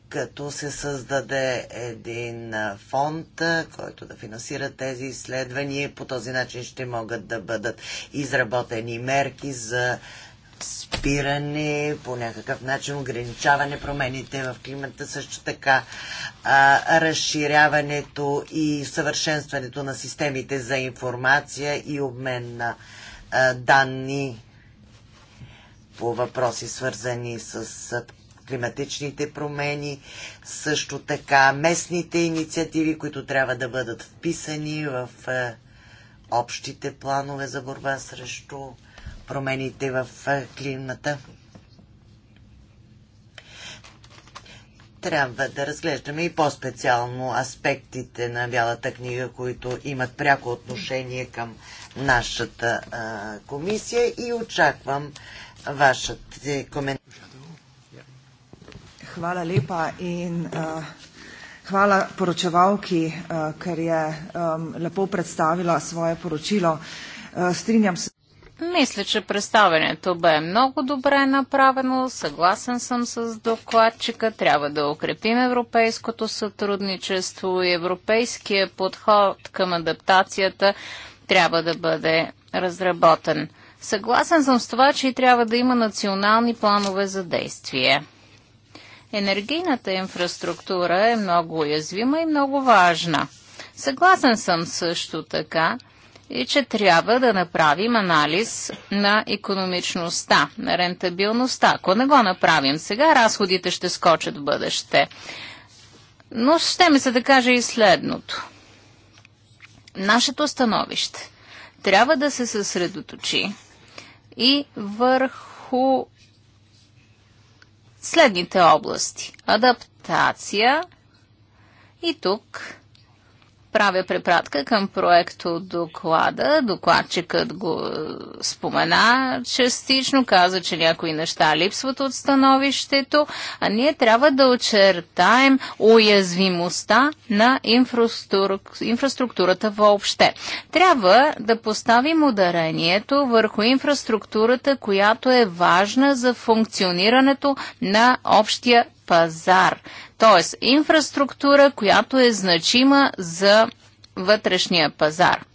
като се създаде един фонд, който да финансира тези изследвания. По този начин ще могат да бъдат изработени мерки за спиране, по някакъв начин ограничаване промените в климата, също така а, разширяването и съвършенстването на системите за информация и обмен на а, данни по въпроси свързани с климатичните промени, също така местните инициативи, които трябва да бъдат вписани в общите планове за борба срещу промените в климата. Трябва да разглеждаме и по-специално аспектите на Бялата книга, които имат пряко отношение към нашата а, комисия и очаквам вашат коментар. Hvala lepa in uh, hvala poročevalki, uh, ker je um, lepo predstavila svoje poročilo. Uh, strinjam se. Мисля, че представенето бе много добре направено. Съгласен съм с докладчика. Трябва да укрепим европейското сътрудничество и европейския подход към адаптацията трябва да бъде разработен. Съгласен съм с това, че и трябва да има национални планове за действие. Енергийната инфраструктура е много уязвима и много важна. Съгласен съм също така, и че трябва да направим анализ на економичността, на рентабилността. Ако не го направим сега, разходите ще скочат в бъдеще. Но ще ми се да кажа и следното. Нашето становище трябва да се съсредоточи и върху следните области. Адаптация и тук Правя препратка към проекто доклада. Докладчикът го е, спомена частично, каза, че някои неща липсват от становището, а ние трябва да очертаем уязвимостта на инфраструк... инфраструктурата въобще. Трябва да поставим ударението върху инфраструктурата, която е важна за функционирането на общия пазар. Т.е. инфраструктура, която е значима за вътрешния пазар.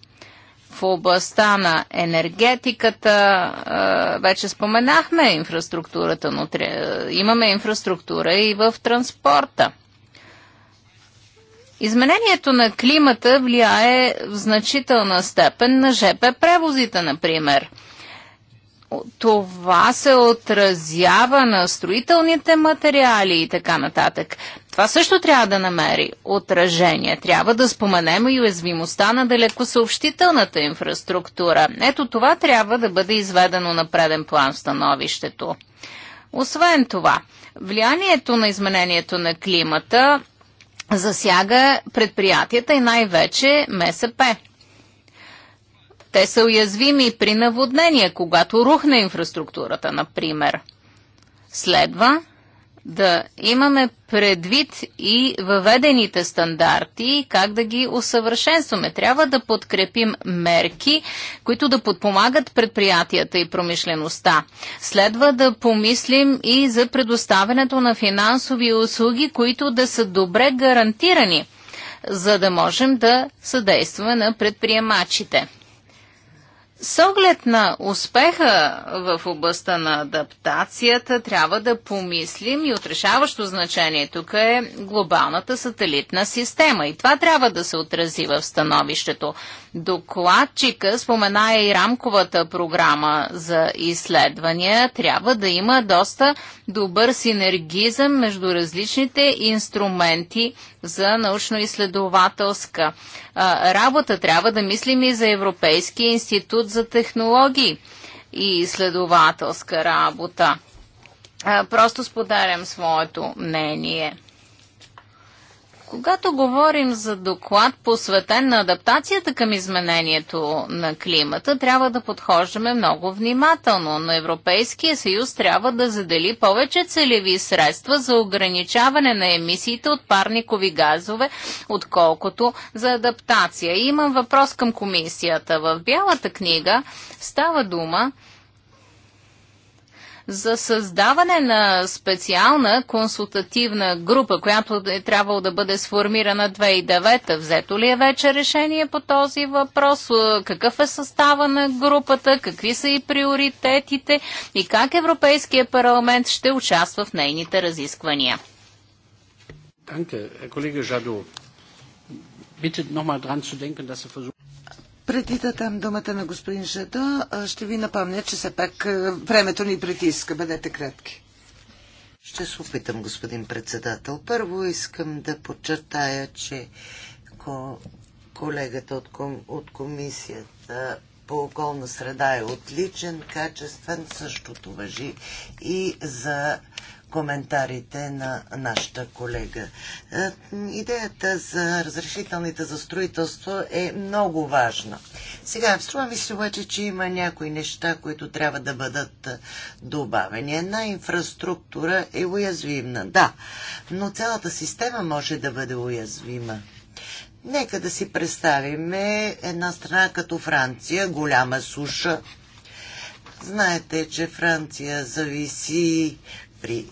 В областта на енергетиката вече споменахме инфраструктурата, но имаме инфраструктура и в транспорта. Изменението на климата влияе в значителна степен на ЖП превозите, например – това се отразява на строителните материали и така нататък. Това също трябва да намери отражение. Трябва да споменем и уязвимостта на далекосъобщителната инфраструктура. Ето това трябва да бъде изведено на преден план в становището. Освен това, влиянието на изменението на климата засяга предприятията и най-вече МСП. Те са уязвими при наводнения, когато рухне инфраструктурата, например. Следва да имаме предвид и въведените стандарти, как да ги усъвършенстваме. Трябва да подкрепим мерки, които да подпомагат предприятията и промишлеността. Следва да помислим и за предоставянето на финансови услуги, които да са добре гарантирани, за да можем да съдействаме на предприемачите. С оглед на успеха в областта на адаптацията, трябва да помислим и отрешаващо значение тук е глобалната сателитна система. И това трябва да се отрази в становището. Докладчика спомена и рамковата програма за изследвания. Трябва да има доста добър синергизъм между различните инструменти за научно-изследователска работа. Трябва да мислим и за Европейския институт за технологии и изследователска работа. Просто споделям своето мнение. Когато говорим за доклад посветен на адаптацията към изменението на климата, трябва да подхождаме много внимателно, но Европейския съюз трябва да задели повече целеви средства за ограничаване на емисиите от парникови газове, отколкото за адаптация. И имам въпрос към комисията. В Бялата книга става дума за създаване на специална консултативна група, която е трябвало да бъде сформирана 2009. Взето ли е вече решение по този въпрос? Е, какъв е състава на групата? Какви са и приоритетите? И как Европейския парламент ще участва в нейните разисквания? Danke, колега Жадо. Bitte nochmal dran zu denken, dass Sie er versuchen. Преди да дам думата на господин Жадо, ще ви напомня, че все пак времето ни притиска. Бъдете кратки. Ще се опитам, господин председател. Първо искам да подчертая, че колегата от, ком, от комисията по околна среда е отличен, качествен, същото въжи и за коментарите на нашата колега. Е, идеята за разрешителните за строителство е много важна. Сега, струва ми се обаче, че има някои неща, които трябва да бъдат е, добавени. Една инфраструктура е уязвимна, да, но цялата система може да бъде уязвима. Нека да си представим една страна като Франция, голяма суша. Знаете, че Франция зависи при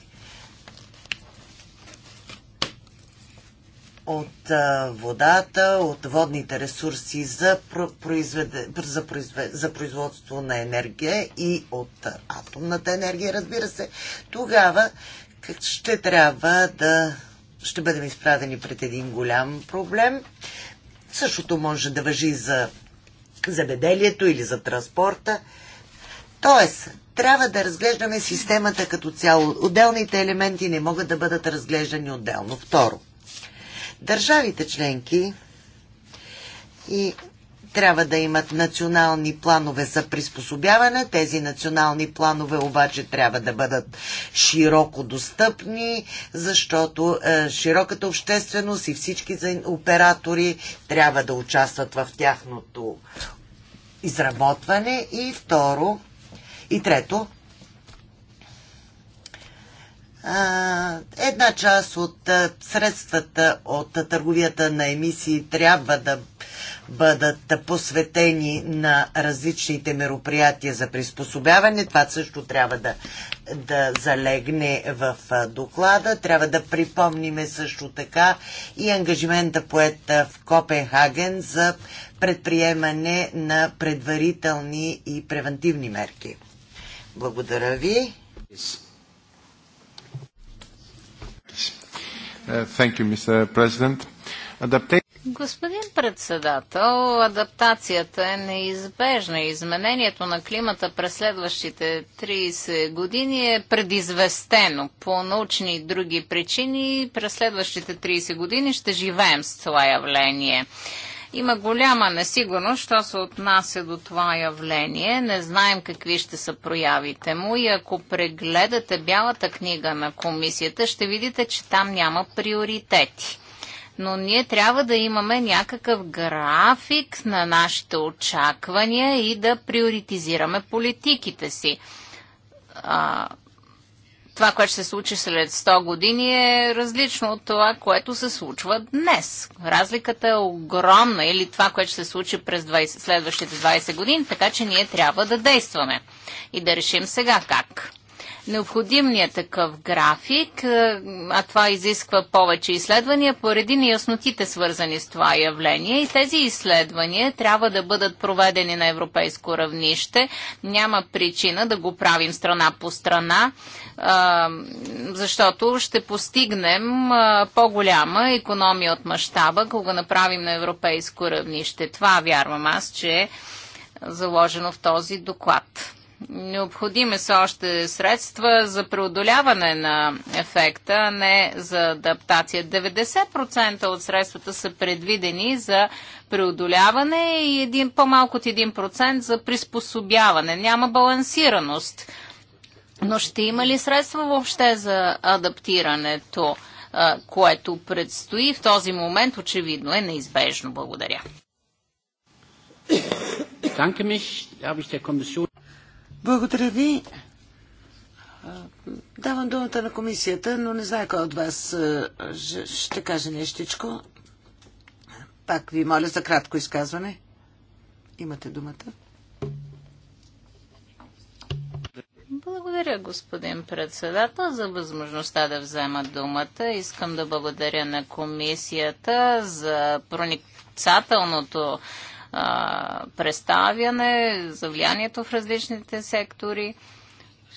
от водата, от водните ресурси за, произведе, за, произве, за производство на енергия и от атомната енергия, разбира се, тогава ще трябва да ще бъдем изправени пред един голям проблем. Същото може да въжи за забеделието или за транспорта. Тоест, трябва да разглеждаме системата като цяло. Отделните елементи не могат да бъдат разглеждани отделно. Второ, Държавите членки и трябва да имат национални планове за приспособяване. Тези национални планове обаче трябва да бъдат широко достъпни, защото е, широката общественост и всички оператори трябва да участват в тяхното изработване. И второ, и трето, една част от средствата от търговията на емисии трябва да бъдат посветени на различните мероприятия за приспособяване. Това също трябва да, да залегне в доклада. Трябва да припомниме също така и ангажимента поет в Копенхаген за предприемане на предварителни и превентивни мерки. Благодаря ви. Uh, Господин председател, адаптацията е неизбежна. Изменението на климата през следващите 30 години е предизвестено по научни и други причини. През следващите 30 години ще живеем с това явление. Има голяма несигурност, що се отнася до това явление. Не знаем какви ще са проявите му и ако прегледате бялата книга на комисията, ще видите, че там няма приоритети но ние трябва да имаме някакъв график на нашите очаквания и да приоритизираме политиките си. А, това, което ще се случи след 100 години е различно от това, което се случва днес. Разликата е огромна или това, което ще се случи през 20, следващите 20 години, така че ние трябва да действаме и да решим сега как. Необходимният е такъв график, е, а това изисква повече изследвания поради неяснотите свързани с това явление и тези изследвания трябва да бъдат проведени на европейско равнище. Няма причина да го правим страна по страна, е, защото ще постигнем по-голяма економия от мащаба, ако го направим на европейско равнище. Това вярвам аз, че е заложено в този доклад. Необходими са още средства за преодоляване на ефекта, а не за адаптация. 90% от средствата са предвидени за преодоляване и един, по-малко от 1% за приспособяване. Няма балансираност. Но ще има ли средства въобще за адаптирането, което предстои в този момент, очевидно е неизбежно. Благодаря. Danke mich. habe ich der Kommission. Благодаря ви. Давам думата на комисията, но не знае кой от вас ще каже нещичко. Пак ви моля за кратко изказване. Имате думата. Благодаря, господин председател, за възможността да взема думата. Искам да благодаря на комисията за проницателното а, представяне, за влиянието в различните сектори.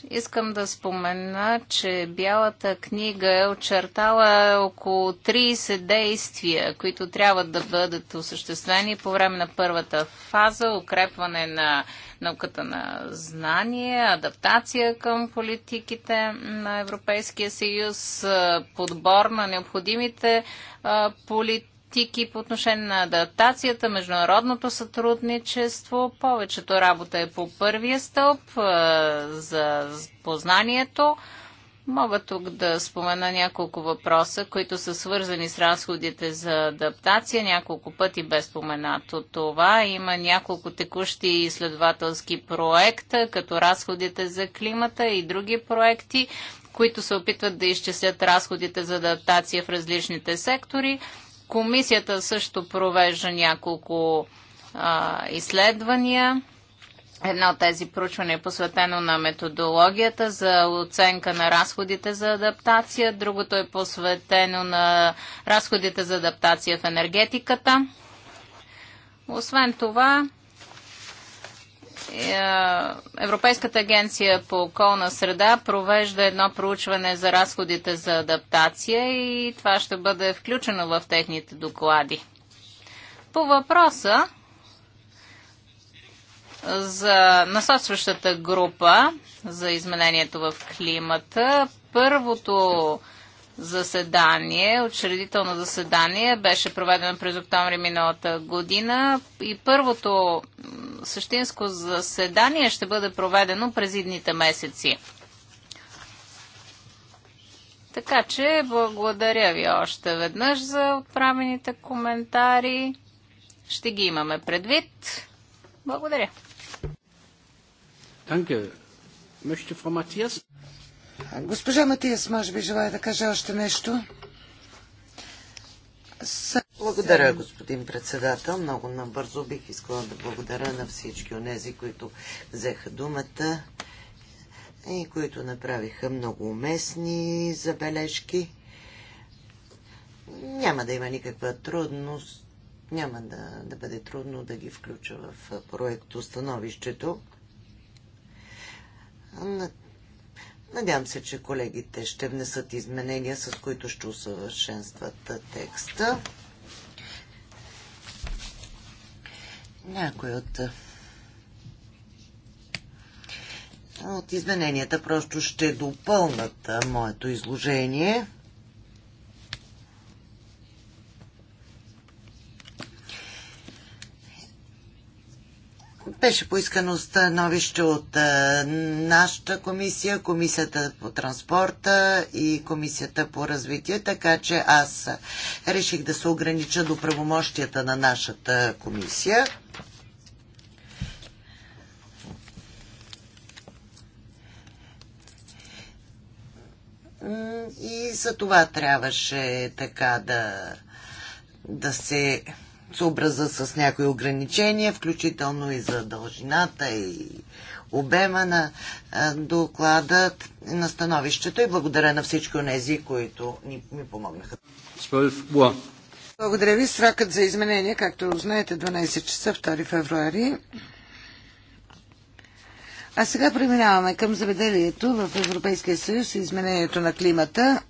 Искам да спомена, че Бялата книга е очертала около 30 действия, които трябва да бъдат осъществени по време на първата фаза укрепване на науката на знание, адаптация към политиките на Европейския съюз, подбор на необходимите политики политики по отношение на адаптацията, международното сътрудничество. Повечето работа е по първия стълб за познанието. Мога тук да спомена няколко въпроса, които са свързани с разходите за адаптация. Няколко пъти бе споменато това. Има няколко текущи изследователски проекта, като разходите за климата и други проекти, които се опитват да изчислят разходите за адаптация в различните сектори. Комисията също провежда няколко а, изследвания. Едно от тези проучвания е посветено на методологията за оценка на разходите за адаптация, другото е посветено на разходите за адаптация в енергетиката. Освен това, е, Европейската агенция по околна среда провежда едно проучване за разходите за адаптация и това ще бъде включено в техните доклади. По въпроса за насочващата група за изменението в климата, първото заседание, учредително заседание, беше проведено през октомври миналата година и първото същинско заседание ще бъде проведено през идните месеци. Така че благодаря ви още веднъж за отправените коментари. Ще ги имаме предвид. Благодаря. Danke. Möchte Frau Matthias? Госпожа Матиас, може би желая да каже още нещо. Благодаря, господин председател. Много набързо бих искала да благодаря на всички тези, които взеха думата и които направиха много уместни забележки. Няма да има никаква трудност, няма да, да бъде трудно да ги включа в проекто становището. Надявам се, че колегите ще внесат изменения, с които ще усъвършенстват текста. Някои от от измененията просто ще допълнат моето изложение. Беше поискано становище от нашата комисия, комисията по транспорта и комисията по развитие, така че аз реших да се огранича до правомощията на нашата комисия. И за това трябваше така да, да се образа с някои ограничения, включително и за дължината и обема на доклада на становището и благодаря на всички от тези, които ни, ми помогнаха. Благодаря ви. Срокът за изменение, както знаете, 12 часа, 2 февруари. А сега преминаваме към заведението в Европейския съюз и изменението на климата.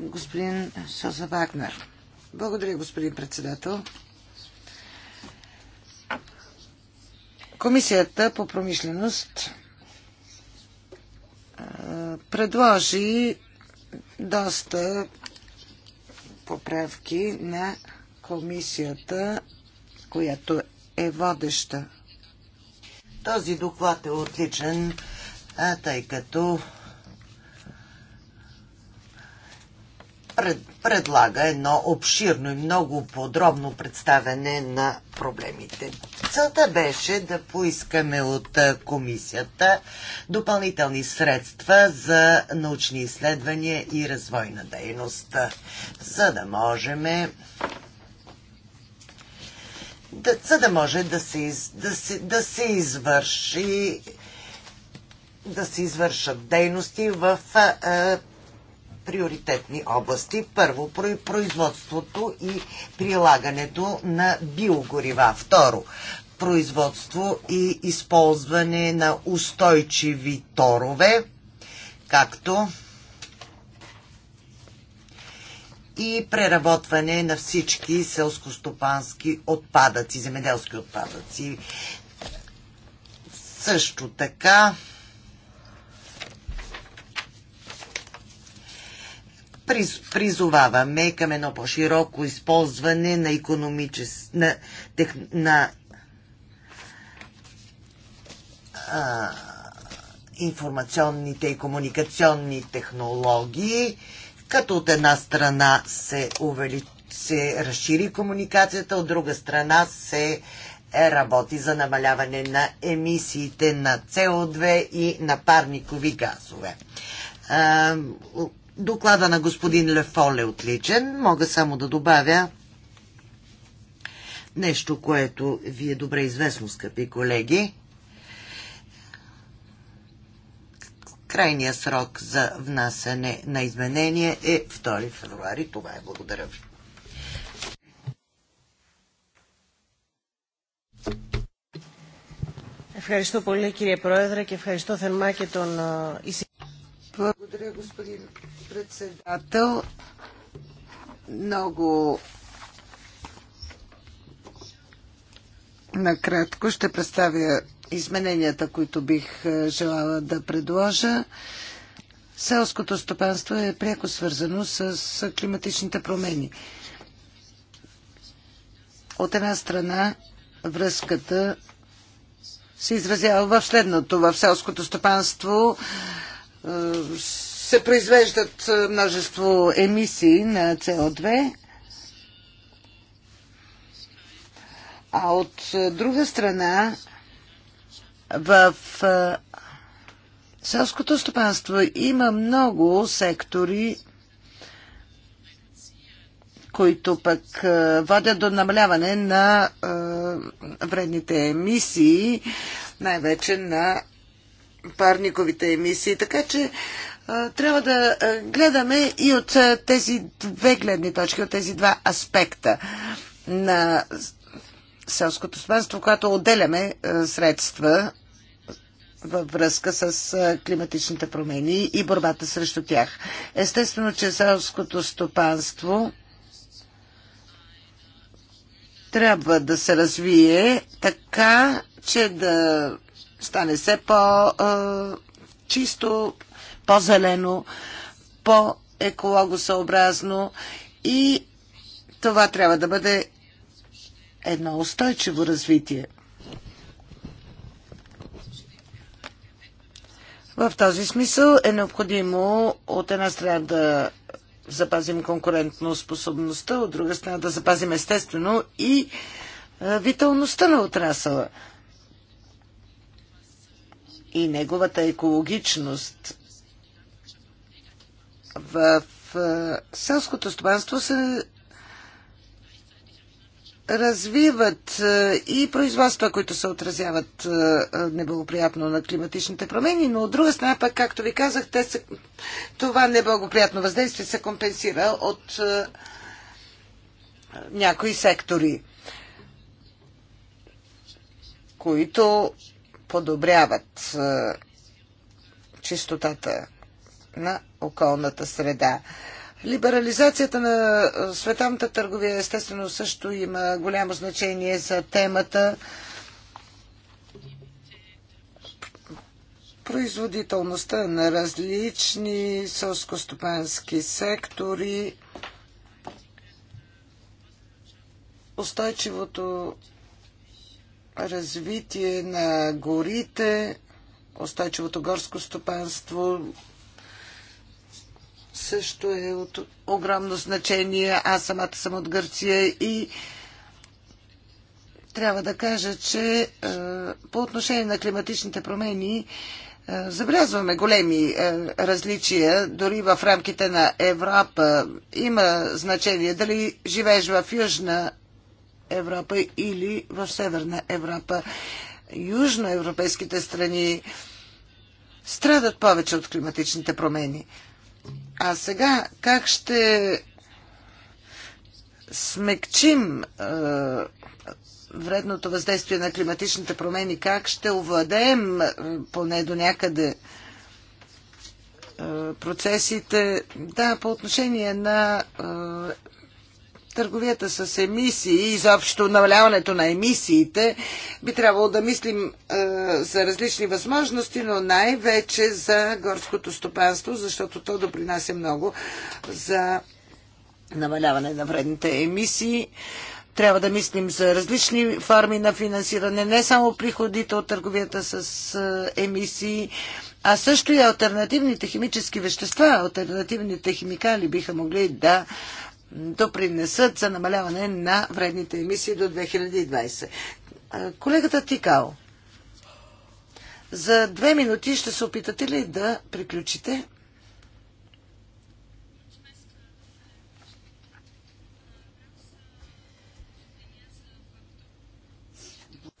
Господин Соза Вагнер. Благодаря, господин председател. Комисията по промишленост предложи доста поправки на комисията, която е водеща. Този доклад е отличен, тъй като пред, предлага едно обширно и много подробно представене на проблемите. Целта беше да поискаме от комисията допълнителни средства за научни изследвания и развойна дейност, за да можем да, за да може да се, да се, да се извърши да се извършат дейности в а, приоритетни области. Първо, производството и прилагането на биогорива. Второ, производство и използване на устойчиви торове, както и преработване на всички селскостопански отпадъци, земеделски отпадъци. Също така призоваваме към едно по-широко използване на, економичес... на, тех... на а, информационните и комуникационни технологии, като от една страна се, увели... се разшири комуникацията, от друга страна се работи за намаляване на емисиите на CO2 и на парникови газове Доклада на господин Лефол е отличен. Мога само да добавя нещо, което ви е добре известно, скъпи колеги. Крайният срок за внасяне на изменения е 2 февруари. Това е. Благодаря ви. Ευχαριστώ πολύ κύριε Πρόεδρε και ευχαριστώ θερμά και τον благодаря, господин председател. Много накратко ще представя измененията, които бих е, желала да предложа. Селското стопанство е пряко свързано с климатичните промени. От една страна, връзката се изразява в следното. В селското стопанство се произвеждат множество емисии на CO2, а от друга страна в селското стопанство има много сектори, които пък водят до намаляване на вредните емисии, най-вече на парниковите емисии. Така че трябва да гледаме и от тези две гледни точки, от тези два аспекта на селското стопанство, когато отделяме средства във връзка с климатичните промени и борбата срещу тях. Естествено, че селското стопанство трябва да се развие така, че да стане все по-чисто, по-зелено, по-екологосъобразно и това трябва да бъде едно устойчиво развитие. В този смисъл е необходимо от една страна да запазим конкурентно способността, от друга страна да запазим естествено и виталността на отрасъла и неговата екологичност. В селското стопанство се развиват и производства, които се отразяват неблагоприятно на климатичните промени, но от друга страна пък, както ви казах, те са, това неблагоприятно въздействие се компенсира от някои сектори, които подобряват е, чистотата на околната среда. Либерализацията на е, световната търговия естествено също има голямо значение за темата производителността на различни сълскостопански сектори, устойчивото развитие на горите, устойчивото горско стопанство също е от огромно значение. Аз самата съм от Гърция и трябва да кажа, че е, по отношение на климатичните промени е, Забелязваме големи е, различия, дори в рамките на Европа. Има значение дали живееш в Южна Европа или в Северна Европа. Южноевропейските страни страдат повече от климатичните промени. А сега как ще смекчим е, вредното въздействие на климатичните промени, как ще овладеем е, поне до някъде е, процесите. Да, по отношение на е, търговията с емисии и изобщо намаляването на емисиите, би трябвало да мислим е, за различни възможности, но най-вече за горското стопанство, защото то допринася много за намаляване на вредните емисии. Трябва да мислим за различни форми на финансиране, не само приходите от търговията с е, емисии, а също и альтернативните химически вещества, альтернативните химикали биха могли да допринесат за намаляване на вредните емисии до 2020. Колегата Тикао, за две минути ще се опитате ли да приключите?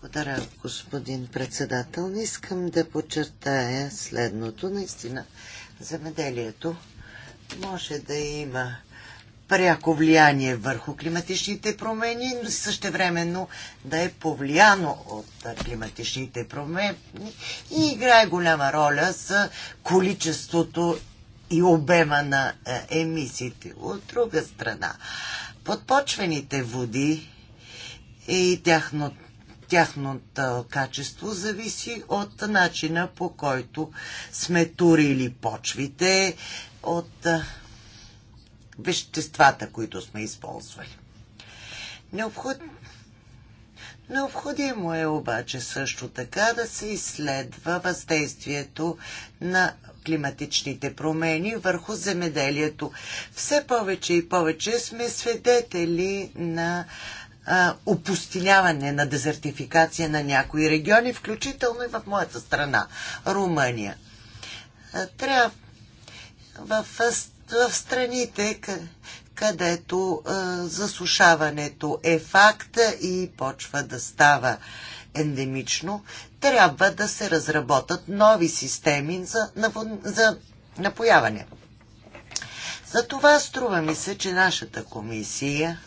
Благодаря, господин председател. Не искам да подчертая следното. Наистина, замеделието може да има пряко влияние върху климатичните промени, но същевременно да е повлияно от климатичните промени и играе голяма роля за количеството и обема на е, емисиите. От друга страна, подпочвените води и тяхното тяхното качество зависи от начина по който сме турили почвите, от е, веществата, които сме използвали. Необход... Необходимо е обаче също така да се изследва въздействието на климатичните промени върху земеделието. Все повече и повече сме свидетели на а, опустиняване, на дезертификация на някои региони, включително и в моята страна, Румъния. Трябва в в страните, където засушаването е факт и почва да става ендемично, трябва да се разработат нови системи за, за напояване. За това струва ми се, че нашата комисия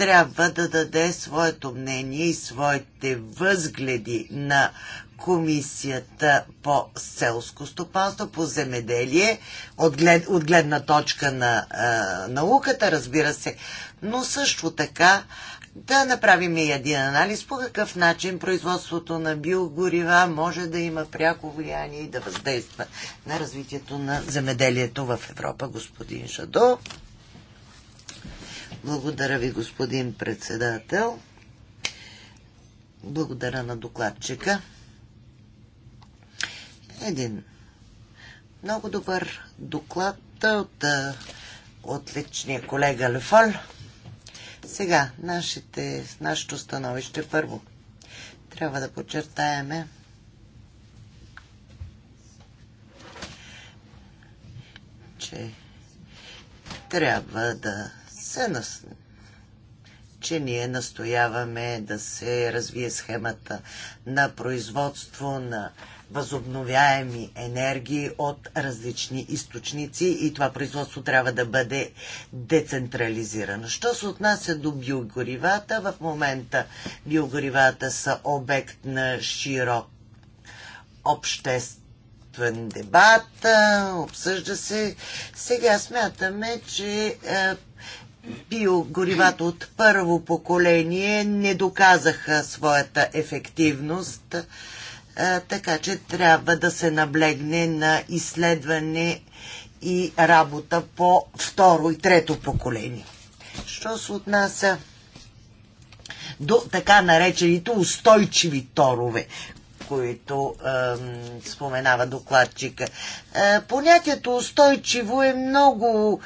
трябва да даде своето мнение и своите възгледи на Комисията по селско стопанство, по земеделие, от, глед, от гледна точка на а, науката, разбира се, но също така да направим и един анализ по какъв начин производството на биогорива може да има пряко влияние и да въздейства на развитието на земеделието в Европа, господин Шадо. Благодаря ви, господин председател. Благодаря на докладчика. Един много добър доклад от отличния колега Лефол. Сега, нашите, нашето становище първо. Трябва да подчертаеме, че трябва да са нас, че ние настояваме да се развие схемата на производство на възобновяеми енергии от различни източници и това производство трябва да бъде децентрализирано. Що се отнася до биогоривата, в момента биогоривата са обект на широк обществен дебат, обсъжда се. Сега смятаме, че е, биогоривата от първо поколение не доказаха своята ефективност, така че трябва да се наблегне на изследване и работа по второ и трето поколение. Що се отнася до така наречените устойчиви торове, които е, споменава докладчика. Е, понятието устойчиво е много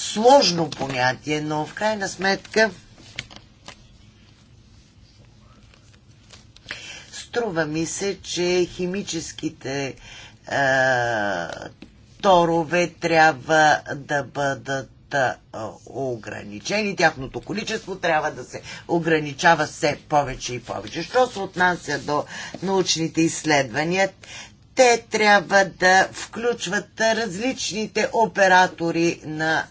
сложно понятие, но в крайна сметка струва ми се, че химическите е, торове трябва да бъдат ограничени. Тяхното количество трябва да се ограничава все повече и повече. Що се отнася до научните изследвания, те трябва да включват различните оператори на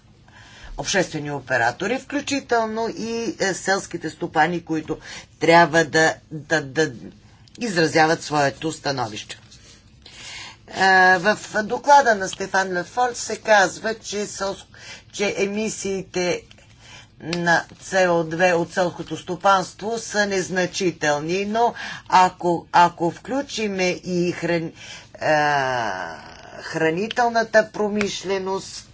обществени оператори, включително и е, селските стопани, които трябва да, да, да изразяват своето становище. Е, в доклада на Стефан Лефорт се казва, че, че емисиите на со 2 от селското стопанство са незначителни, но ако, ако включиме и хран, а, е, хранителната промишленост,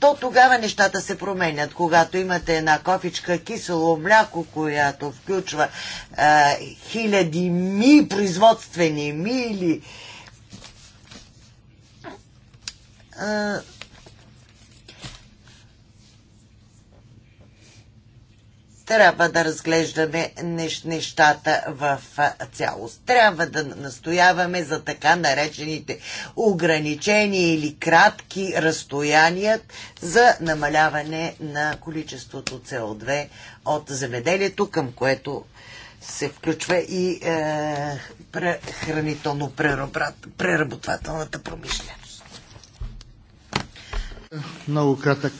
то тогава нещата се променят. Когато имате една кофичка кисело мляко, която включва а, хиляди ми, производствени мили, а, трябва да разглеждаме нещата в цялост. Трябва да настояваме за така наречените ограничени или кратки разстояния за намаляване на количеството CO2 от земеделието, към което се включва и е, хранително преработвателната промишленост. Много кратък.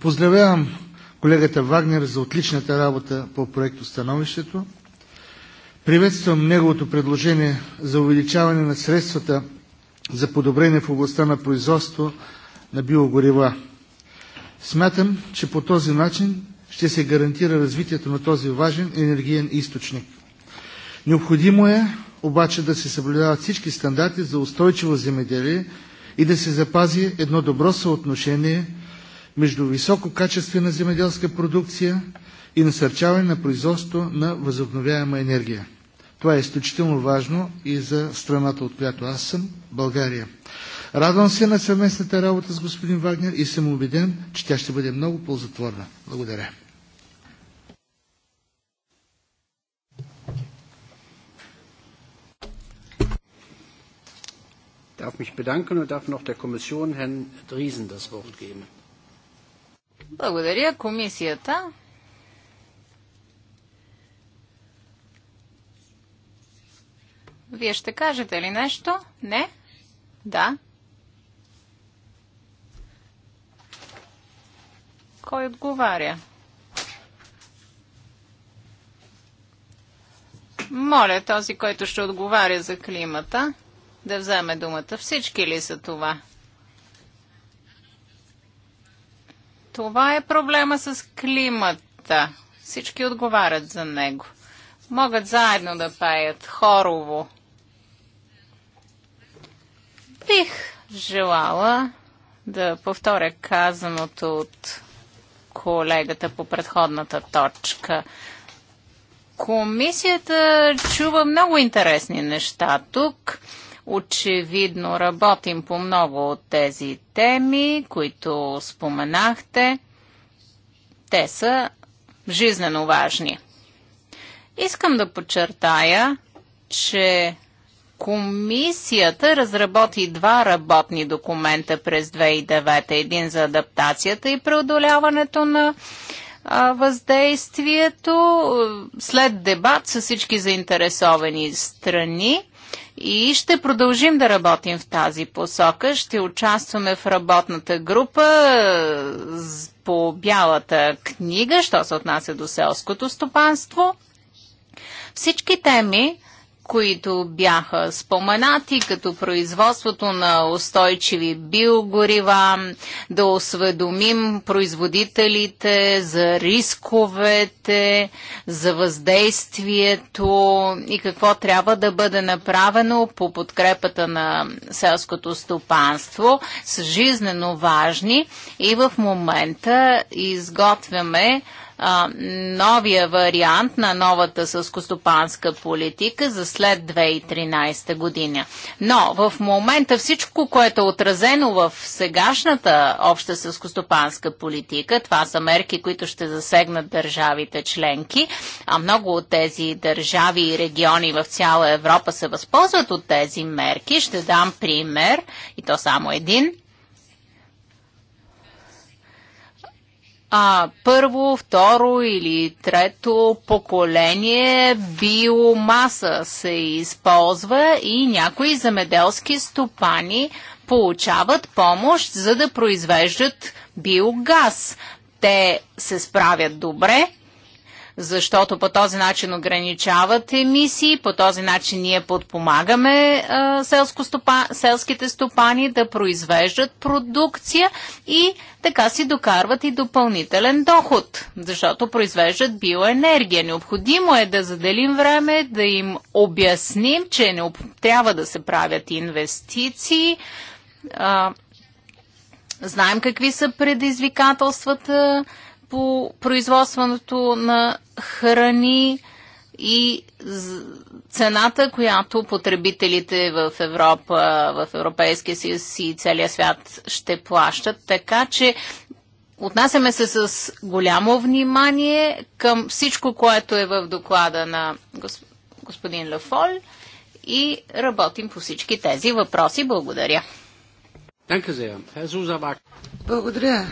Поздравявам колегата Вагнер за отличната работа по проекто становището. Приветствам неговото предложение за увеличаване на средствата за подобрение в областта на производство на биогорива. Смятам, че по този начин ще се гарантира развитието на този важен енергиен източник. Необходимо е обаче да се съблюдават всички стандарти за устойчиво земеделие и да се запази едно добро съотношение – между висококачествена земеделска продукция и насърчаване на производство на възобновяема енергия. Това е изключително важно и за страната, от която аз съм, България. Радвам се на съвместната работа с господин Вагнер и съм убеден, че тя ще бъде много ползотворна. Благодаря. darf mich bedanken und darf noch der Kommission Herrn Driesen das Wort geben. Благодаря. Комисията. Вие ще кажете ли нещо? Не? Да. Кой отговаря? Моля този, който ще отговаря за климата, да вземе думата. Всички ли са това? Това е проблема с климата. Всички отговарят за него. Могат заедно да пеят хорово. Бих желала да повторя казаното от колегата по предходната точка. Комисията чува много интересни неща тук. Очевидно работим по много от тези теми, които споменахте. Те са жизнено важни. Искам да подчертая, че Комисията разработи два работни документа през 2009. Един за адаптацията и преодоляването на въздействието след дебат с всички заинтересовани страни. И ще продължим да работим в тази посока. Ще участваме в работната група е, по бялата книга, що се отнася до селското стопанство. Всички теми, които бяха споменати, като производството на устойчиви биогорива, да осведомим производителите за рисковете, за въздействието и какво трябва да бъде направено по подкрепата на селското стопанство са жизнено важни и в момента изготвяме а, новия вариант на новата съскостопанска политика за след 2013 година. Но в момента всичко, което е отразено в сегашната обща съскостопанска политика, това са мерки, които ще засегнат държавите членки, а много от тези държави и региони в цяла Европа се възползват от тези мерки. Ще дам пример, и то само един – а, първо, второ или трето поколение биомаса се използва и някои замеделски стопани получават помощ, за да произвеждат биогаз. Те се справят добре, защото по този начин ограничават емисии, по този начин ние подпомагаме стопа, селските стопани да произвеждат продукция и така си докарват и допълнителен доход, защото произвеждат биоенергия. Необходимо е да заделим време, да им обясним, че не, трябва да се правят инвестиции. А, знаем какви са предизвикателствата по производството на храни и цената, която потребителите в Европа, в Европейския съюз и целия свят ще плащат. Така че отнасяме се с голямо внимание към всичко, което е в доклада на господин Лефоль и работим по всички тези въпроси. Благодаря. Благодаря.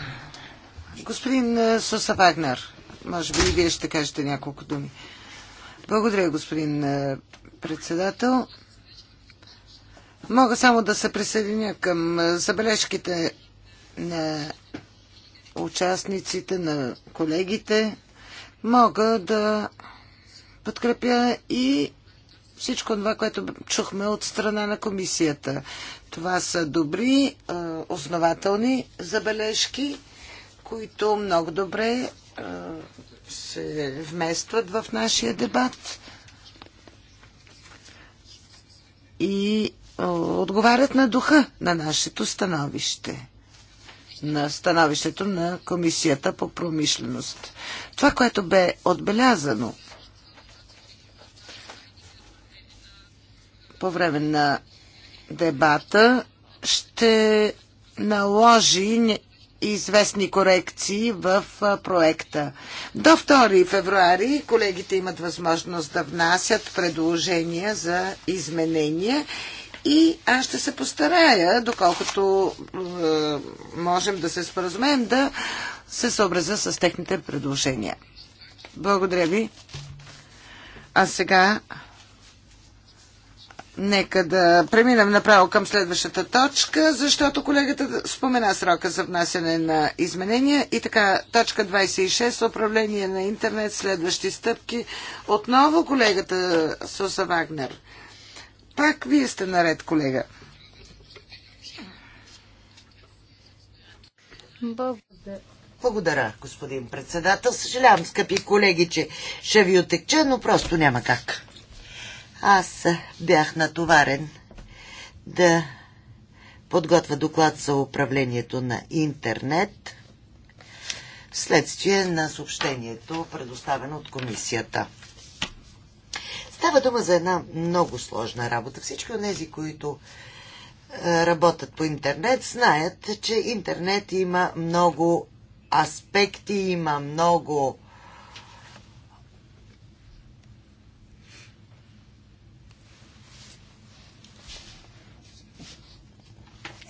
Господин е, Суса Вагнер, може би и вие ще кажете няколко думи. Благодаря, господин е, председател. Мога само да се присъединя към е, забележките на участниците, на колегите. Мога да подкрепя и всичко това, което чухме от страна на комисията. Това са добри, основателни забележки които много добре е, се вместват в нашия дебат и е, отговарят на духа на нашето становище на становището на Комисията по промишленост. Това, което бе отбелязано по време на дебата, ще наложи известни корекции в проекта. До 2 февруари колегите имат възможност да внасят предложения за изменения и аз ще се постарая, доколкото е, можем да се споразумеем, да се съобразя с техните предложения. Благодаря ви. А сега Нека да преминем направо към следващата точка, защото колегата спомена срока за внасяне на изменения. И така, точка 26, управление на интернет, следващи стъпки. Отново колегата Суса Вагнер. Пак вие сте наред, колега. Благодаря. Благодаря, господин председател. Съжалявам, скъпи колеги, че ще ви отекча, но просто няма как. Аз бях натоварен да подготвя доклад за управлението на интернет вследствие на съобщението, предоставено от комисията. Става дума за една много сложна работа. Всички от тези, които е, работят по интернет, знаят, че интернет има много аспекти, има много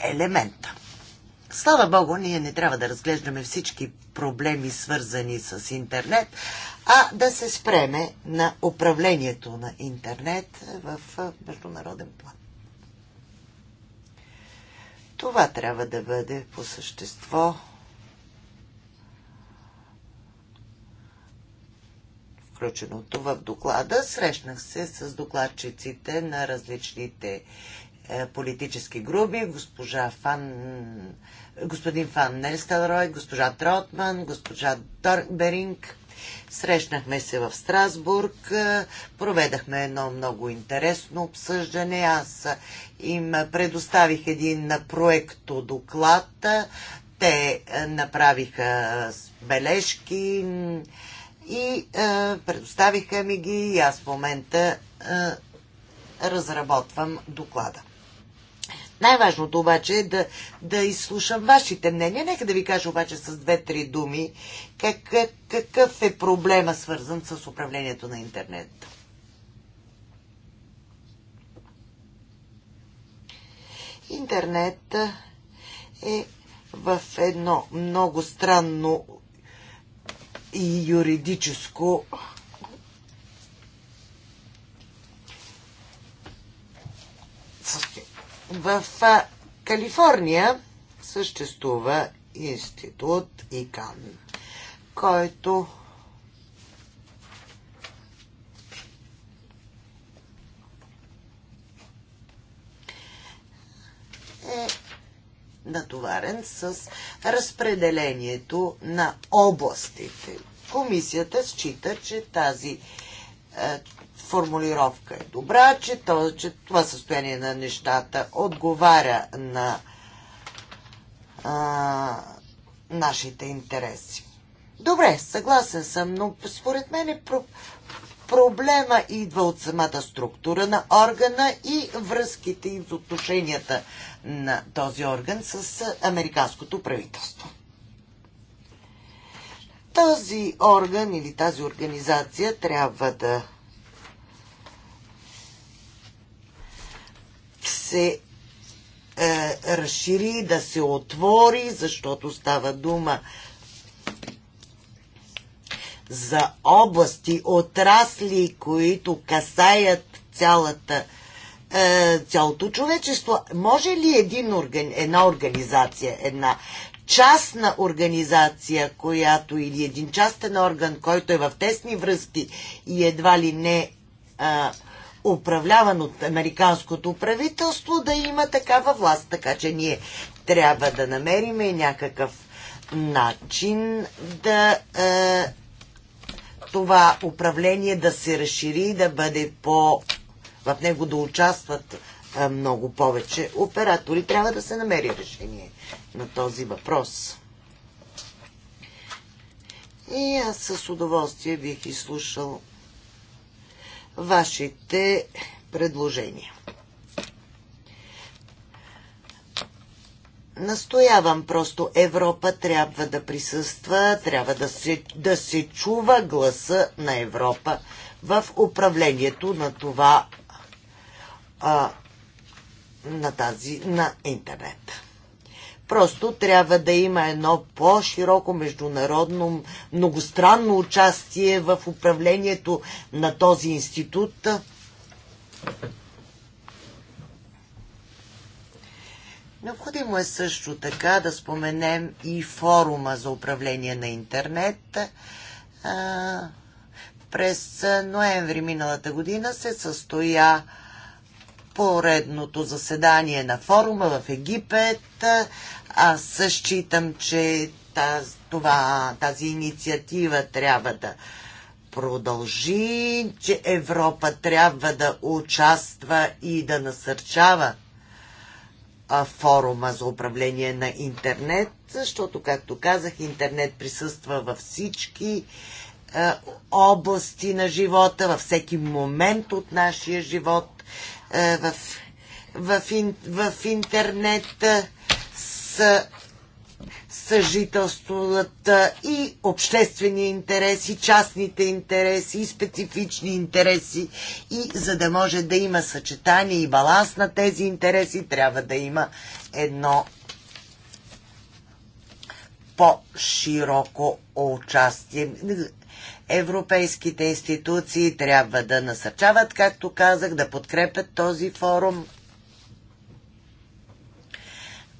елемента. Слава Богу, ние не трябва да разглеждаме всички проблеми, свързани с интернет, а да се спреме на управлението на интернет в международен план. Това трябва да бъде по същество включеното в доклада. Срещнах се с докладчиците на различните е, политически групи, госпожа Фан, господин Фан Нелстелрой, госпожа Тротман, госпожа Дорберинг. Срещнахме се в Страсбург, е, проведахме едно много интересно обсъждане. Аз им предоставих един проекто доклад. Те е, направиха бележки и предоставиха ми ги и аз в момента разработвам доклада. Най-важното обаче е да, да изслушам вашите мнения. Нека да ви кажа обаче с две-три думи как, какъв е проблема свързан с управлението на интернет. Интернет е в едно много странно и юридическо В Калифорния съществува институт ИКАН, който е натоварен с разпределението на областите. Комисията счита, че тази формулировка е добра, че, това, че това състояние на нещата отговаря на а, нашите интереси. Добре, съгласен съм, но според мен е про... проблема идва от самата структура на органа и връзките и отношенията на този орган с американското правителство. Този орган или тази организация трябва да се е, разшири, да се отвори, защото става дума за области, отрасли, които касаят цялата, е, цялото човечество. Може ли един органи, една организация, една частна организация, която или един частен орган, който е в тесни връзки и едва ли не е, управляван от американското правителство, да има такава власт. Така че ние трябва да намериме някакъв начин да е, това управление да се разшири, да бъде по... в него да участват е, много повече оператори. Трябва да се намери решение на този въпрос. И аз с удоволствие бих изслушал вашите предложения. Настоявам просто Европа трябва да присъства, трябва да се, да се чува гласа на Европа в управлението на това а, на тази на интернет. Просто трябва да има едно по-широко международно, многостранно участие в управлението на този институт. Необходимо е също така да споменем и форума за управление на интернет. През ноември миналата година се състоя поредното заседание на форума в Египет. Аз считам, че таз, това, тази инициатива трябва да продължи, че Европа трябва да участва и да насърчава форума за управление на интернет, защото, както казах, интернет присъства във всички области на живота, във всеки момент от нашия живот, в, в, в интернет съжителствата и обществени интереси, частните интереси и специфични интереси. И за да може да има съчетание и баланс на тези интереси, трябва да има едно по-широко участие. Европейските институции трябва да насърчават, както казах, да подкрепят този форум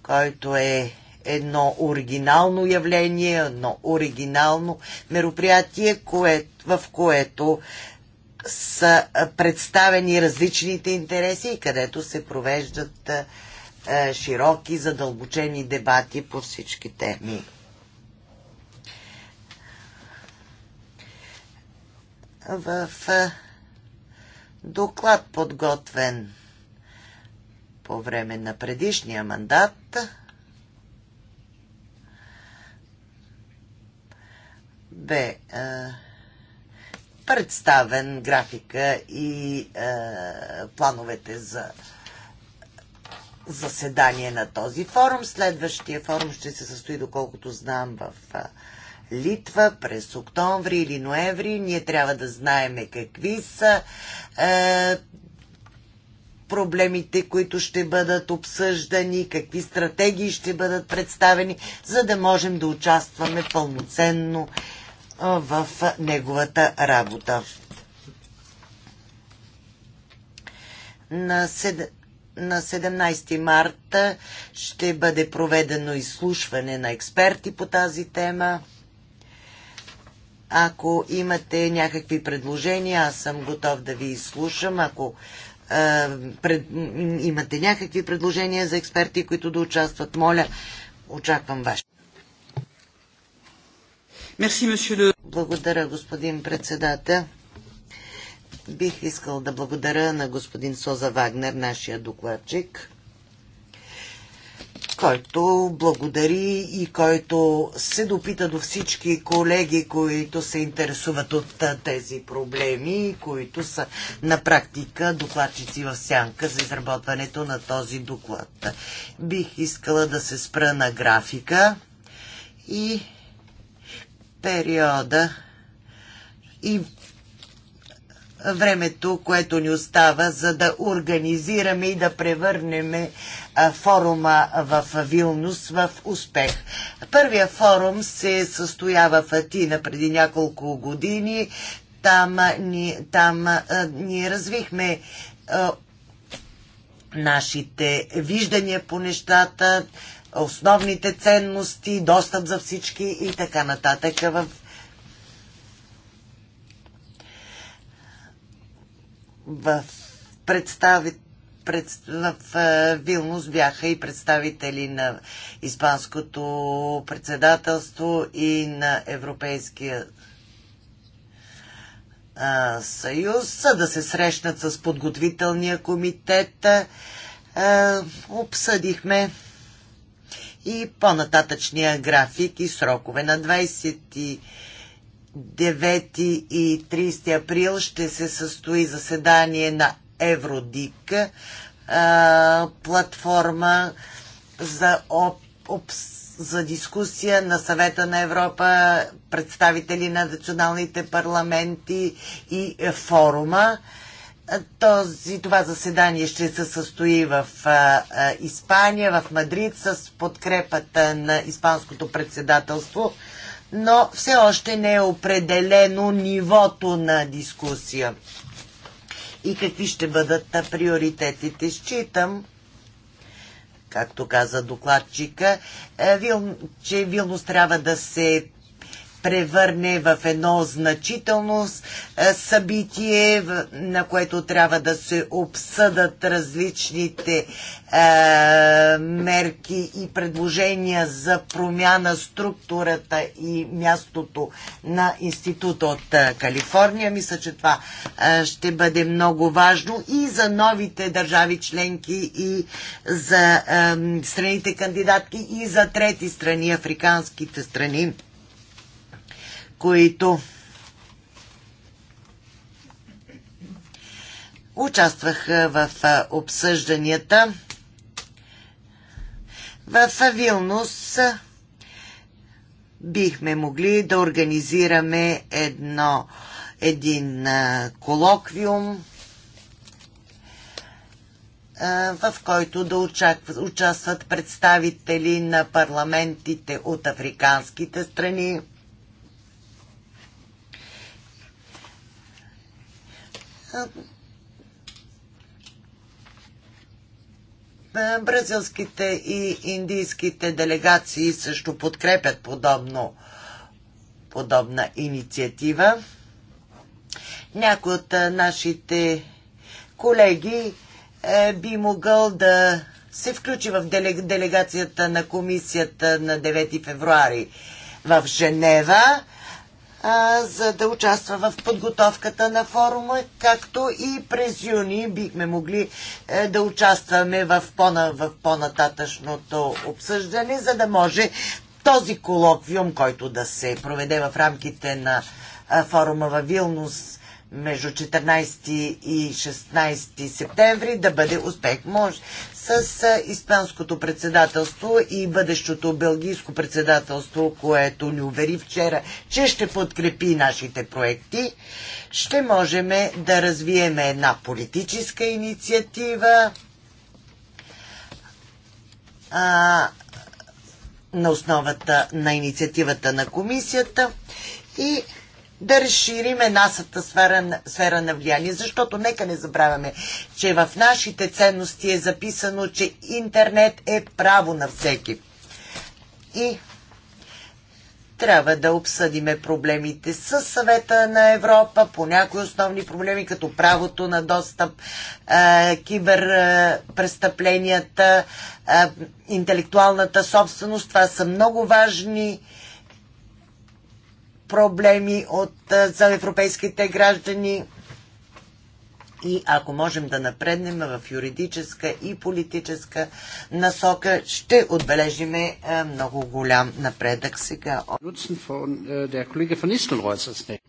който е едно оригинално явление, едно оригинално мероприятие, кое, в което са представени различните интереси и където се провеждат широки, задълбочени дебати по всички теми. В доклад подготвен по време на предишния мандат. Бе представен графика и плановете за заседание на този форум. Следващия форум ще се състои, доколкото знам, в Литва през октомври или ноември. Ние трябва да знаеме какви са проблемите, които ще бъдат обсъждани, какви стратегии ще бъдат представени, за да можем да участваме пълноценно в неговата работа. На 17 марта ще бъде проведено изслушване на експерти по тази тема. Ако имате някакви предложения, аз съм готов да ви изслушам. Ако е, пред, имате някакви предложения за експерти, които да участват, моля, очаквам ваше. Благодаря, господин председател. Бих искал да благодаря на господин Соза Вагнер, нашия докладчик който благодари и който се допита до всички колеги, които се интересуват от тези проблеми, които са на практика докладчици в сянка за изработването на този доклад. Бих искала да се спра на графика и периода и времето, което ни остава, за да организираме и да превърнем форума в Вилнус в успех. Първия форум се състоява в Атина преди няколко години. Там ни, там, ни развихме нашите виждания по нещата, основните ценности, достъп за всички и така нататък. В в, представи, пред, в Вилнус бяха и представители на Испанското председателство и на Европейския съюз, да се срещнат с подготвителния комитет. Обсъдихме и по-нататъчния график и срокове на 20 9 и 30 април ще се състои заседание на Евродик, платформа за, об, об, за дискусия на съвета на Европа, представители на националните парламенти и е, форума. Този, това заседание ще се състои в а, а, Испания, в Мадрид, с подкрепата на Испанското председателство но все още не е определено нивото на дискусия и какви ще бъдат на приоритетите. Считам, както каза докладчика, е, че Вилнус трябва да се превърне в едно значително е, събитие, на което трябва да се обсъдат различните е, мерки и предложения за промяна структурата и мястото на института от е, Калифорния. Мисля, че това ще бъде много важно и за новите държави членки и за страните кандидатки и за трети страни, африканските страни които участваха в обсъжданията. В Вилнус бихме могли да организираме едно, един колоквиум, в който да участват представители на парламентите от африканските страни Бразилските и индийските делегации също подкрепят подобно, подобна инициатива. Някой от нашите колеги е, би могъл да се включи в делегацията на комисията на 9 февруари в Женева за да участва в подготовката на форума, както и през юни бихме могли е, да участваме в, по-на, в по-нататъчното обсъждане, за да може този колоквиум, който да се проведе в рамките на форума във Вилнус между 14 и 16 септември, да бъде успех. Може, с Испанското председателство и бъдещото Белгийско председателство, което ни увери вчера, че ще подкрепи нашите проекти, ще можем да развием една политическа инициатива а, на основата на инициативата на комисията и да разшириме нашата сфера, сфера на влияние. Защото нека не забравяме, че в нашите ценности е записано, че интернет е право на всеки. И трябва да обсъдиме проблемите с съвета на Европа по някои основни проблеми, като правото на достъп, киберпрестъпленията, интелектуалната собственост. Това са много важни проблеми от, за европейските граждани. И ако можем да напреднем в юридическа и политическа насока, ще отбележим е, много голям напредък сега.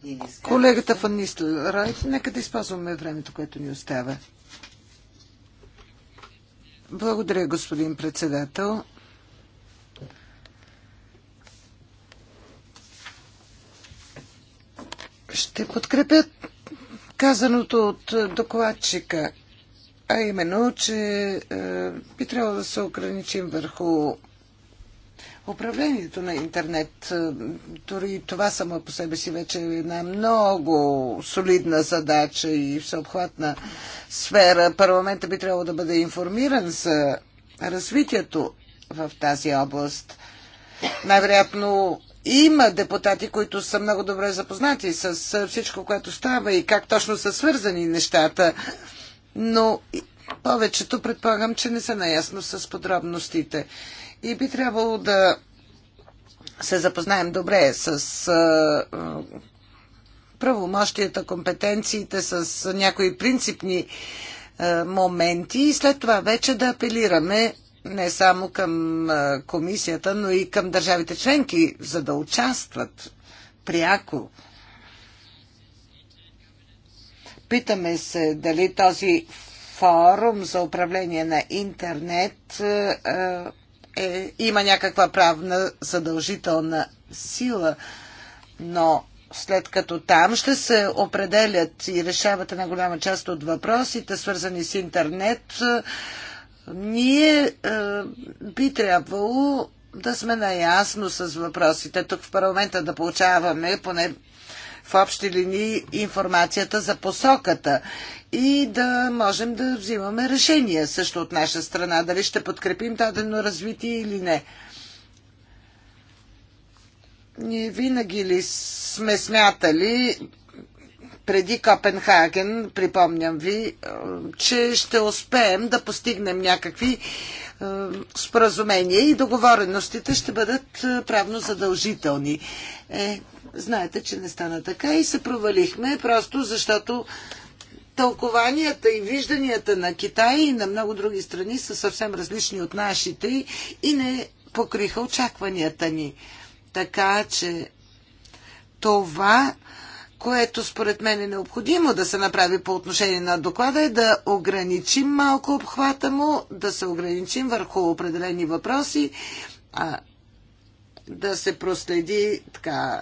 Е, Колегата Фан Нистелрой, нека да използваме времето, което ни остава. Благодаря, господин председател. ще подкрепят казаното от докладчика, а именно, че е, би трябвало да се ограничим върху управлението на интернет. Е, дори това само по себе си вече е една много солидна задача и всеобхватна сфера. Парламента би трябвало да бъде информиран за развитието в тази област. Най-вероятно има депутати, които са много добре запознати с всичко, което става и как точно са свързани нещата, но повечето предполагам, че не са наясно с подробностите. И би трябвало да се запознаем добре с правомощията, компетенциите, с някои принципни моменти и след това вече да апелираме не само към комисията, но и към държавите членки, за да участват пряко. Питаме се дали този форум за управление на интернет е, има някаква правна задължителна сила, но след като там ще се определят и решават една голяма част от въпросите, свързани с интернет, е, ние е, би трябвало да сме наясно с въпросите тук в парламента, да получаваме поне в общи линии информацията за посоката и да можем да взимаме решения също от наша страна, дали ще подкрепим дадено развитие или не. Ние винаги ли сме смятали, преди Копенхаген, припомням ви, е, че ще успеем да постигнем някакви е, споразумения и договореностите ще бъдат е, правно задължителни. Е, знаете, че не стана така и се провалихме, просто защото тълкованията и вижданията на Китай и на много други страни са съвсем различни от нашите и не покриха очакванията ни. Така че това което според мен е необходимо да се направи по отношение на доклада е да ограничим малко обхвата му, да се ограничим върху определени въпроси, а, да се проследи така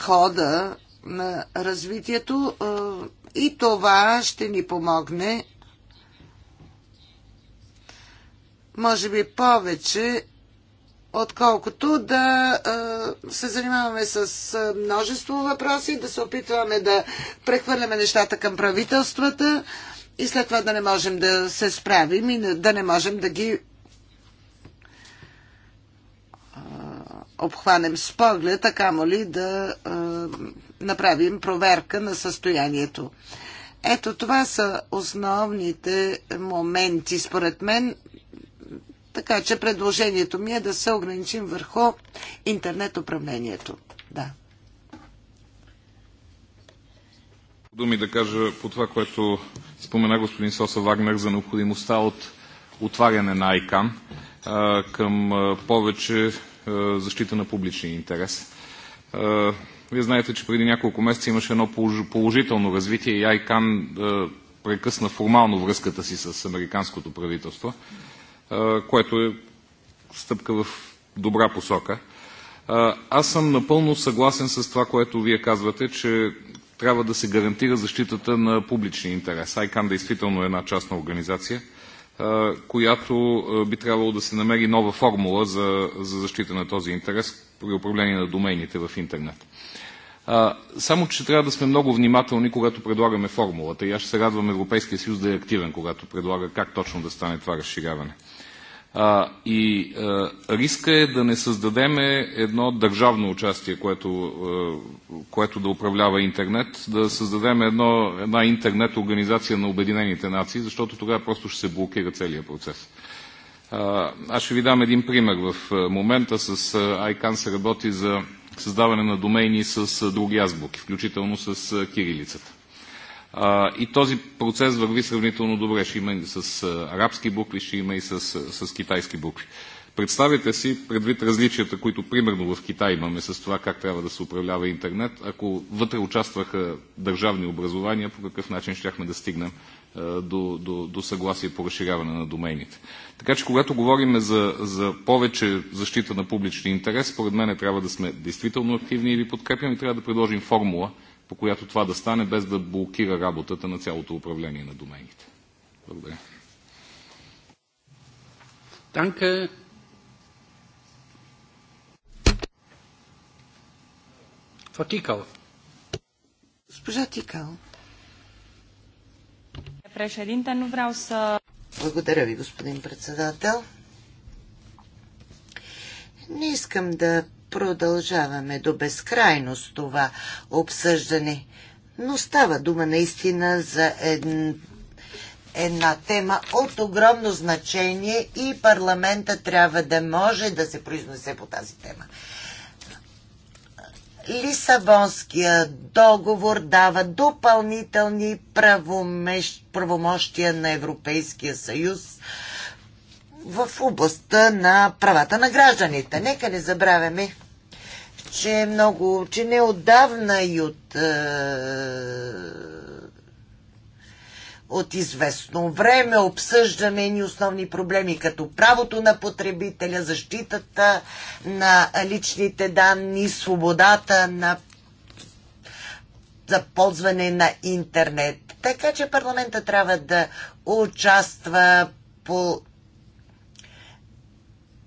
хода на развитието и това ще ни помогне може би повече отколкото да се занимаваме с множество въпроси, да се опитваме да прехвърляме нещата към правителствата и след това да не можем да се справим и да не можем да ги обхванем с поглед, а камо ли да направим проверка на състоянието. Ето това са основните моменти, според мен, така че предложението ми е да се ограничим върху интернет управлението. Да. Думи да кажа по това, което спомена господин Соса Вагнер за необходимостта от отваряне на ICAN към повече защита на публичния интерес. Вие знаете, че преди няколко месеца имаше едно положително развитие и ICAN прекъсна формално връзката си с американското правителство което е стъпка в добра посока. Аз съм напълно съгласен с това, което вие казвате, че трябва да се гарантира защитата на публичния интерес. Айкан действително е една частна организация, която би трябвало да се намери нова формула за, за защита на този интерес при управление на домейните в интернет. само, че трябва да сме много внимателни, когато предлагаме формулата. И аз ще се радвам Европейския съюз да е активен, когато предлага как точно да стане това разширяване. А, и а, риска е да не създадем едно държавно участие, което, а, което да управлява интернет, да създадем едно, една интернет организация на Обединените нации, защото тогава просто ще се блокира целият процес. А, аз ще ви дам един пример. В момента с ICANN се работи за създаване на домейни с други азбуки, включително с кирилицата и този процес върви сравнително добре. Ще има и с арабски букви, ще има и с, с китайски букви. Представете си, предвид различията, които примерно в Китай имаме с това как трябва да се управлява интернет, ако вътре участваха държавни образования, по какъв начин щяхме да стигнем до, до, до съгласие по разширяване на домейните. Така че, когато говорим за, за повече защита на публичния интерес, според мен трябва да сме действително активни и ви подкрепяме, трябва да предложим формула, по която това да стане, без да блокира работата на цялото управление на домените. Благодаря. Danke. Фатикал. Госпожа Тикал. Președинте, nu vreau să... Благодаря ви, господин председател. Не искам да продължаваме до безкрайност това обсъждане. Но става дума наистина за един една тема от огромно значение и парламента трябва да може да се произнесе по тази тема. Лисабонския договор дава допълнителни правомощия на Европейския съюз в областта на правата на гражданите. Нека не забравяме, че е много, че не е отдавна и от, е, от известно време обсъждаме ни основни проблеми, като правото на потребителя, защитата на личните данни, свободата на за ползване на интернет. Така че парламента трябва да участва по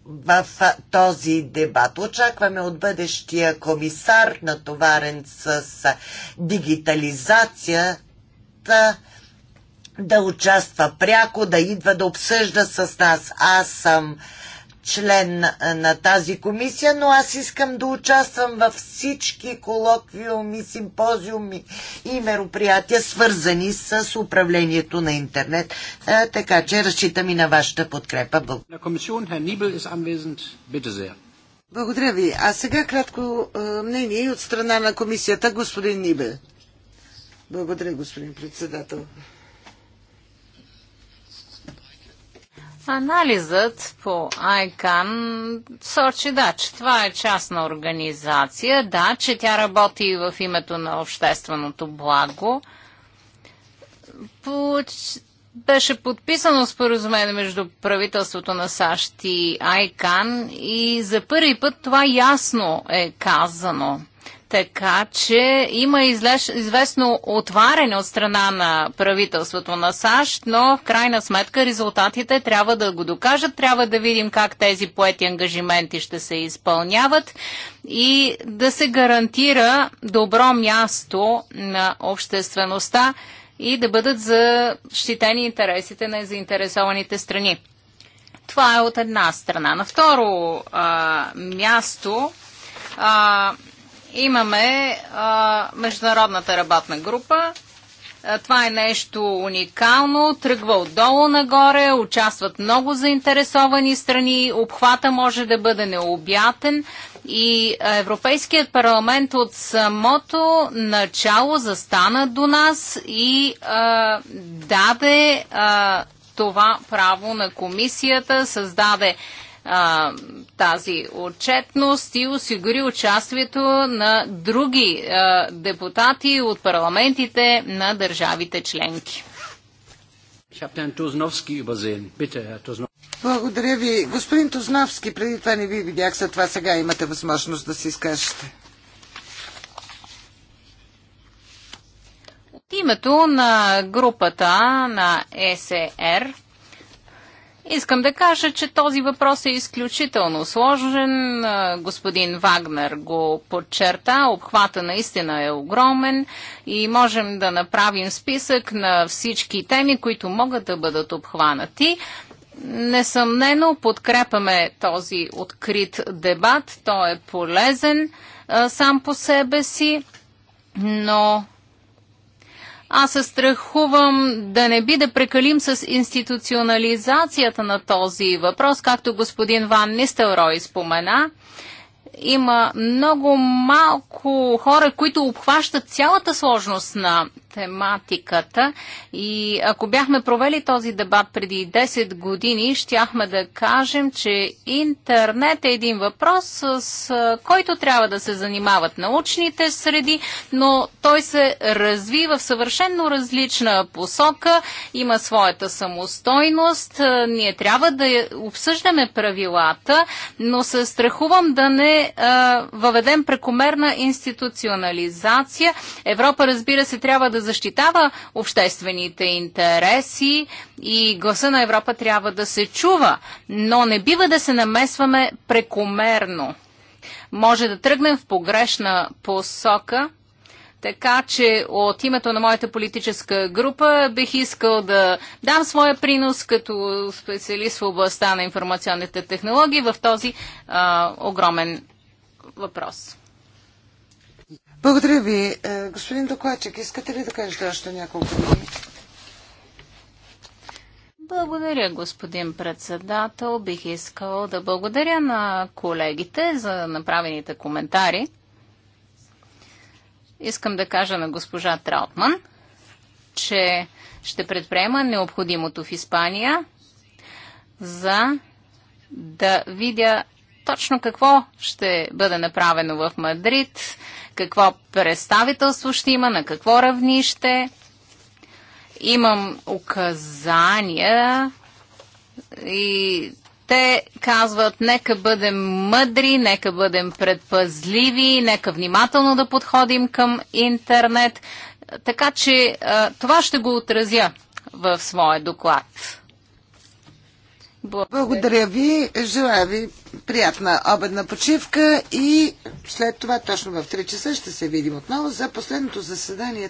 в този дебат. Очакваме от бъдещия комисар, натоварен с дигитализацията, да участва пряко, да идва да обсъжда с нас. Аз съм член на тази комисия, но аз искам да участвам във всички колоквиуми, симпозиуми и мероприятия, свързани с управлението на интернет. Така че разчитам и на вашата подкрепа. Благодаря. Е Благодаря ви. А сега кратко мнение от страна на комисията, господин Нибе. Благодаря, господин председател. Анализът по ICAN сочи, да, че това е частна организация, да, че тя работи в името на общественото благо. По... Беше подписано споразумение между правителството на САЩ и ICAN и за първи път това ясно е казано – така че има излеш, известно отваряне от страна на правителството на САЩ, но в крайна сметка резултатите трябва да го докажат. Трябва да видим как тези поети ангажименти ще се изпълняват и да се гарантира добро място на обществеността и да бъдат защитени интересите на заинтересованите страни. Това е от една страна. На второ а, място а, Имаме а, международната работна група. А, това е нещо уникално. Тръгва отдолу нагоре, участват много заинтересовани страни, обхвата може да бъде необятен и Европейският парламент от самото начало застана до нас и а, даде а, това право на комисията, създаде а, тази отчетност и осигури участието на други а, депутати от парламентите на държавите членки. Благодаря ви. Господин Тузновски, преди това не ви видях, за това сега имате възможност да се изкажете. От името на групата на СР е Искам да кажа, че този въпрос е изключително сложен. Господин Вагнер го подчерта. Обхвата наистина е огромен и можем да направим списък на всички теми, които могат да бъдат обхванати. Несъмнено подкрепаме този открит дебат. Той е полезен сам по себе си, но аз се страхувам да не би да прекалим с институционализацията на този въпрос, както господин Ван Нистелрой спомена има много малко хора, които обхващат цялата сложност на тематиката. И ако бяхме провели този дебат преди 10 години, щяхме да кажем, че интернет е един въпрос, с който трябва да се занимават научните среди, но той се развива в съвършенно различна посока, има своята самостойност. Ние трябва да обсъждаме правилата, но се страхувам да не а, въведем прекомерна институционализация. Европа, разбира се, трябва да защитава обществените интереси и гласа на Европа трябва да се чува, но не бива да се намесваме прекомерно. Може да тръгнем в погрешна посока. Така че от името на моята политическа група бих искал да дам своя принос като специалист в областта на информационните технологии в този а, огромен въпрос. Благодаря ви. Е, господин докладчик, искате ли да кажете още няколко думи? Благодаря, господин председател. Бих искал да благодаря на колегите за направените коментари. Искам да кажа на госпожа Траутман, че ще предприема необходимото в Испания за да видя точно какво ще бъде направено в Мадрид, какво представителство ще има, на какво равнище. Имам указания и те казват, нека бъдем мъдри, нека бъдем предпазливи, нека внимателно да подходим към интернет. Така че това ще го отразя в своя доклад. Благодаря ви. Желая ви приятна обедна почивка и след това точно в 3 часа ще се видим отново за последното заседание.